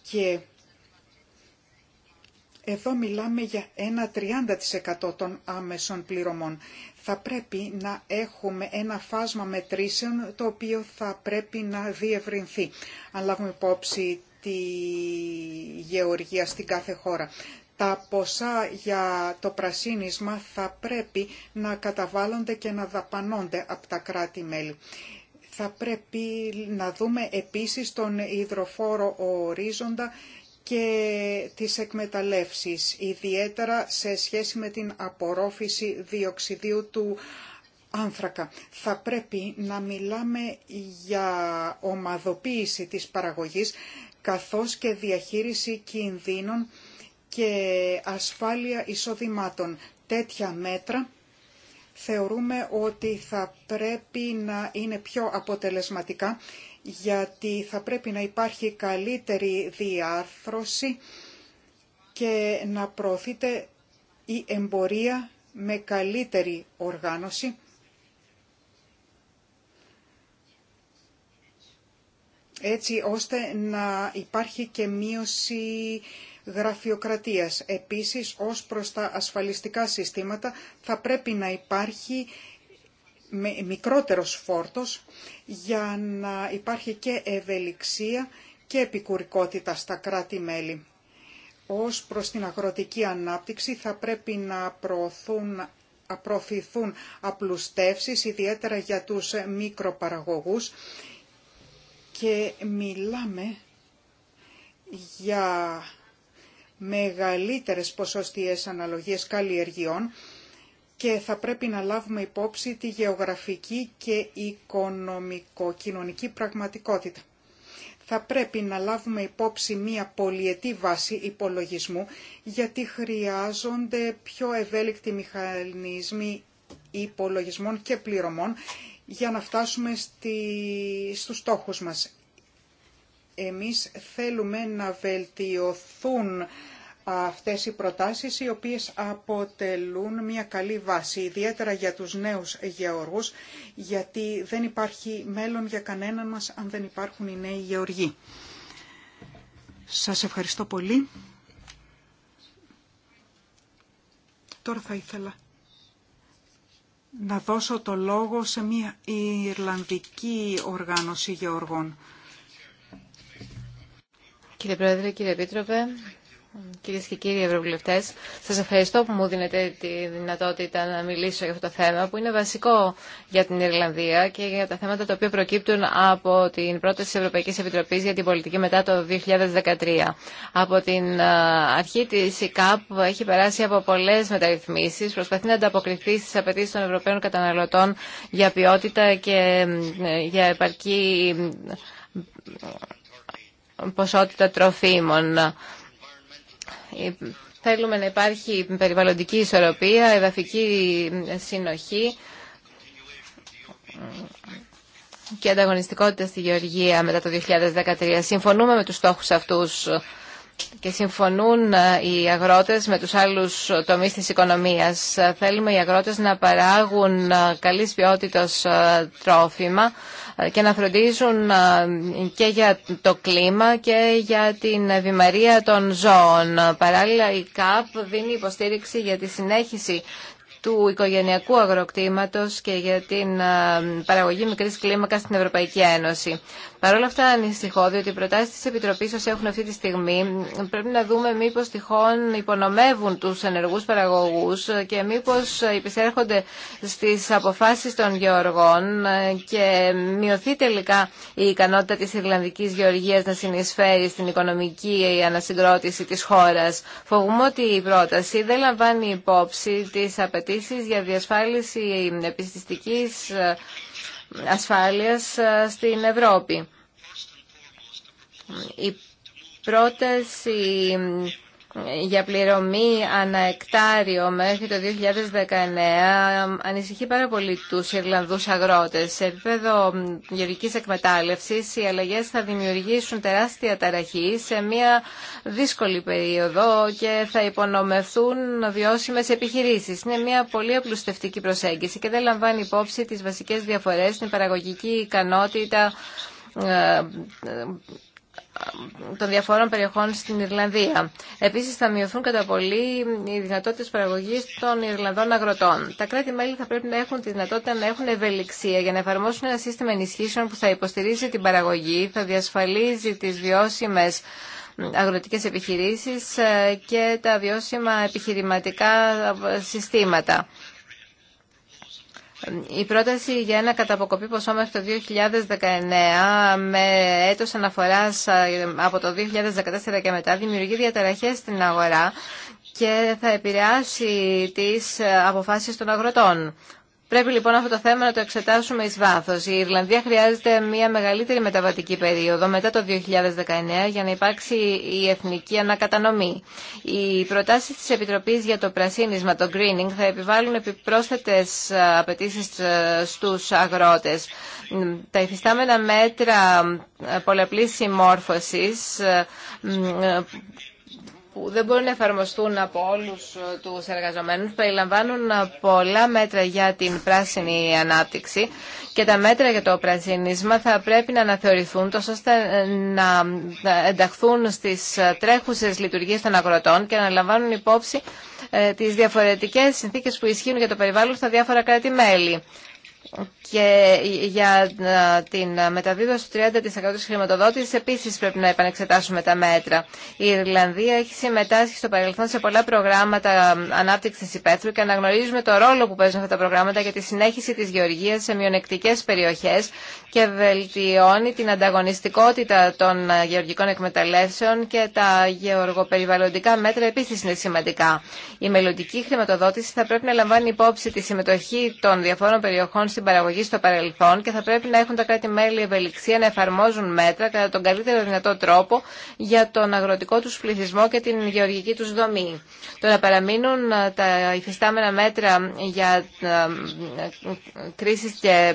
Και εδώ μιλάμε για ένα 30% των άμεσων πληρωμών. Θα πρέπει να έχουμε ένα φάσμα μετρήσεων το οποίο θα πρέπει να διευρυνθεί. Αν λάβουμε υπόψη τη γεωργία στην κάθε χώρα. Τα ποσά για το πρασίνισμα θα πρέπει να καταβάλλονται και να δαπανώνται από τα κράτη-μέλη. Θα πρέπει να δούμε επίσης τον υδροφόρο ορίζοντα και τις εκμεταλλεύσεις, ιδιαίτερα σε σχέση με την απορρόφηση διοξιδίου του άνθρακα. Θα πρέπει να μιλάμε για ομαδοποίηση της παραγωγής, καθώς και διαχείριση κινδύνων και ασφάλεια εισοδημάτων. Τέτοια μέτρα θεωρούμε ότι θα πρέπει να είναι πιο αποτελεσματικά γιατί θα πρέπει να υπάρχει καλύτερη διάρθρωση και να προωθείται η εμπορία με καλύτερη οργάνωση. έτσι ώστε να υπάρχει και μείωση γραφειοκρατίας. Επίσης, ως προς τα ασφαλιστικά συστήματα θα πρέπει να υπάρχει μικρότερος φόρτος για να υπάρχει και ευελιξία και επικουρικότητα στα κράτη-μέλη. Ως προς την αγροτική ανάπτυξη θα πρέπει να προωθούν απροφηθούν απλουστεύσεις, ιδιαίτερα για τους μικροπαραγωγούς και μιλάμε για μεγαλύτερες ποσοστίες αναλογίες καλλιεργειών και θα πρέπει να λάβουμε υπόψη τη γεωγραφική και οικονομικο-κοινωνική πραγματικότητα. Θα πρέπει να λάβουμε υπόψη μία πολυετή βάση υπολογισμού γιατί χρειάζονται πιο ευέλικτοι μηχανισμοί υπολογισμών και πληρωμών για να φτάσουμε στη... στους στόχους μας. Εμείς θέλουμε να βελτιωθούν αυτές οι προτάσεις οι οποίες αποτελούν μια καλή βάση, ιδιαίτερα για τους νέους γεωργούς, γιατί δεν υπάρχει μέλλον για κανέναν μας αν δεν υπάρχουν οι νέοι γεωργοί. Σας ευχαριστώ πολύ. Τώρα θα ήθελα να δώσω το λόγο σε μια Ιρλανδική οργάνωση γεωργών. Κύριε Πρόεδρε, κύριε Επίτροπε, Κυρίε και κύριοι Ευρωβουλευτέ, σα ευχαριστώ που μου δίνετε τη δυνατότητα να μιλήσω για αυτό το θέμα που είναι βασικό για την Ιρλανδία και για τα θέματα τα οποία προκύπτουν από την πρόταση τη Ευρωπαϊκή Επιτροπή για την πολιτική μετά το 2013. Από την αρχή τη ΕΚΑΠ έχει περάσει από πολλέ μεταρρυθμίσει, προσπαθεί να ανταποκριθεί στι απαιτήσει των Ευρωπαίων καταναλωτών για ποιότητα και για επαρκή ποσότητα τροφίμων ε, θέλουμε να υπάρχει περιβαλλοντική ισορροπία, εδαφική συνοχή και ανταγωνιστικότητα στη Γεωργία μετά το 2013. Συμφωνούμε με τους στόχους αυτούς και συμφωνούν ε, οι αγρότες με τους άλλους τομείς της οικονομίας. Ε, θέλουμε οι αγρότες να παράγουν ε, καλής ποιότητας τρόφιμα και να φροντίζουν και για το κλίμα και για την ευημερία των ζώων. Παράλληλα η ΚΑΠ δίνει υποστήριξη για τη συνέχιση του οικογενειακού αγροκτήματος και για την ε, παραγωγή μικρής κλίμακας στην Ευρωπαϊκή Ένωση. Παρ' όλα αυτά ανησυχώ, διότι οι προτάσεις της Επιτροπής όσοι έχουν αυτή τη στιγμή πρέπει να δούμε μήπως τυχόν υπονομεύουν τους ενεργούς παραγωγούς και μήπως υπησέρχονται στις αποφάσεις των γεωργών και μειωθεί τελικά η ικανότητα της Ιρλανδικής Γεωργίας να συνεισφέρει στην οικονομική ανασυγκρότηση της χώρας. Φοβούμαι ότι η πρόταση δεν λαμβάνει υπόψη τις απαιτήσεις για διασφάλιση επιστηστικής ε, ασφάλεια ε, στην Ευρώπη. Η για πληρωμή αναεκτάριο μέχρι το 2019 ανησυχεί πάρα πολύ τους Ιρλανδούς αγρότες. Σε επίπεδο γεωργικής εκμετάλλευσης οι αλλαγές θα δημιουργήσουν τεράστια ταραχή σε μια δύσκολη περίοδο και θα υπονομευθούν βιώσιμες επιχειρήσεις. Είναι μια πολύ απλουστευτική προσέγγιση και δεν λαμβάνει υπόψη τις βασικές διαφορές στην παραγωγική ικανότητα ε, ε, των διαφόρων περιοχών στην Ιρλανδία. Επίση, θα μειωθούν κατά πολύ οι δυνατότητε παραγωγή των Ιρλανδών αγροτών. Τα κράτη-μέλη θα πρέπει να έχουν τη δυνατότητα να έχουν ευελιξία για να εφαρμόσουν ένα σύστημα ενισχύσεων που θα υποστηρίζει την παραγωγή, θα διασφαλίζει τι βιώσιμε αγροτικέ επιχειρήσει ε, και τα βιώσιμα επιχειρηματικά ε, συστήματα. Η πρόταση για ένα καταποκοπή ποσό μέχρι το 2019 με έτος αναφοράς από το 2014 και μετά δημιουργεί διαταραχές στην αγορά και θα επηρεάσει τις ε, αποφάσεις των αγροτών. Πρέπει λοιπόν αυτό το θέμα να το εξετάσουμε εις βάθος. Η Ιρλανδία χρειάζεται μια μεγαλύτερη μεταβατική περίοδο μετά το 2019 για να υπάρξει η εθνική ανακατανομή. Οι προτάσεις της Επιτροπής για το πρασίνισμα, το greening, θα επιβάλλουν επιπρόσθετες απαιτήσει ε, στους αγρότες. Τα υφιστάμενα μέτρα ε, πολλαπλής συμμόρφωσης ε, που δεν μπορούν να εφαρμοστούν από όλους ε, τους εργαζομένους περιλαμβάνουν ε, πολλά μέτρα για την πράσινη ανάπτυξη και τα μέτρα για το πρασινίσμα θα πρέπει να αναθεωρηθούν τόσο ώστε ε, να ενταχθούν στις τρέχουσες λειτουργίες των αγροτών και να λαμβάνουν υπόψη τις διαφορετικές συνθήκες που ισχύουν για το περιβάλλον στα διάφορα κράτη-μέλη. Και για ε, την μεταβίβαση του 30% της χρηματοδότησης επίσης πρέπει να επανεξετάσουμε τα μέτρα. Η Ιρλανδία έχει συμμετάσχει στο παρελθόν σε πολλά προγράμματα ανάπτυξης υπαίθρου και αναγνωρίζουμε το ρόλο που παίζουν αυτά τα προγράμματα για τη συνέχιση της γεωργίας σε μειονεκτικές περιοχές και βελτιώνει την ανταγωνιστικότητα των γεωργικών εκμεταλλεύσεων και τα γεωργοπεριβαλλοντικά μέτρα επίσης είναι σημαντικά. Η μελλοντική χρηματοδότηση θα πρέπει να λαμβάνει υπόψη τη συμμετοχή των διαφόρων περιοχών στην στην παραγωγή στο παρελθόν και θα πρέπει να έχουν τα κράτη-μέλη ευελιξία να εφαρμόζουν μέτρα κατά τον καλύτερο δυνατό τρόπο για τον αγροτικό του πληθυσμό και την γεωργική του δομή. Το να παραμείνουν ε, τα υφιστάμενα μέτρα για ε, ε, κρίσει και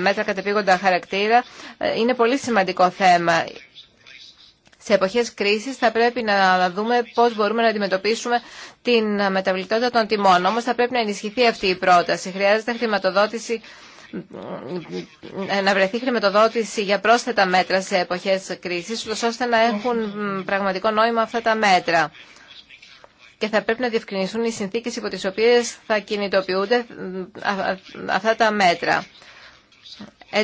μέτρα κατεπήγοντα χαρακτήρα είναι πολύ σημαντικό θέμα σε εποχές κρίσης θα πρέπει να δούμε πώς μπορούμε να αντιμετωπίσουμε την μεταβλητότητα των τιμών. Όμω θα πρέπει να ενισχυθεί αυτή η πρόταση. Χρειάζεται χρηματοδότηση να βρεθεί χρηματοδότηση για πρόσθετα μέτρα σε εποχές κρίσης, ώστε να έχουν πραγματικό νόημα αυτά τα μέτρα και θα πρέπει να διευκρινιστούν οι συνθήκες υπό τις οποίες θα κινητοποιούνται αυτά τα μέτρα. Ε,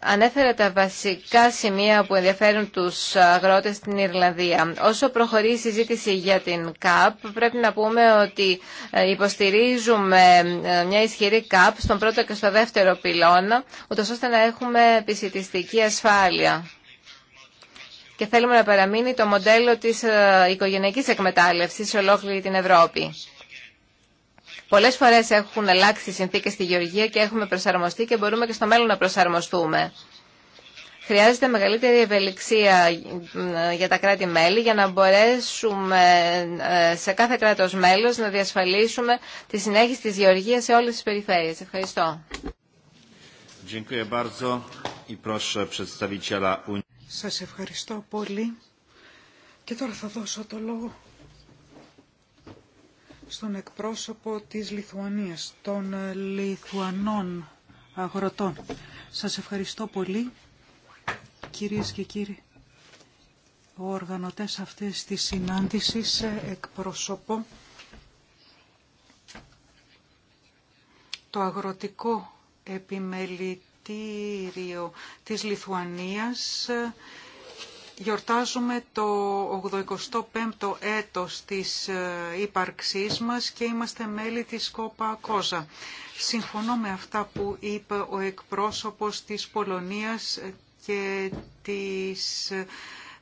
ανέφερε τα βασικά σημεία που ενδιαφέρουν τους αγρότες στην Ιρλανδία. Όσο προχωρεί η συζήτηση για την ΚΑΠ, πρέπει να πούμε ότι ε, υποστηρίζουμε ε, μια ισχυρή ΚΑΠ στον πρώτο και στο δεύτερο πυλώνα, ούτως ώστε να έχουμε επισητιστική ασφάλεια. Και θέλουμε να παραμείνει το μοντέλο της οικογενειακής εκμετάλλευσης σε ολόκληρη την Ευρώπη. Πολλέ φορές έχουν αλλάξει οι συνθήκες στη Γεωργία και έχουμε προσαρμοστεί και μπορούμε και στο μέλλον να προσαρμοστούμε. Χρειάζεται μεγαλύτερη ευελιξία για τα κράτη-μέλη για να μπορέσουμε ε, σε κάθε κράτος μέλος να διασφαλίσουμε τη συνέχιση της γεωργίας σε όλες τις περιφέρειες. Ευχαριστώ. Σας ευχαριστώ πολύ. Και τώρα θα δώσω το λόγο στον εκπρόσωπο της Λιθουανίας, των Λιθουανών αγροτών. Σας ευχαριστώ πολύ, κυρίες και κύριοι. Ο οργανωτές αυτής της συνάντησης εκπροσωπώ το αγροτικό επιμελητήριο της Λιθουανίας Γιορτάζουμε το 85ο έτος της ε, ύπαρξής μας και είμαστε μέλη της Κόπα Κόζα. Συμφωνώ με αυτά που είπε ο εκπρόσωπος της Πολωνίας ε, και της, ε,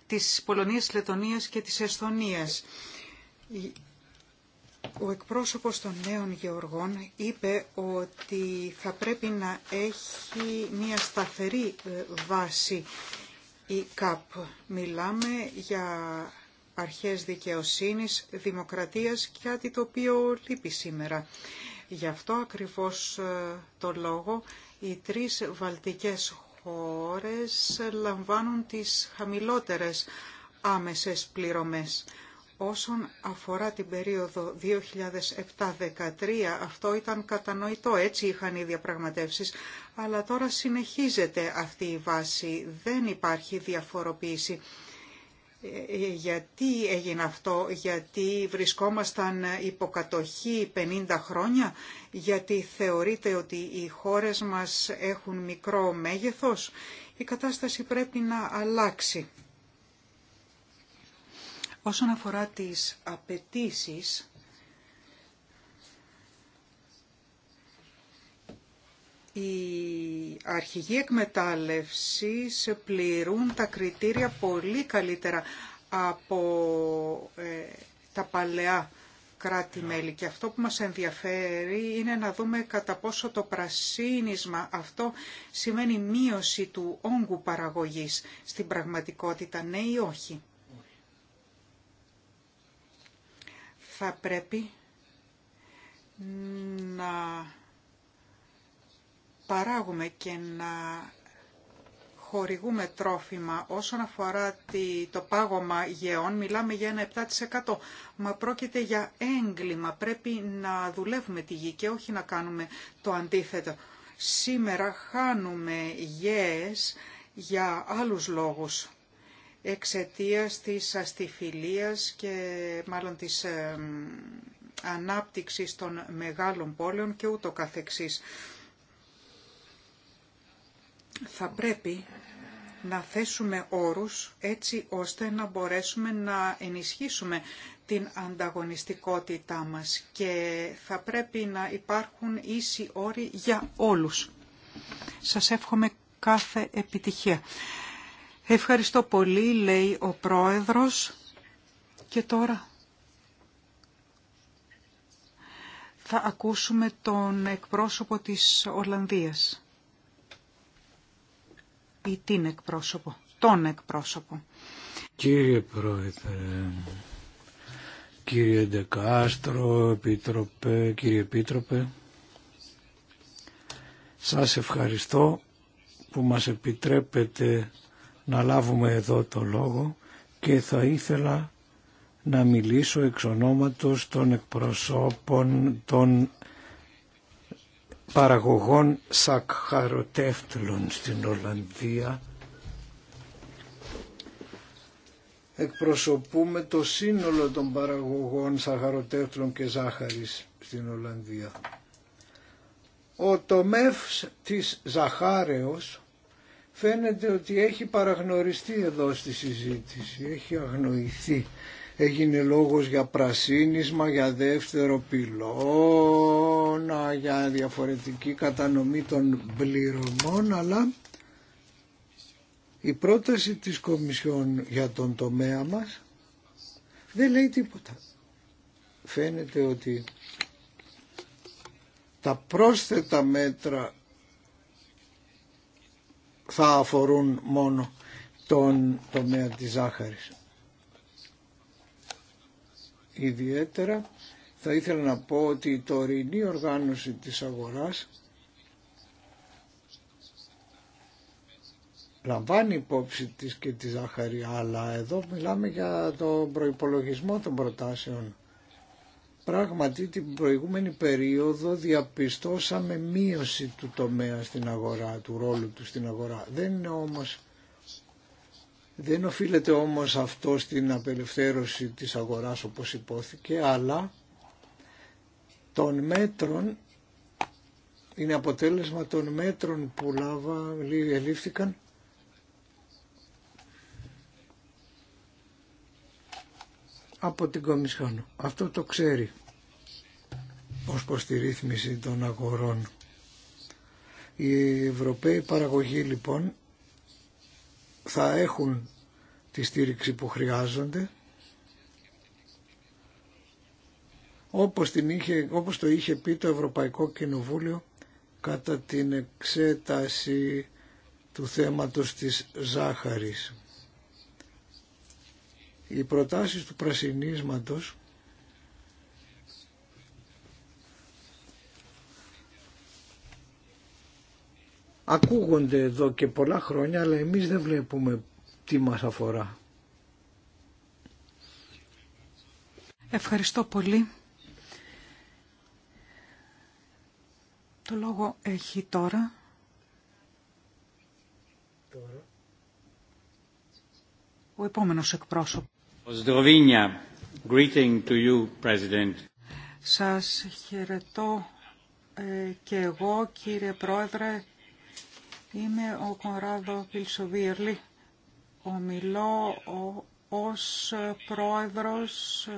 της Πολωνίας, Λετωνίας και της Εσθονίας. Ο εκπρόσωπος των νέων γεωργών είπε ότι θα πρέπει να έχει μια σταθερή βάση η ΚΑΠ. Μιλάμε για αρχές δικαιοσύνης, δημοκρατίας και κάτι το οποίο λείπει σήμερα. Γι' αυτό ακριβώς ε, το λόγο οι τρεις βαλτικές χώρες λαμβάνουν τις χαμηλότερες άμεσες πληρωμές. Όσον αφορά την περίοδο 2007-2013, αυτό ήταν κατανοητό, έτσι είχαν οι διαπραγματεύσεις, αλλά τώρα συνεχίζεται αυτή η βάση, δεν υπάρχει διαφοροποίηση. Ε, γιατί έγινε αυτό, γιατί βρισκόμασταν υποκατοχή 50 χρόνια, γιατί θεωρείτε ότι οι χώρες μας έχουν μικρό μέγεθος. Η κατάσταση πρέπει να αλλάξει. Όσον αφορά τις απαιτήσει. Οι αρχηγοί εκμετάλλευσης πληρούν τα κριτήρια πολύ καλύτερα από ε, τα παλαιά κράτη-μέλη. Και αυτό που μας ενδιαφέρει είναι να δούμε κατά πόσο το πρασίνισμα αυτό σημαίνει μείωση του όγκου παραγωγής στην πραγματικότητα, ναι ή όχι. θα πρέπει να παράγουμε και να χορηγούμε τρόφιμα όσον αφορά το πάγωμα γεών, μιλάμε για ένα 7%. Μα πρόκειται για έγκλημα. Πρέπει να δουλεύουμε τη γη και όχι να κάνουμε το αντίθετο. Σήμερα χάνουμε γέες για άλλους λόγους εξαιτίας της αστιφιλίας και μάλλον της ε, ανάπτυξης των μεγάλων πόλεων και ούτω καθεξής. Θα πρέπει να θέσουμε όρους έτσι ώστε να μπορέσουμε να ενισχύσουμε την ανταγωνιστικότητά μας και θα πρέπει να υπάρχουν ίσοι όροι για όλους. Σας εύχομαι κάθε επιτυχία. Ευχαριστώ πολύ, λέει ο Πρόεδρος. Και τώρα θα ακούσουμε τον εκπρόσωπο της Ολλανδίας. Ή την εκπρόσωπο, τον εκπρόσωπο. Κύριε Πρόεδρε, κύριε Ντεκάστρο, Επίτροπε, κύριε Επίτροπε, σας ευχαριστώ που μας επιτρέπετε να λάβουμε εδώ το λόγο και θα ήθελα να μιλήσω εξ ονόματος των εκπροσώπων των παραγωγών σακχαροτεύτλων στην Ολλανδία. Εκπροσωπούμε το σύνολο των παραγωγών σακχαροτεύτλων και ζάχαρης στην Ολλανδία. Ο τομεύς της ζαχάρεως φαίνεται ότι έχει παραγνωριστεί εδώ στη συζήτηση, έχει αγνοηθεί. Έγινε λόγος για πρασίνισμα, για δεύτερο πυλώνα, για διαφορετική κατανομή των πληρωμών, αλλά η πρόταση της Κομισιόν για τον τομέα μας δεν λέει τίποτα. Φαίνεται ότι τα πρόσθετα μέτρα θα αφορούν μόνο τον τομέα της ζάχαρης. Ιδιαίτερα θα ήθελα να πω ότι η τωρινή οργάνωση της αγοράς λαμβάνει υπόψη της και τη ζάχαρη, αλλά εδώ μιλάμε για τον προϋπολογισμό των προτάσεων Πράγματι την προηγούμενη περίοδο διαπιστώσαμε μείωση του τομέα στην αγορά, του ρόλου του στην αγορά. Δεν είναι όμως... Δεν οφείλεται όμως αυτό στην απελευθέρωση της αγοράς όπως υπόθηκε, αλλά των μέτρων, είναι αποτέλεσμα των μέτρων που λάβα, λήφθηκαν από την Κομισιόν. Αυτό το ξέρει ως προς τη ρύθμιση των αγορών. Οι Ευρωπαίοι παραγωγοί λοιπόν θα έχουν τη στήριξη που χρειάζονται όπως, την είχε, όπως το είχε πει το Ευρωπαϊκό Κοινοβούλιο κατά την εξέταση του θέματος της ζάχαρης. Οι προτάσεις του πρασινίσματος ακούγονται εδώ και πολλά χρόνια αλλά εμείς δεν βλέπουμε τι μας αφορά. Ευχαριστώ πολύ. Το λόγο έχει τώρα. τώρα. Ο επόμενος εκπρόσωπος. Σας χαιρετώ ε, και εγώ, κύριε Πρόεδρε. Είμαι ο Κονράδο ο Ομιλώ ως πρόεδρος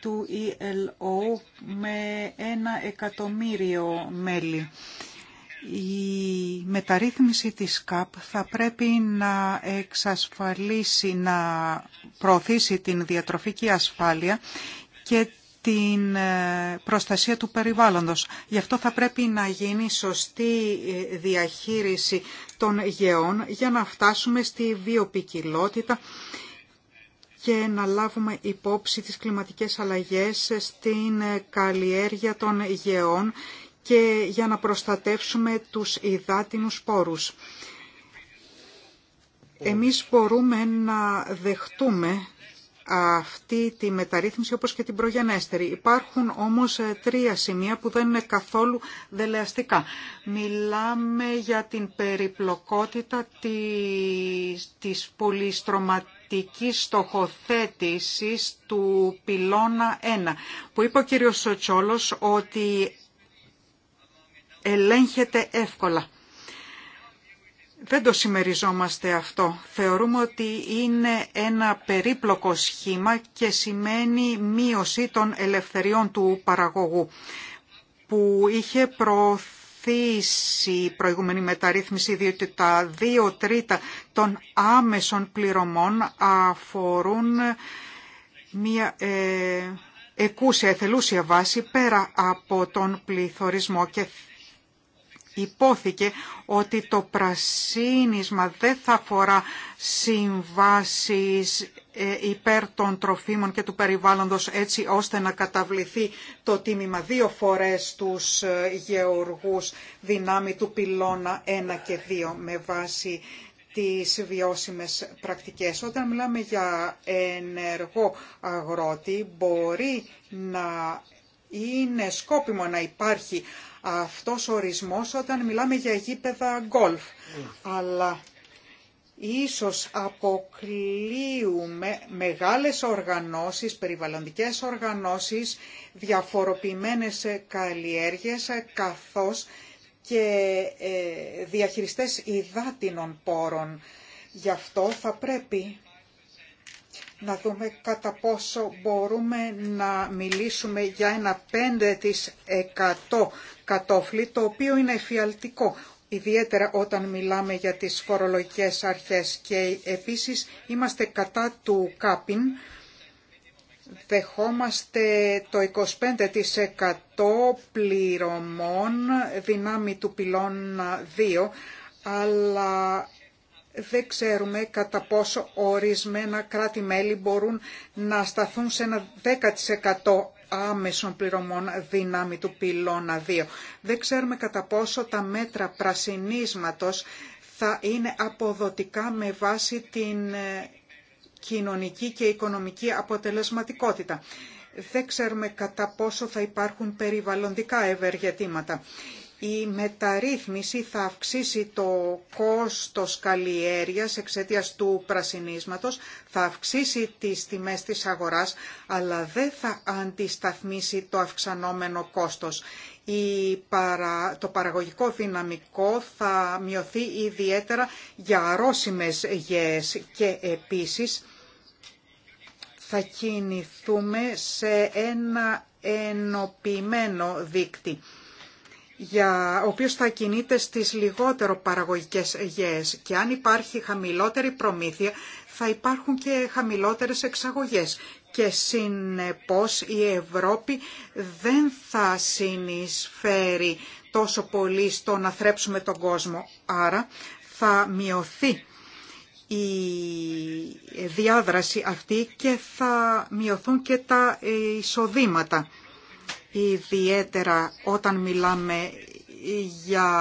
του ELO με ένα εκατομμύριο μέλη. Η μεταρρύθμιση της ΚΑΠ θα πρέπει να εξασφαλίσει, να προωθήσει την διατροφική ασφάλεια και την ε, προστασία του περιβάλλοντος. Γι' αυτό θα πρέπει να γίνει σωστή ε, διαχείριση των γεών για να φτάσουμε στη βιοπικιλότητα και να λάβουμε υπόψη τις κλιματικές αλλαγές στην ε, καλλιέργεια των γεών και για να προστατεύσουμε τους υδάτινους πόρους. Εμείς μπορούμε να δεχτούμε αυτή τη μεταρρύθμιση όπως και την προγενέστερη. Υπάρχουν όμως ε, τρία σημεία που δεν είναι καθόλου δελεαστικά. Μιλάμε για την περιπλοκότητα της, της πολυστρωματικής στοχοθέτησης του πυλώνα 1 που είπε ο κύριος Σοτσόλος ότι ελέγχεται εύκολα. Δεν το συμμεριζόμαστε αυτό. Θεωρούμε ότι είναι ένα περίπλοκο σχήμα και σημαίνει μείωση των ελευθεριών του παραγωγού που είχε προωθήσει η προηγούμενη μεταρρύθμιση διότι τα δύο τρίτα των άμεσων πληρωμών αφορούν μια ε, εκούσια, εθελούσια βάση πέρα από τον πληθωρισμό και υπόθηκε ότι το πρασίνισμα δεν θα αφορά συμβάσεις ε, υπέρ των τροφίμων και του περιβάλλοντος έτσι ώστε να καταβληθεί το τίμημα δύο φορές τους ε, γεωργούς δυνάμει του πυλώνα 1 και 2 με βάση τις βιώσιμες πρακτικές. Όταν μιλάμε για ενεργό αγρότη μπορεί να είναι σκόπιμο να υπάρχει αυτός ο ορισμός όταν μιλάμε για γήπεδα γκολφ. Mm. Αλλά ίσως αποκλείουμε μεγάλες οργανώσεις, περιβαλλοντικές οργανώσεις, διαφοροποιημένες καλλιέργειες, καθώς και ε, διαχειριστές υδάτινων πόρων. Γι' αυτό θα πρέπει να δούμε κατά πόσο μπορούμε να μιλήσουμε για ένα 5% κατόφλι το οποίο είναι εφιαλτικό, ιδιαίτερα όταν μιλάμε για τις φορολογικές αρχές και επίσης είμαστε κατά του κάπιν, δεχόμαστε το 25% πληρωμών δυνάμει του πυλών 2, αλλά δεν ξέρουμε κατά πόσο ορισμένα κράτη-μέλη μπορούν να σταθούν σε ένα 10% άμεσων πληρωμών δύναμη του πυλώνα 2. Δεν ξέρουμε κατά πόσο τα μέτρα πρασινίσματος θα είναι αποδοτικά με βάση την ε, κοινωνική και οικονομική αποτελεσματικότητα. Δεν ξέρουμε κατά πόσο θα υπάρχουν περιβαλλοντικά ευεργετήματα. Η μεταρρύθμιση θα αυξήσει το κόστος καλλιέργειας εξαιτίας του πρασινίσματος, θα αυξήσει τις τιμές της αγοράς, αλλά δεν θα αντισταθμίσει το αυξανόμενο κόστος. Η Το παραγωγικό δυναμικό θα μειωθεί ιδιαίτερα για αρρώσιμες γεές και επίσης θα κινηθούμε σε ένα ενοποιημένο δίκτυο για, ο οποίος θα κινείται στις λιγότερο παραγωγικές γέες και αν υπάρχει χαμηλότερη προμήθεια θα υπάρχουν και χαμηλότερες εξαγωγές και συνεπώς η Ευρώπη δεν θα συνεισφέρει τόσο πολύ στο να θρέψουμε τον κόσμο. Άρα θα μειωθεί η διάδραση αυτή και θα μειωθούν και τα εισοδήματα ιδιαίτερα όταν μιλάμε για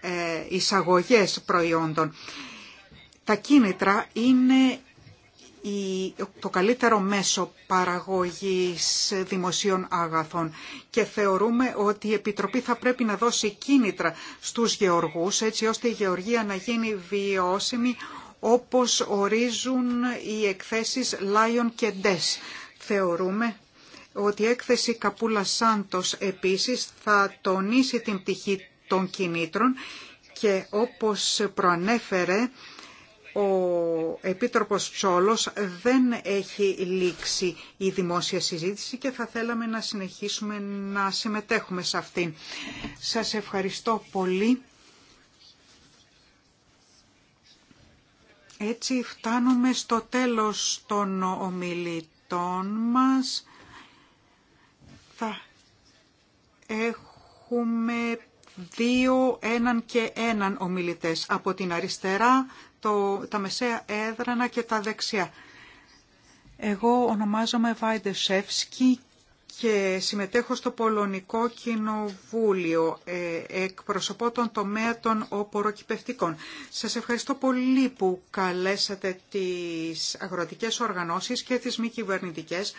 ε, εισαγωγές προϊόντων. Τα κίνητρα είναι το καλύτερο μέσο παραγωγής δημοσίων αγαθών και θεωρούμε ότι η Επιτροπή θα πρέπει να δώσει κίνητρα στους γεωργούς έτσι ώστε η γεωργία να γίνει βιώσιμη όπως ορίζουν οι εκθέσεις Lion και Des. Θεωρούμε ότι η έκθεση Καπούλα Σάντος επίσης θα τονίσει την πτυχή των κινήτρων και όπως προανέφερε ο Επίτροπος Τσόλος δεν έχει λήξει η δημόσια συζήτηση και θα θέλαμε να συνεχίσουμε να συμμετέχουμε σε αυτήν. Σας ευχαριστώ πολύ. Έτσι φτάνουμε στο τέλος των ομιλητών μας θα έχουμε δύο, έναν και έναν ομιλητές. Από την αριστερά, το, τα μεσαία έδρανα και τα δεξιά. Εγώ ονομάζομαι Βάιντεσεύσκι και συμμετέχω στο Πολωνικό Κοινοβούλιο. Ε, εκπροσωπώ τον τομέα των οποροκυπευτικών. Σας ευχαριστώ πολύ που καλέσατε τις αγροτικές οργανώσεις και τις μη κυβερνητικές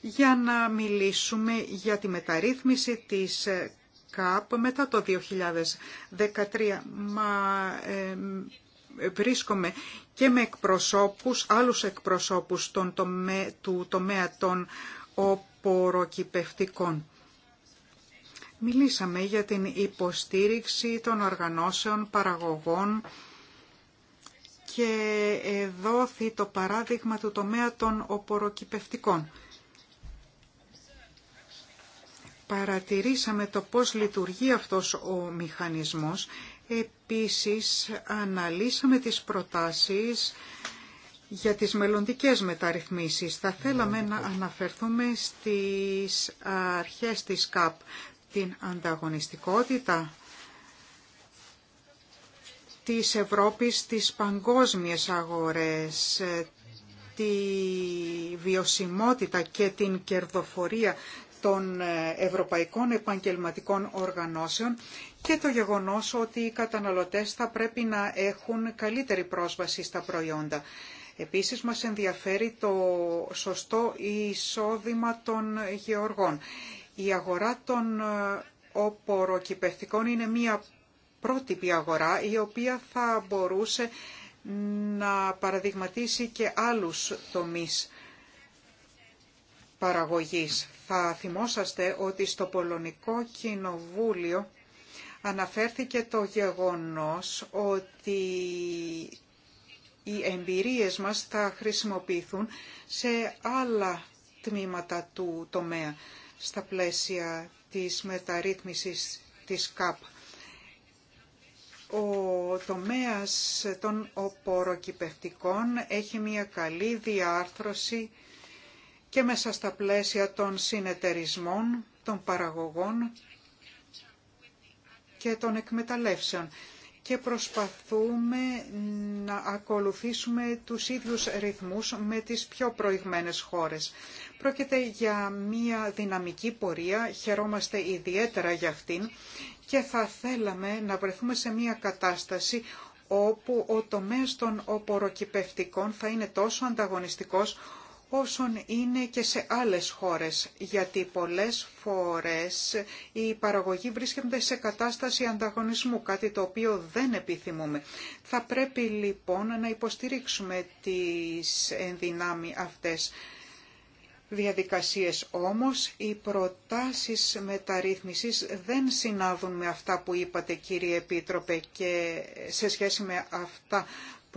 για να μιλήσουμε για τη μεταρρύθμιση της ε, ΚΑΠ μετά το 2013. Μα ε, βρίσκομαι και με εκπροσώπους, άλλους εκπροσώπους των του τομέα των οποροκυπευτικών. Μιλήσαμε για την υποστήριξη των οργανώσεων παραγωγών και δόθη το παράδειγμα του τομέα των οποροκυπευτικών παρατηρήσαμε το πώς λειτουργεί αυτός ο μηχανισμός. Επίσης, αναλύσαμε τις προτάσεις για τις μελλοντικές μεταρρυθμίσεις. Θα θέλαμε να αναφερθούμε στις αρχές της ΚΑΠ, την ανταγωνιστικότητα της Ευρώπης στις παγκόσμιες αγορές, τη βιωσιμότητα και την κερδοφορία των ε, Ευρωπαϊκών Επαγγελματικών Οργανώσεων και το γεγονός ότι οι καταναλωτές θα πρέπει να έχουν καλύτερη πρόσβαση στα προϊόντα. Επίσης μας ενδιαφέρει το σωστό εισόδημα των γεωργών. Η αγορά των ε, οποροκυπευτικών είναι μία πρότυπη αγορά η οποία θα μπορούσε να παραδειγματίσει και άλλους τομείς παραγωγής. Θα θυμόσαστε ότι στο Πολωνικό Κοινοβούλιο αναφέρθηκε το γεγονός ότι οι εμπειρίες μας θα χρησιμοποιηθούν σε άλλα τμήματα του τομέα στα πλαίσια της μεταρρύθμισης της ΚΑΠ. Ο τομέας των οποροκυπευτικών έχει μια καλή διάρθρωση και μέσα στα πλαίσια των συνεταιρισμών, των παραγωγών και των εκμεταλλεύσεων και προσπαθούμε να ακολουθήσουμε τους ίδιους ρυθμούς με τις πιο προηγμένες χώρες. Πρόκειται για μία δυναμική πορεία, χαιρόμαστε ιδιαίτερα για αυτήν και θα θέλαμε να βρεθούμε σε μία κατάσταση όπου ο τομέας των οποροκυπευτικών θα είναι τόσο ανταγωνιστικός όσων είναι και σε άλλες χώρες, γιατί πολλές φορές η παραγωγή βρίσκεται σε κατάσταση ανταγωνισμού, κάτι το οποίο δεν επιθυμούμε. Θα πρέπει λοιπόν να υποστηρίξουμε τις ενδυνάμει αυτές διαδικασίες όμως οι προτάσεις μεταρρύθμισης δεν συνάδουν με αυτά που είπατε κύριε Επίτροπε και σε σχέση με αυτά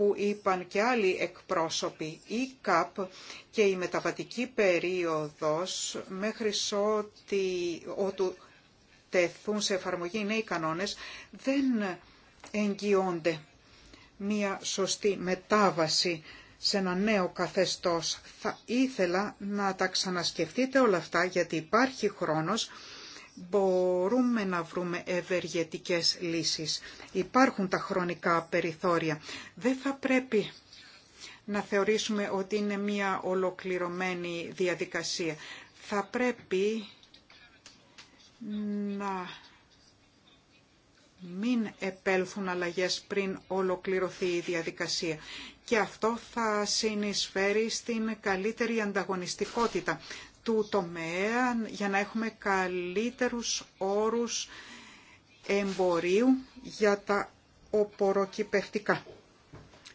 που είπαν και άλλοι εκπρόσωποι. Η ΚΑΠ και η μεταβατική περίοδος μέχρι ότου τεθούν σε εφαρμογή νέοι κανόνες δεν εγγυώνται μία σωστή μετάβαση σε ένα νέο καθεστώς. Θα ήθελα να τα ξανασκεφτείτε όλα αυτά γιατί υπάρχει χρόνος μπορούμε να βρούμε ευεργετικές λύσεις. Υπάρχουν τα χρονικά περιθώρια. Δεν θα πρέπει να θεωρήσουμε ότι είναι μια ολοκληρωμένη διαδικασία. Θα πρέπει να μην επέλθουν αλλαγές πριν ολοκληρωθεί η διαδικασία. Και αυτό θα συνεισφέρει στην καλύτερη ανταγωνιστικότητα του τομέα για να έχουμε καλύτερους όρους εμπορίου για τα οποροκυπευτικά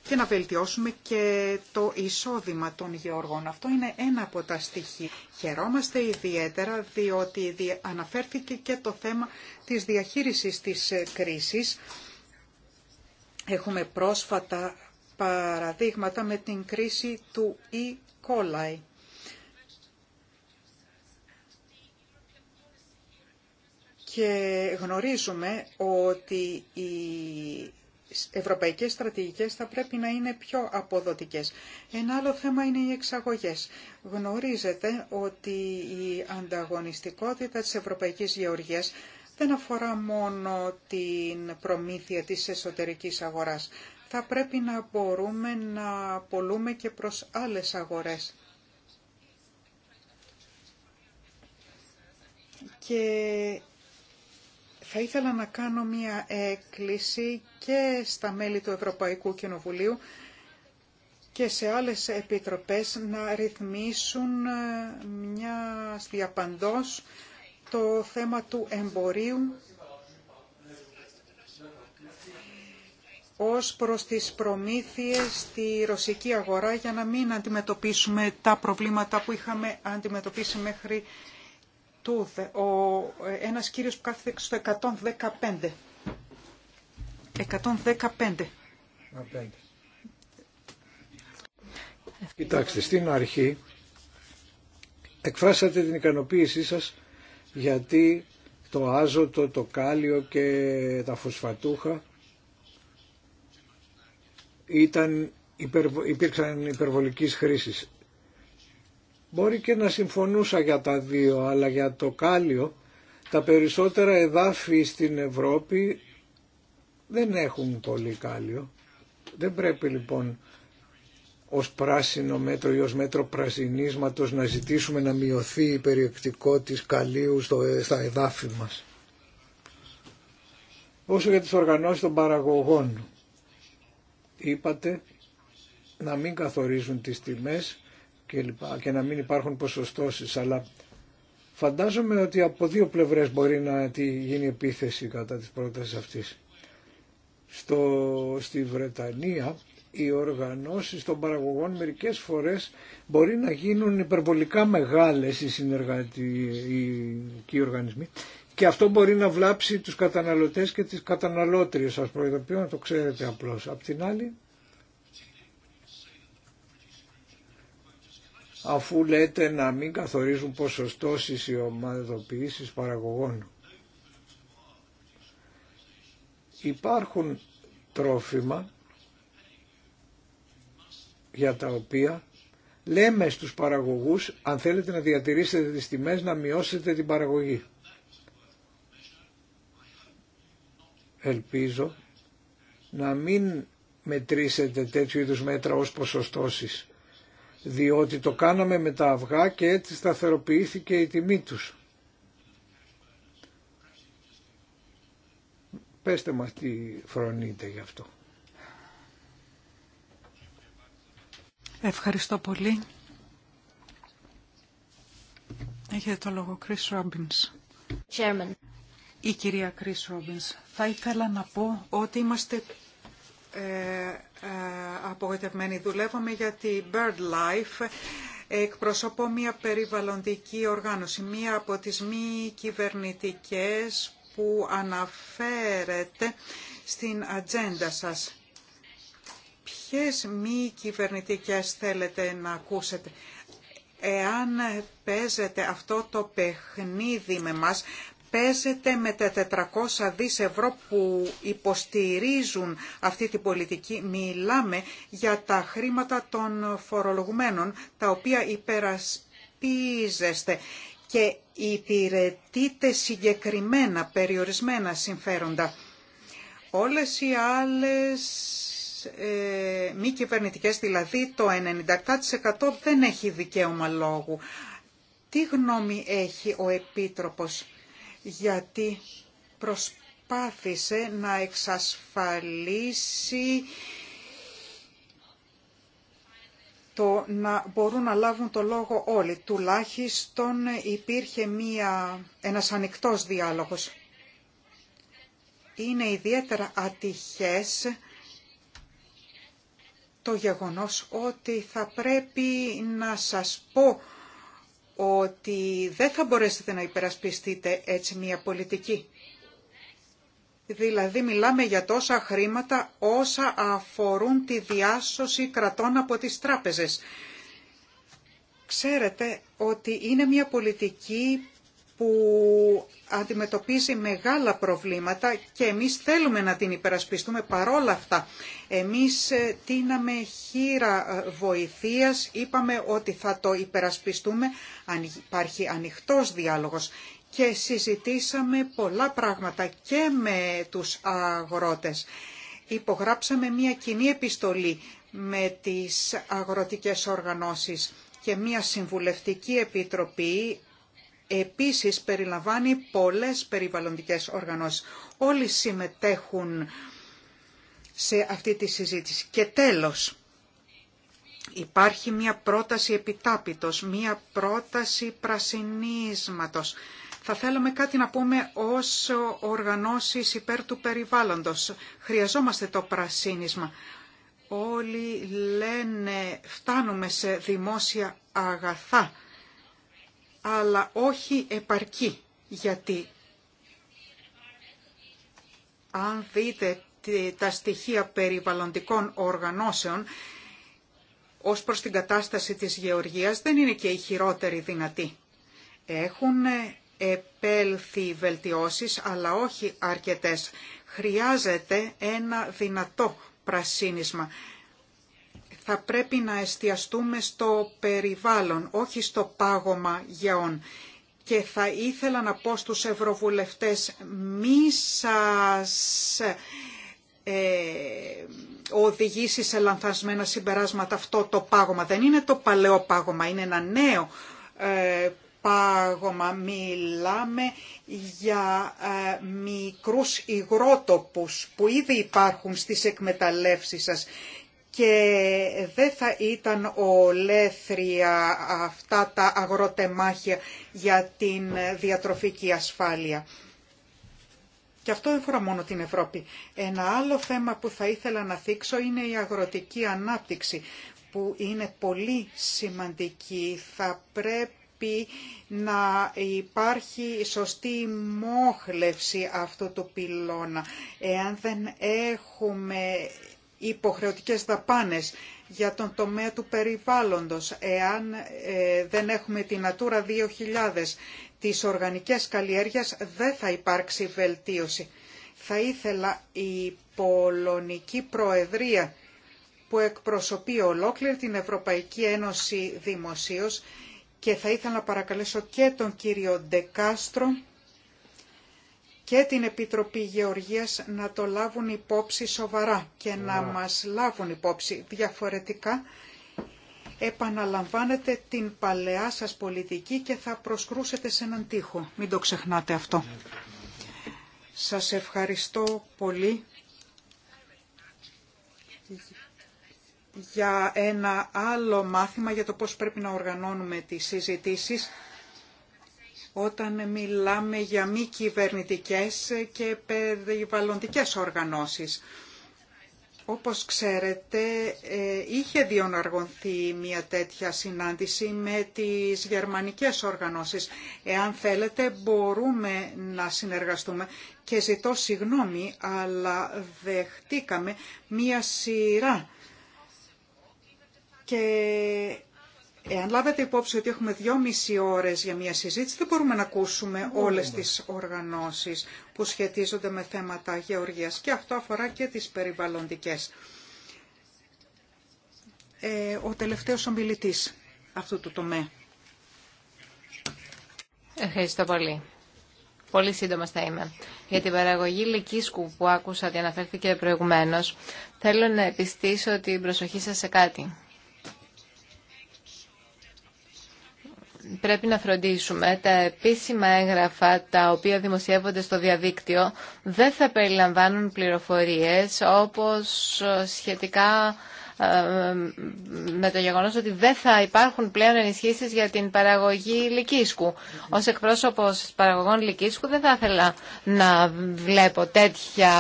και να βελτιώσουμε και το εισόδημα των γεωργών. Αυτό είναι ένα από τα στοιχεία. Χαιρόμαστε ιδιαίτερα διότι αναφέρθηκε και το θέμα της διαχείρισης της ε, κρίσης. Έχουμε πρόσφατα παραδείγματα με την κρίση του E. coli και γνωρίζουμε ότι οι ευρωπαϊκές στρατηγικές θα πρέπει να είναι πιο αποδοτικές. Ένα άλλο θέμα είναι οι εξαγωγές. Γνωρίζετε ότι η ανταγωνιστικότητα της ευρωπαϊκής γεωργίας δεν αφορά μόνο την προμήθεια της εσωτερικής αγοράς. Θα πρέπει να μπορούμε να πολλούμε και προς άλλες αγορές. Και θα ήθελα να κάνω μία έκκληση και στα μέλη του Ευρωπαϊκού Κοινοβουλίου και σε άλλες επιτροπές να ρυθμίσουν ε, μια διαπαντός το θέμα του εμπορίου ως προς τις προμήθειες στη ρωσική αγορά για να μην αντιμετωπίσουμε τα προβλήματα που είχαμε αντιμετωπίσει μέχρι Τούδε, ο, ε, ένας κύριος που κάθεται στο 115. 115. Κοιτάξτε, στην αρχή εκφράσατε την ικανοποίησή σας γιατί το άζωτο, το κάλιο και τα φωσφατούχα ήταν υπήρξαν υπερβολικής χρήσης. Μπορεί και να συμφωνούσα για τα δύο, αλλά για το κάλιο τα περισσότερα εδάφη στην Ευρώπη δεν έχουν πολύ κάλιο. Δεν πρέπει λοιπόν ως πράσινο μέτρο ή ως μέτρο πρασινίσματος να ζητήσουμε να μειωθεί η περιεκτικό της καλίου στο, στα εδάφη μας. Όσο για τις οργανώσεις των παραγωγών, είπατε να μην καθορίζουν τις τιμές και, να μην υπάρχουν ποσοστώσεις, αλλά φαντάζομαι ότι από δύο πλευρές μπορεί να γίνει επίθεση κατά της πρότασης αυτής. Στο, στη Βρετανία οι οργανώσεις των παραγωγών μερικές φορές μπορεί να γίνουν υπερβολικά μεγάλες οι συνεργατικοί οργανισμοί και αυτό μπορεί να βλάψει τους καταναλωτές και τις καταναλώτριες σας προειδοποιώ να το ξέρετε απλώς. Απ' την άλλη αφού λέτε να μην καθορίζουν ποσοστώσεις οι ομαδοποιήσεις παραγωγών. Υπάρχουν τρόφιμα για τα οποία λέμε στους παραγωγούς αν θέλετε να διατηρήσετε τις τιμές να μειώσετε την παραγωγή. Ελπίζω να μην μετρήσετε τέτοιου είδους μέτρα ως ποσοστώσεις διότι το κάναμε με τα αυγά και έτσι σταθεροποιήθηκε η τιμή τους. Πεςτε μας τι φρονείτε γι' αυτό. Ευχαριστώ πολύ. Έχετε το λόγο, Chris Robbins. Chairman. Η κυρία Chris Robbins. Θα ήθελα να πω ότι είμαστε ε, ε, απογοητευμένη, Δουλεύομαι για τη Life Εκπροσωπώ μια περιβαλλοντική οργάνωση, μία από τις μη κυβερνητικές που αναφέρεται στην ατζέντα σας. Ποιες μη κυβερνητικές θέλετε να ακούσετε. Εάν παίζετε αυτό το παιχνίδι με μας, παίζετε με τα 400 δις ευρώ που υποστηρίζουν αυτή την πολιτική. Μιλάμε για τα χρήματα των φορολογουμένων, τα οποία υπερασπίζεστε και υπηρετείτε συγκεκριμένα, περιορισμένα συμφέροντα. Όλες οι άλλες ε, μη κυβερνητικέ, δηλαδή το 97% δεν έχει δικαίωμα λόγου. Τι γνώμη έχει ο Επίτροπος γιατί προσπάθησε να εξασφαλίσει το να μπορούν να λάβουν το λόγο όλοι. Τουλάχιστον υπήρχε μία, ένας ανοιχτός διάλογος. Είναι ιδιαίτερα ατυχές το γεγονός ότι θα πρέπει να σας πω ότι δεν θα μπορέσετε να υπερασπιστείτε έτσι μια πολιτική. Δηλαδή μιλάμε για τόσα χρήματα όσα αφορούν τη διάσωση κρατών από τις τράπεζες. Ξέρετε ότι είναι μια πολιτική που αντιμετωπίζει μεγάλα προβλήματα και εμείς θέλουμε να την υπερασπιστούμε παρόλα αυτά. Εμείς ε, τίναμε χείρα ε, βοηθείας, είπαμε ότι θα το υπερασπιστούμε αν υπάρχει ανοιχτός διάλογος και συζητήσαμε πολλά πράγματα και με τους αγρότες. Υπογράψαμε μια κοινή επιστολή με τις αγροτικές οργανώσεις και μια συμβουλευτική επιτροπή Επίσης περιλαμβάνει πολλές περιβαλλοντικές οργανώσεις. Όλοι συμμετέχουν σε αυτή τη συζήτηση. Και τέλος, υπάρχει μια πρόταση επιτάπητος, μια πρόταση πρασινίσματος. Θα θέλουμε κάτι να πούμε ως οργανώσεις υπέρ του περιβάλλοντος. Χρειαζόμαστε το πρασίνισμα. Όλοι λένε φτάνουμε σε δημόσια αγαθά αλλά όχι επαρκή. Γιατί αν δείτε τα στοιχεία περιβαλλοντικών οργανώσεων, ως προς την κατάσταση της γεωργίας δεν είναι και η χειρότερη δυνατή. Έχουν επέλθει βελτιώσεις, αλλά όχι αρκετές. Χρειάζεται ένα δυνατό πρασίνισμα θα πρέπει να εστιαστούμε στο περιβάλλον, όχι στο πάγωμα γεών. Και θα ήθελα να πω στους ευρωβουλευτές, μη σας ε, οδηγήσει σε λανθασμένα συμπεράσματα αυτό το πάγωμα. Δεν είναι το παλαιό πάγωμα, είναι ένα νέο ε, πάγωμα. Μιλάμε για ε, μικρούς υγρότοπους που ήδη υπάρχουν στις εκμεταλλεύσεις σας και δεν θα ήταν ολέθρια αυτά τα αγροτεμάχια για την διατροφική ασφάλεια. Και αυτό δεν φορά μόνο την Ευρώπη. Ένα άλλο θέμα που θα ήθελα να θίξω είναι η αγροτική ανάπτυξη, που είναι πολύ σημαντική. Θα πρέπει να υπάρχει σωστή μόχλευση αυτού του πυλώνα. Εάν δεν έχουμε υποχρεωτικές δαπάνες για τον τομέα του περιβάλλοντος, εάν ε, δεν έχουμε την Natura 2000 της οργανικές καλλιέργειας, δεν θα υπάρξει βελτίωση. Θα ήθελα η Πολωνική Προεδρία που εκπροσωπεί ολόκληρη την Ευρωπαϊκή Ένωση δημοσίως και θα ήθελα να παρακαλέσω και τον κύριο Ντεκάστρο και την Επιτροπή Γεωργίας να το λάβουν υπόψη σοβαρά και να μας λάβουν υπόψη διαφορετικά. Επαναλαμβάνετε την παλαιά σας πολιτική και θα προσκρούσετε σε έναν τοίχο. Μην το ξεχνάτε αυτό. Σας ευχαριστώ πολύ για ένα άλλο μάθημα για το πώς πρέπει να οργανώνουμε τις συζητήσεις όταν μιλάμε για μη κυβερνητικέ και περιβαλλοντικές οργανώσεις. Όπως ξέρετε, ε, είχε διοναργωνθεί μια τέτοια συνάντηση με τις γερμανικές οργανώσεις. Εάν θέλετε, μπορούμε να συνεργαστούμε και ζητώ συγγνώμη, αλλά δεχτήκαμε μια σειρά και Εάν λάβετε υπόψη ότι έχουμε δυόμιση ώρες για μια συζήτηση, δεν μπορούμε να ακούσουμε όλες τις οργανώσεις που σχετίζονται με θέματα γεωργίας και αυτό αφορά και τις περιβαλλοντικές. Ε, ο τελευταίος ομιλητής αυτού του τομέα. Ευχαριστώ πολύ. Πολύ σύντομα θα είμαι. Για την παραγωγή λυκίσκου που άκουσα ότι αναφέρθηκε προηγουμένως, θέλω να επιστήσω την προσοχή σας σε κάτι. πρέπει να φροντίσουμε τα επίσημα έγγραφα τα οποία δημοσιεύονται στο διαδίκτυο δεν θα περιλαμβάνουν πληροφορίες όπως σχετικά ε, με το γεγονός ότι δεν θα υπάρχουν πλέον ενισχύσεις για την παραγωγή λικίσκου. Ως εκπρόσωπος παραγωγών λυκίσκου δεν θα ήθελα να βλέπω τέτοια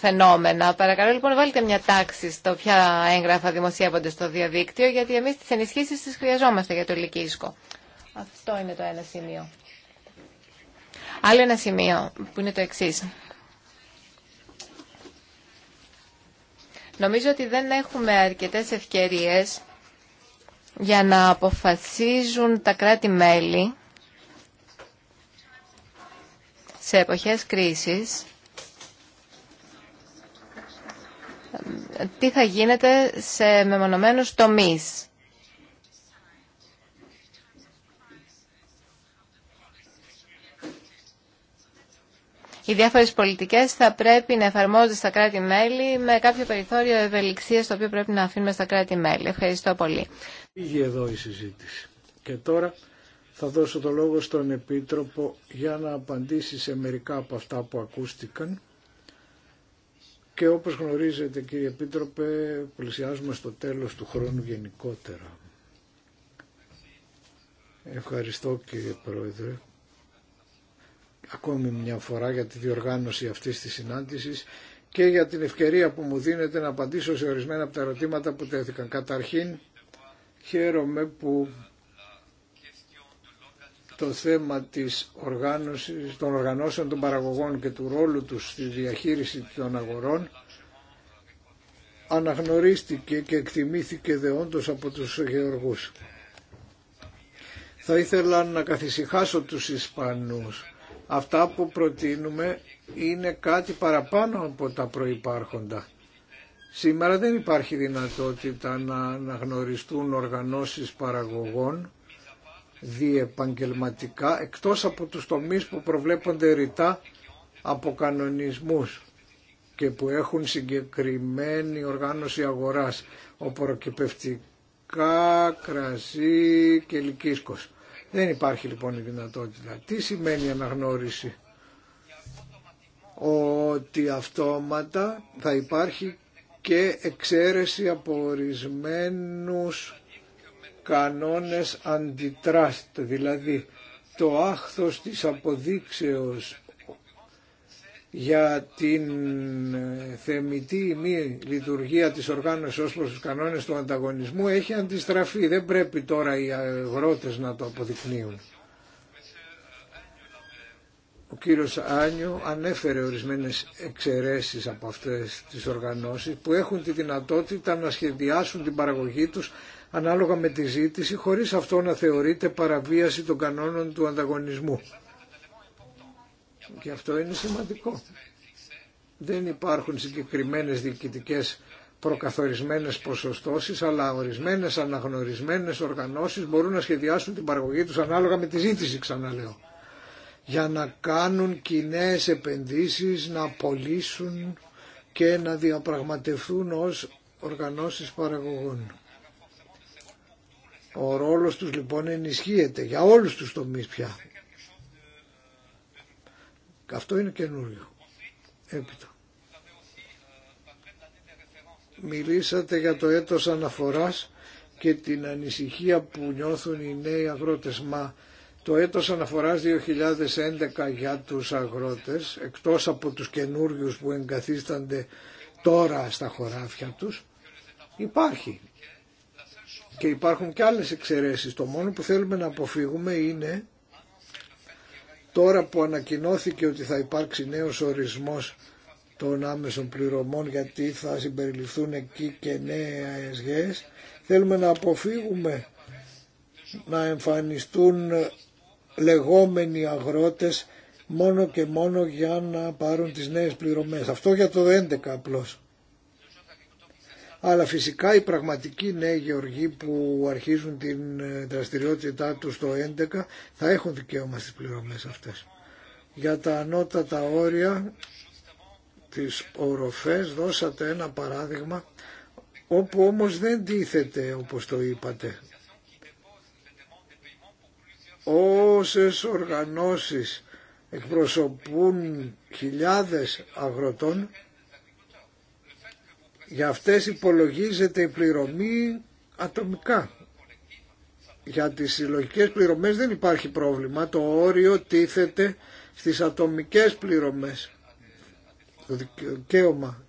φαινόμενα. Παρακαλώ λοιπόν βάλτε μια τάξη στο ποια έγγραφα δημοσιεύονται στο διαδίκτυο γιατί εμείς τις ενισχύσεις τις χρειαζόμαστε για το λυκίσκο. Αυτό είναι το ένα σημείο. Άλλο ένα σημείο που είναι το εξής. Νομίζω ότι δεν έχουμε αρκετές ευκαιρίες για να αποφασίζουν τα κράτη-μέλη σε εποχές κρίσης τι θα γίνεται σε μεμονωμένους τομείς. οι διάφορες πολιτικές θα πρέπει να εφαρμόζονται στα κράτη-μέλη με κάποιο περιθώριο ευελιξίας το οποίο πρέπει να αφήνουμε στα κράτη-μέλη. Ευχαριστώ πολύ. Πήγε εδώ η συζήτηση. Και τώρα θα δώσω το λόγο στον Επίτροπο για να απαντήσει σε μερικά από αυτά που ακούστηκαν. Και όπως γνωρίζετε κύριε Επίτροπε, πλησιάζουμε στο τέλος του χρόνου γενικότερα. Ευχαριστώ κύριε Πρόεδρε ακόμη μια φορά για τη διοργάνωση αυτής της συνάντησης και για την ευκαιρία που μου δίνεται να απαντήσω σε ορισμένα από τα ερωτήματα που τέθηκαν. Καταρχήν, χαίρομαι που το θέμα της οργάνωσης, των οργανώσεων των παραγωγών και του ρόλου τους στη διαχείριση των αγορών αναγνωρίστηκε και εκτιμήθηκε δεόντως από τους γεωργούς. Θα ήθελα να καθησυχάσω τους Ισπανούς Αυτά που προτείνουμε είναι κάτι παραπάνω από τα προϋπάρχοντα. Σήμερα δεν υπάρχει δυνατότητα να αναγνωριστούν οργανώσεις παραγωγών διεπαγγελματικά εκτός από τους τομείς που προβλέπονται ρητά από κανονισμούς και που έχουν συγκεκριμένη οργάνωση αγοράς, οπωροκυπευτικά, κρασί και λυκίσκος. Δεν υπάρχει λοιπόν η δυνατότητα. Τι σημαίνει αναγνώριση. Ότι αυτόματα θα υπάρχει και εξαίρεση από ορισμένου κανόνες αντιτράστ, δηλαδή το άχθος της αποδείξεως για την ε, θεμητή ή μη λειτουργία της οργάνωσης ως προς τους κανόνες του ανταγωνισμού έχει αντιστραφεί. Δεν πρέπει τώρα οι αγρότες να το αποδεικνύουν. Ο κύριος Άνιο ανέφερε ορισμένες εξαιρέσεις από αυτές τις οργανώσεις που έχουν τη δυνατότητα να σχεδιάσουν την παραγωγή τους ανάλογα με τη ζήτηση χωρίς αυτό να θεωρείται παραβίαση των κανόνων του ανταγωνισμού. Και αυτό είναι σημαντικό. Δεν υπάρχουν συγκεκριμένες διοικητικές προκαθορισμένες ποσοστώσεις, αλλά ορισμένες αναγνωρισμένες οργανώσεις μπορούν να σχεδιάσουν την παραγωγή τους ανάλογα με τη ζήτηση, ξαναλέω. Για να κάνουν κοινέ επενδύσεις, να απολύσουν και να διαπραγματευτούν ως οργανώσεις παραγωγών. Ο ρόλος τους λοιπόν ενισχύεται για όλους τους τομείς πια. Αυτό είναι καινούριο. Έπειτα. Μιλήσατε για το έτος αναφοράς και την ανησυχία που νιώθουν οι νέοι αγρότες. Μα το έτος αναφοράς 2011 για τους αγρότες, εκτός από τους καινούριου που εγκαθίστανται τώρα στα χωράφια τους, υπάρχει. Και υπάρχουν και άλλες εξαιρέσεις. Το μόνο που θέλουμε να αποφύγουμε είναι Τώρα που ανακοινώθηκε ότι θα υπάρξει νέος ορισμός των άμεσων πληρωμών γιατί θα συμπεριληφθούν εκεί και νέες γέες, θέλουμε να αποφύγουμε να εμφανιστούν λεγόμενοι αγρότες μόνο και μόνο για να πάρουν τις νέες πληρωμές. Αυτό για το 11 απλώς αλλά φυσικά οι πραγματικοί νέοι γεωργοί που αρχίζουν την ε, δραστηριότητά τους το 2011 θα έχουν δικαίωμα στις πληρωμές αυτές. Για τα ανώτατα όρια, τις οροφές, δώσατε ένα παράδειγμα, όπου όμως δεν τίθεται όπως το είπατε. Όσες οργανώσεις εκπροσωπούν χιλιάδες αγροτών για αυτές υπολογίζεται η πληρωμή ατομικά. Για τις συλλογικές πληρωμές δεν υπάρχει πρόβλημα. Το όριο τίθεται στις ατομικές πληρωμές. Το δικαίωμα.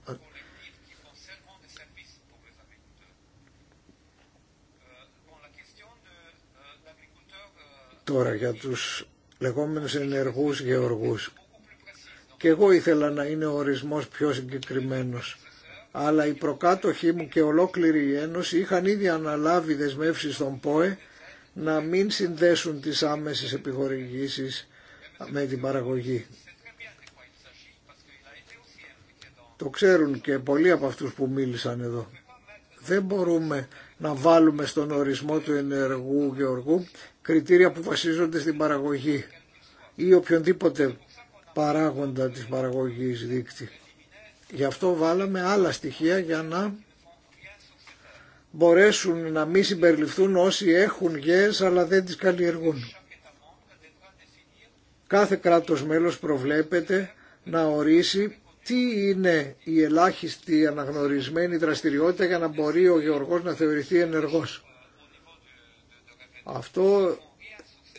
Τώρα για τους λεγόμενους ενεργούς γεωργούς. Και εγώ ήθελα να είναι ο ορισμός πιο συγκεκριμένος αλλά οι προκάτοχοί μου και ολόκληρη η Ένωση είχαν ήδη αναλάβει δεσμεύσει στον ΠΟΕ να μην συνδέσουν τις άμεσες επιχορηγήσεις με την παραγωγή. Το ξέρουν και πολλοί από αυτούς που μίλησαν εδώ. Δεν μπορούμε να βάλουμε στον ορισμό του ενεργού γεωργού κριτήρια που βασίζονται στην παραγωγή ή οποιονδήποτε παράγοντα της παραγωγής δίκτη. Γι' αυτό βάλαμε άλλα στοιχεία για να μπορέσουν να μην συμπεριληφθούν όσοι έχουν γές αλλά δεν τις καλλιεργούν. Κάθε κράτος μέλος προβλέπεται να ορίσει τι είναι η ελάχιστη αναγνωρισμένη δραστηριότητα για να μπορεί ο γεωργός να θεωρηθεί ενεργός. Αυτό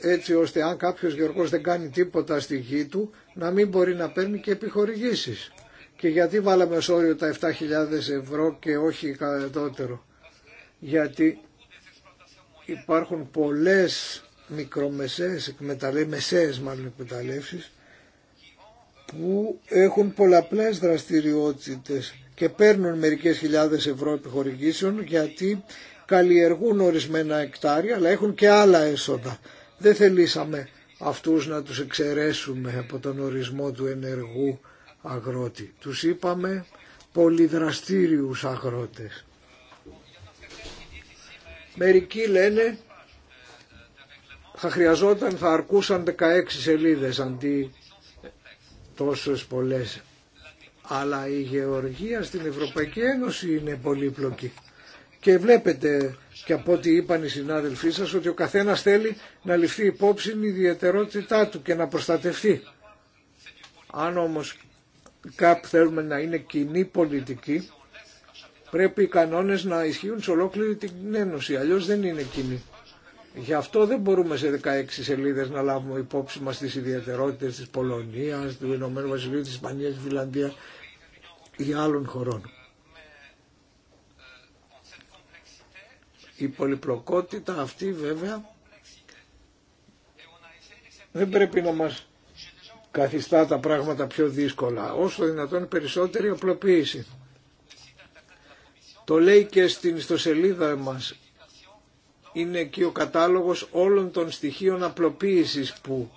έτσι ώστε αν κάποιος γεωργός δεν κάνει τίποτα στη γη του να μην μπορεί να παίρνει και επιχορηγήσεις. Και γιατί βάλαμε ως όριο τα 7.000 ευρώ και όχι κατώτερο. Γιατί υπάρχουν πολλές μικρομεσαίες, μεσαίες μάλλον εκμεταλλεύσεις που έχουν πολλαπλές δραστηριότητες και παίρνουν μερικές χιλιάδες ευρώ επιχορηγήσεων γιατί καλλιεργούν ορισμένα εκτάρια αλλά έχουν και άλλα έσοδα. Δεν θελήσαμε αυτούς να τους εξαιρέσουμε από τον ορισμό του ενεργού αγρότη. Τους είπαμε πολυδραστήριους αγρότες. Μερικοί λένε θα χρειαζόταν, θα αρκούσαν 16 σελίδες αντί τόσες πολλές. Αλλά η γεωργία στην Ευρωπαϊκή Ένωση είναι πολύπλοκη. Και βλέπετε και από ό,τι είπαν οι συνάδελφοί σας ότι ο καθένας θέλει να ληφθεί υπόψη η ιδιαιτερότητά του και να προστατευτεί. Αν όμως κάπου θέλουμε να είναι κοινή πολιτική, πρέπει οι κανόνες να ισχύουν σε ολόκληρη την Ένωση, αλλιώς δεν είναι κοινή. Γι' αυτό δεν μπορούμε σε 16 σελίδες να λάβουμε υπόψη μας τις ιδιαιτερότητες της Πολωνίας, του Ηνωμένου Βασιλείου, της Ισπανίας, της Φιλανδίας ή άλλων χωρών. Η πολυπλοκότητα αυτή βέβαια δεν πρέπει να μας καθιστά τα πράγματα πιο δύσκολα. Όσο δυνατόν περισσότερη απλοποίηση. Το λέει και στην ιστοσελίδα μας. Είναι εκεί ο κατάλογος όλων των στοιχείων απλοποίησης που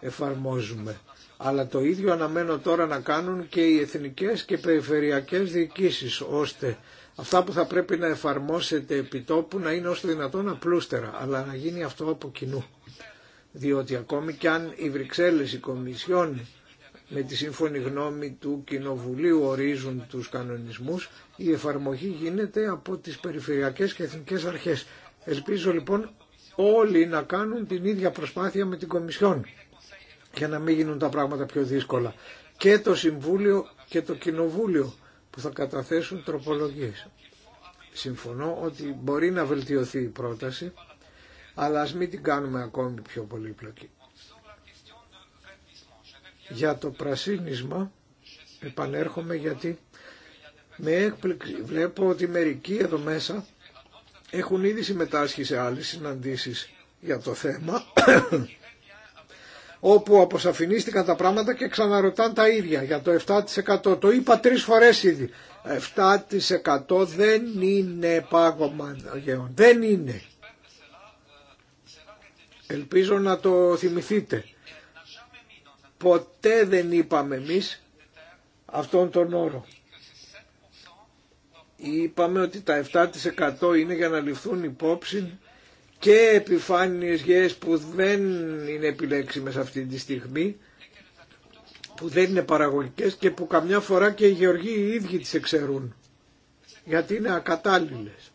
εφαρμόζουμε. Αλλά το ίδιο αναμένω τώρα να κάνουν και οι εθνικές και περιφερειακές διοικήσεις, ώστε αυτά που θα πρέπει να εφαρμόσετε επιτόπου να είναι όσο δυνατόν απλούστερα, αλλά να γίνει αυτό από κοινού διότι ακόμη κι αν οι Βρυξέλλες, οι Κομισιόν με τη σύμφωνη γνώμη του Κοινοβουλίου ορίζουν τους κανονισμούς, η εφαρμογή γίνεται από τις περιφερειακές και εθνικές αρχές. Ελπίζω λοιπόν όλοι να κάνουν την ίδια προσπάθεια με την Κομισιόν για να μην γίνουν τα πράγματα πιο δύσκολα. Και το Συμβούλιο και το Κοινοβούλιο που θα καταθέσουν τροπολογίες. Συμφωνώ ότι μπορεί να βελτιωθεί η πρόταση αλλά ας μην την κάνουμε ακόμη πιο πολύπλοκη. Για το πρασίνισμα επανέρχομαι γιατί με έκπληξη βλέπω ότι μερικοί εδώ μέσα έχουν ήδη συμμετάσχει σε άλλες συναντήσεις για το θέμα όπου αποσαφηνίστηκαν τα πράγματα και ξαναρωτάν τα ίδια για το 7%. Το είπα τρεις φορές ήδη. 7% δεν είναι πάγωμα. Δεν είναι. Ελπίζω να το θυμηθείτε. Ποτέ δεν είπαμε εμείς αυτόν τον όρο. Είπαμε ότι τα 7% είναι για να ληφθούν υπόψη και επιφάνειες γεές που δεν είναι επιλέξιμες αυτή τη στιγμή, που δεν είναι παραγωγικές και που καμιά φορά και οι γεωργοί οι ίδιοι τις εξαιρούν, γιατί είναι ακατάλληλες.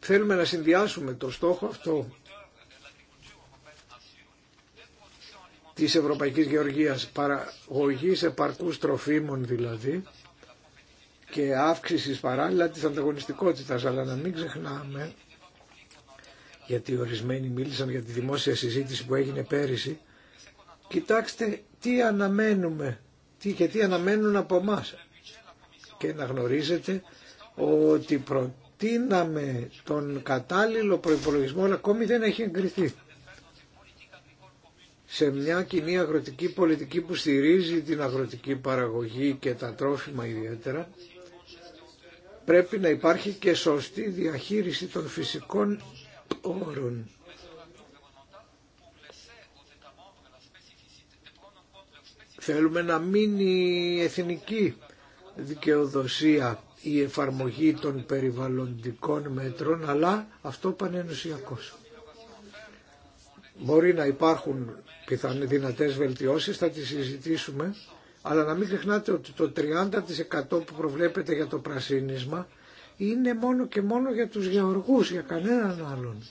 Θέλουμε να συνδυάσουμε το στόχο αυτό της Ευρωπαϊκής Γεωργίας, παραγωγής επαρκούς τροφίμων δηλαδή και αύξηση παράλληλα της ανταγωνιστικότητας. Αλλά να μην ξεχνάμε, γιατί ορισμένοι μίλησαν για τη δημόσια συζήτηση που έγινε πέρυσι, κοιτάξτε τι αναμένουμε τι και τι αναμένουν από εμά. Και να γνωρίζετε ότι προτείναμε τον κατάλληλο προϋπολογισμό, αλλά ακόμη δεν έχει εγκριθεί σε μια κοινή αγροτική πολιτική που στηρίζει την αγροτική παραγωγή και τα τρόφιμα ιδιαίτερα, πρέπει να υπάρχει και σωστή διαχείριση των φυσικών όρων. Θέλουμε να μείνει εθνική δικαιοδοσία η εφαρμογή των περιβαλλοντικών μέτρων, αλλά αυτό πανενουσιακός. Μπορεί να υπάρχουν πιθανε, δυνατές βελτιώσεις, θα τις συζητήσουμε. Αλλά να μην ξεχνάτε ότι το 30% που προβλέπετε για το πρασίνισμα είναι μόνο και μόνο για τους γεωργούς, για κανέναν άλλον.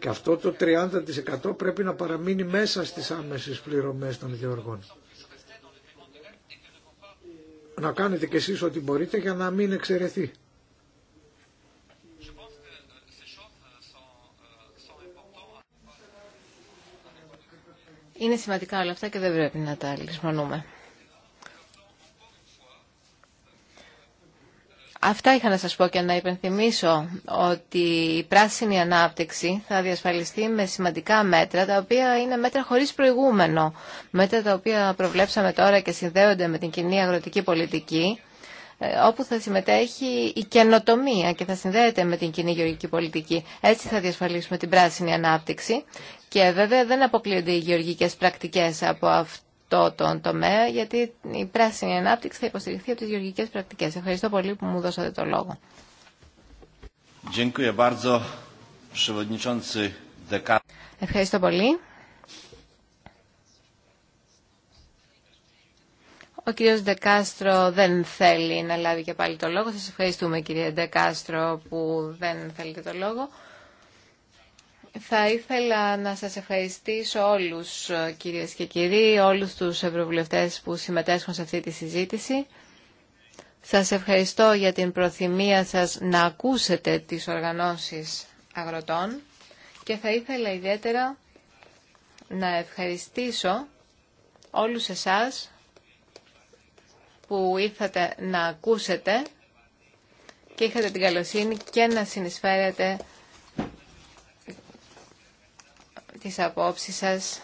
Και αυτό το 30% πρέπει να παραμείνει μέσα στις άμεσες πληρωμές των γεωργών. Να κάνετε κι εσείς ό,τι μπορείτε για να μην εξαιρεθεί. Είναι σημαντικά όλα αυτά και δεν πρέπει να τα λησμονούμε. Αυτά είχα να σας πω και να υπενθυμίσω ότι η πράσινη ανάπτυξη θα διασφαλιστεί με σημαντικά μέτρα, τα οποία είναι μέτρα χωρίς προηγούμενο. Μέτρα τα οποία προβλέψαμε τώρα και συνδέονται με την κοινή αγροτική πολιτική όπου θα συμμετέχει η καινοτομία και θα συνδέεται με την κοινή γεωργική πολιτική. Έτσι θα διασφαλίσουμε την πράσινη ανάπτυξη και βέβαια δεν αποκλείονται οι γεωργικές πρακτικές από αυτό το τομέα γιατί η πράσινη ανάπτυξη θα υποστηριχθεί από τις γεωργικές πρακτικές. Ευχαριστώ πολύ που μου δώσατε το λόγο. Ευχαριστώ πολύ. Ο κύριος Ντεκάστρο δεν θέλει να λάβει και πάλι το λόγο. Σας ευχαριστούμε κύριε Ντεκάστρο που δεν θέλετε το λόγο. Θα ήθελα να σας ευχαριστήσω όλους κυρίες και κύριοι, όλους τους ευρωβουλευτές που συμμετέσχουν σε αυτή τη συζήτηση. Σας ευχαριστώ για την προθυμία σας να ακούσετε τις οργανώσεις αγροτών και θα ήθελα ιδιαίτερα να ευχαριστήσω όλους εσάς που ήρθατε να ακούσετε και είχατε την καλοσύνη και να συνεισφέρετε τις απόψεις σας.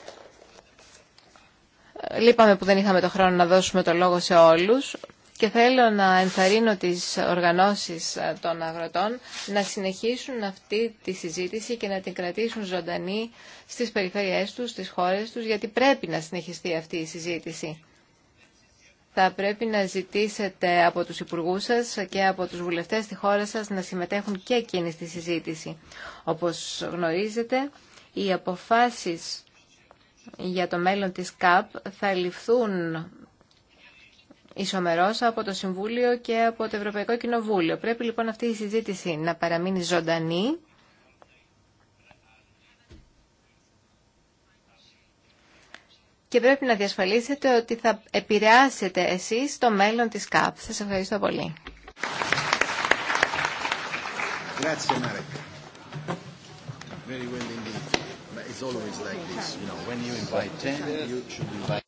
Λείπαμε που δεν είχαμε το χρόνο να δώσουμε το λόγο σε όλους και θέλω να ενθαρρύνω τις οργανώσεις των αγροτών να συνεχίσουν αυτή τη συζήτηση και να την κρατήσουν ζωντανή στις περιφέρειές τους, στις χώρες τους, γιατί πρέπει να συνεχιστεί αυτή η συζήτηση θα πρέπει να ζητήσετε από τους υπουργούς σας και από τους βουλευτές στη χώρα σας να συμμετέχουν και εκείνοι στη συζήτηση. Όπως γνωρίζετε, οι αποφάσεις για το μέλλον της ΚΑΠ θα ληφθούν ισομερώς από το Συμβούλιο και από το Ευρωπαϊκό Κοινοβούλιο. Πρέπει λοιπόν αυτή η συζήτηση να παραμείνει ζωντανή και πρέπει να διασφαλίσετε ότι θα επηρεάσετε εσείς το μέλλον της ΚΑΠ. Σας ευχαριστώ πολύ. Grazie, Marek. Very well indeed. But it's always like this, you know, when you invite 10, you should invite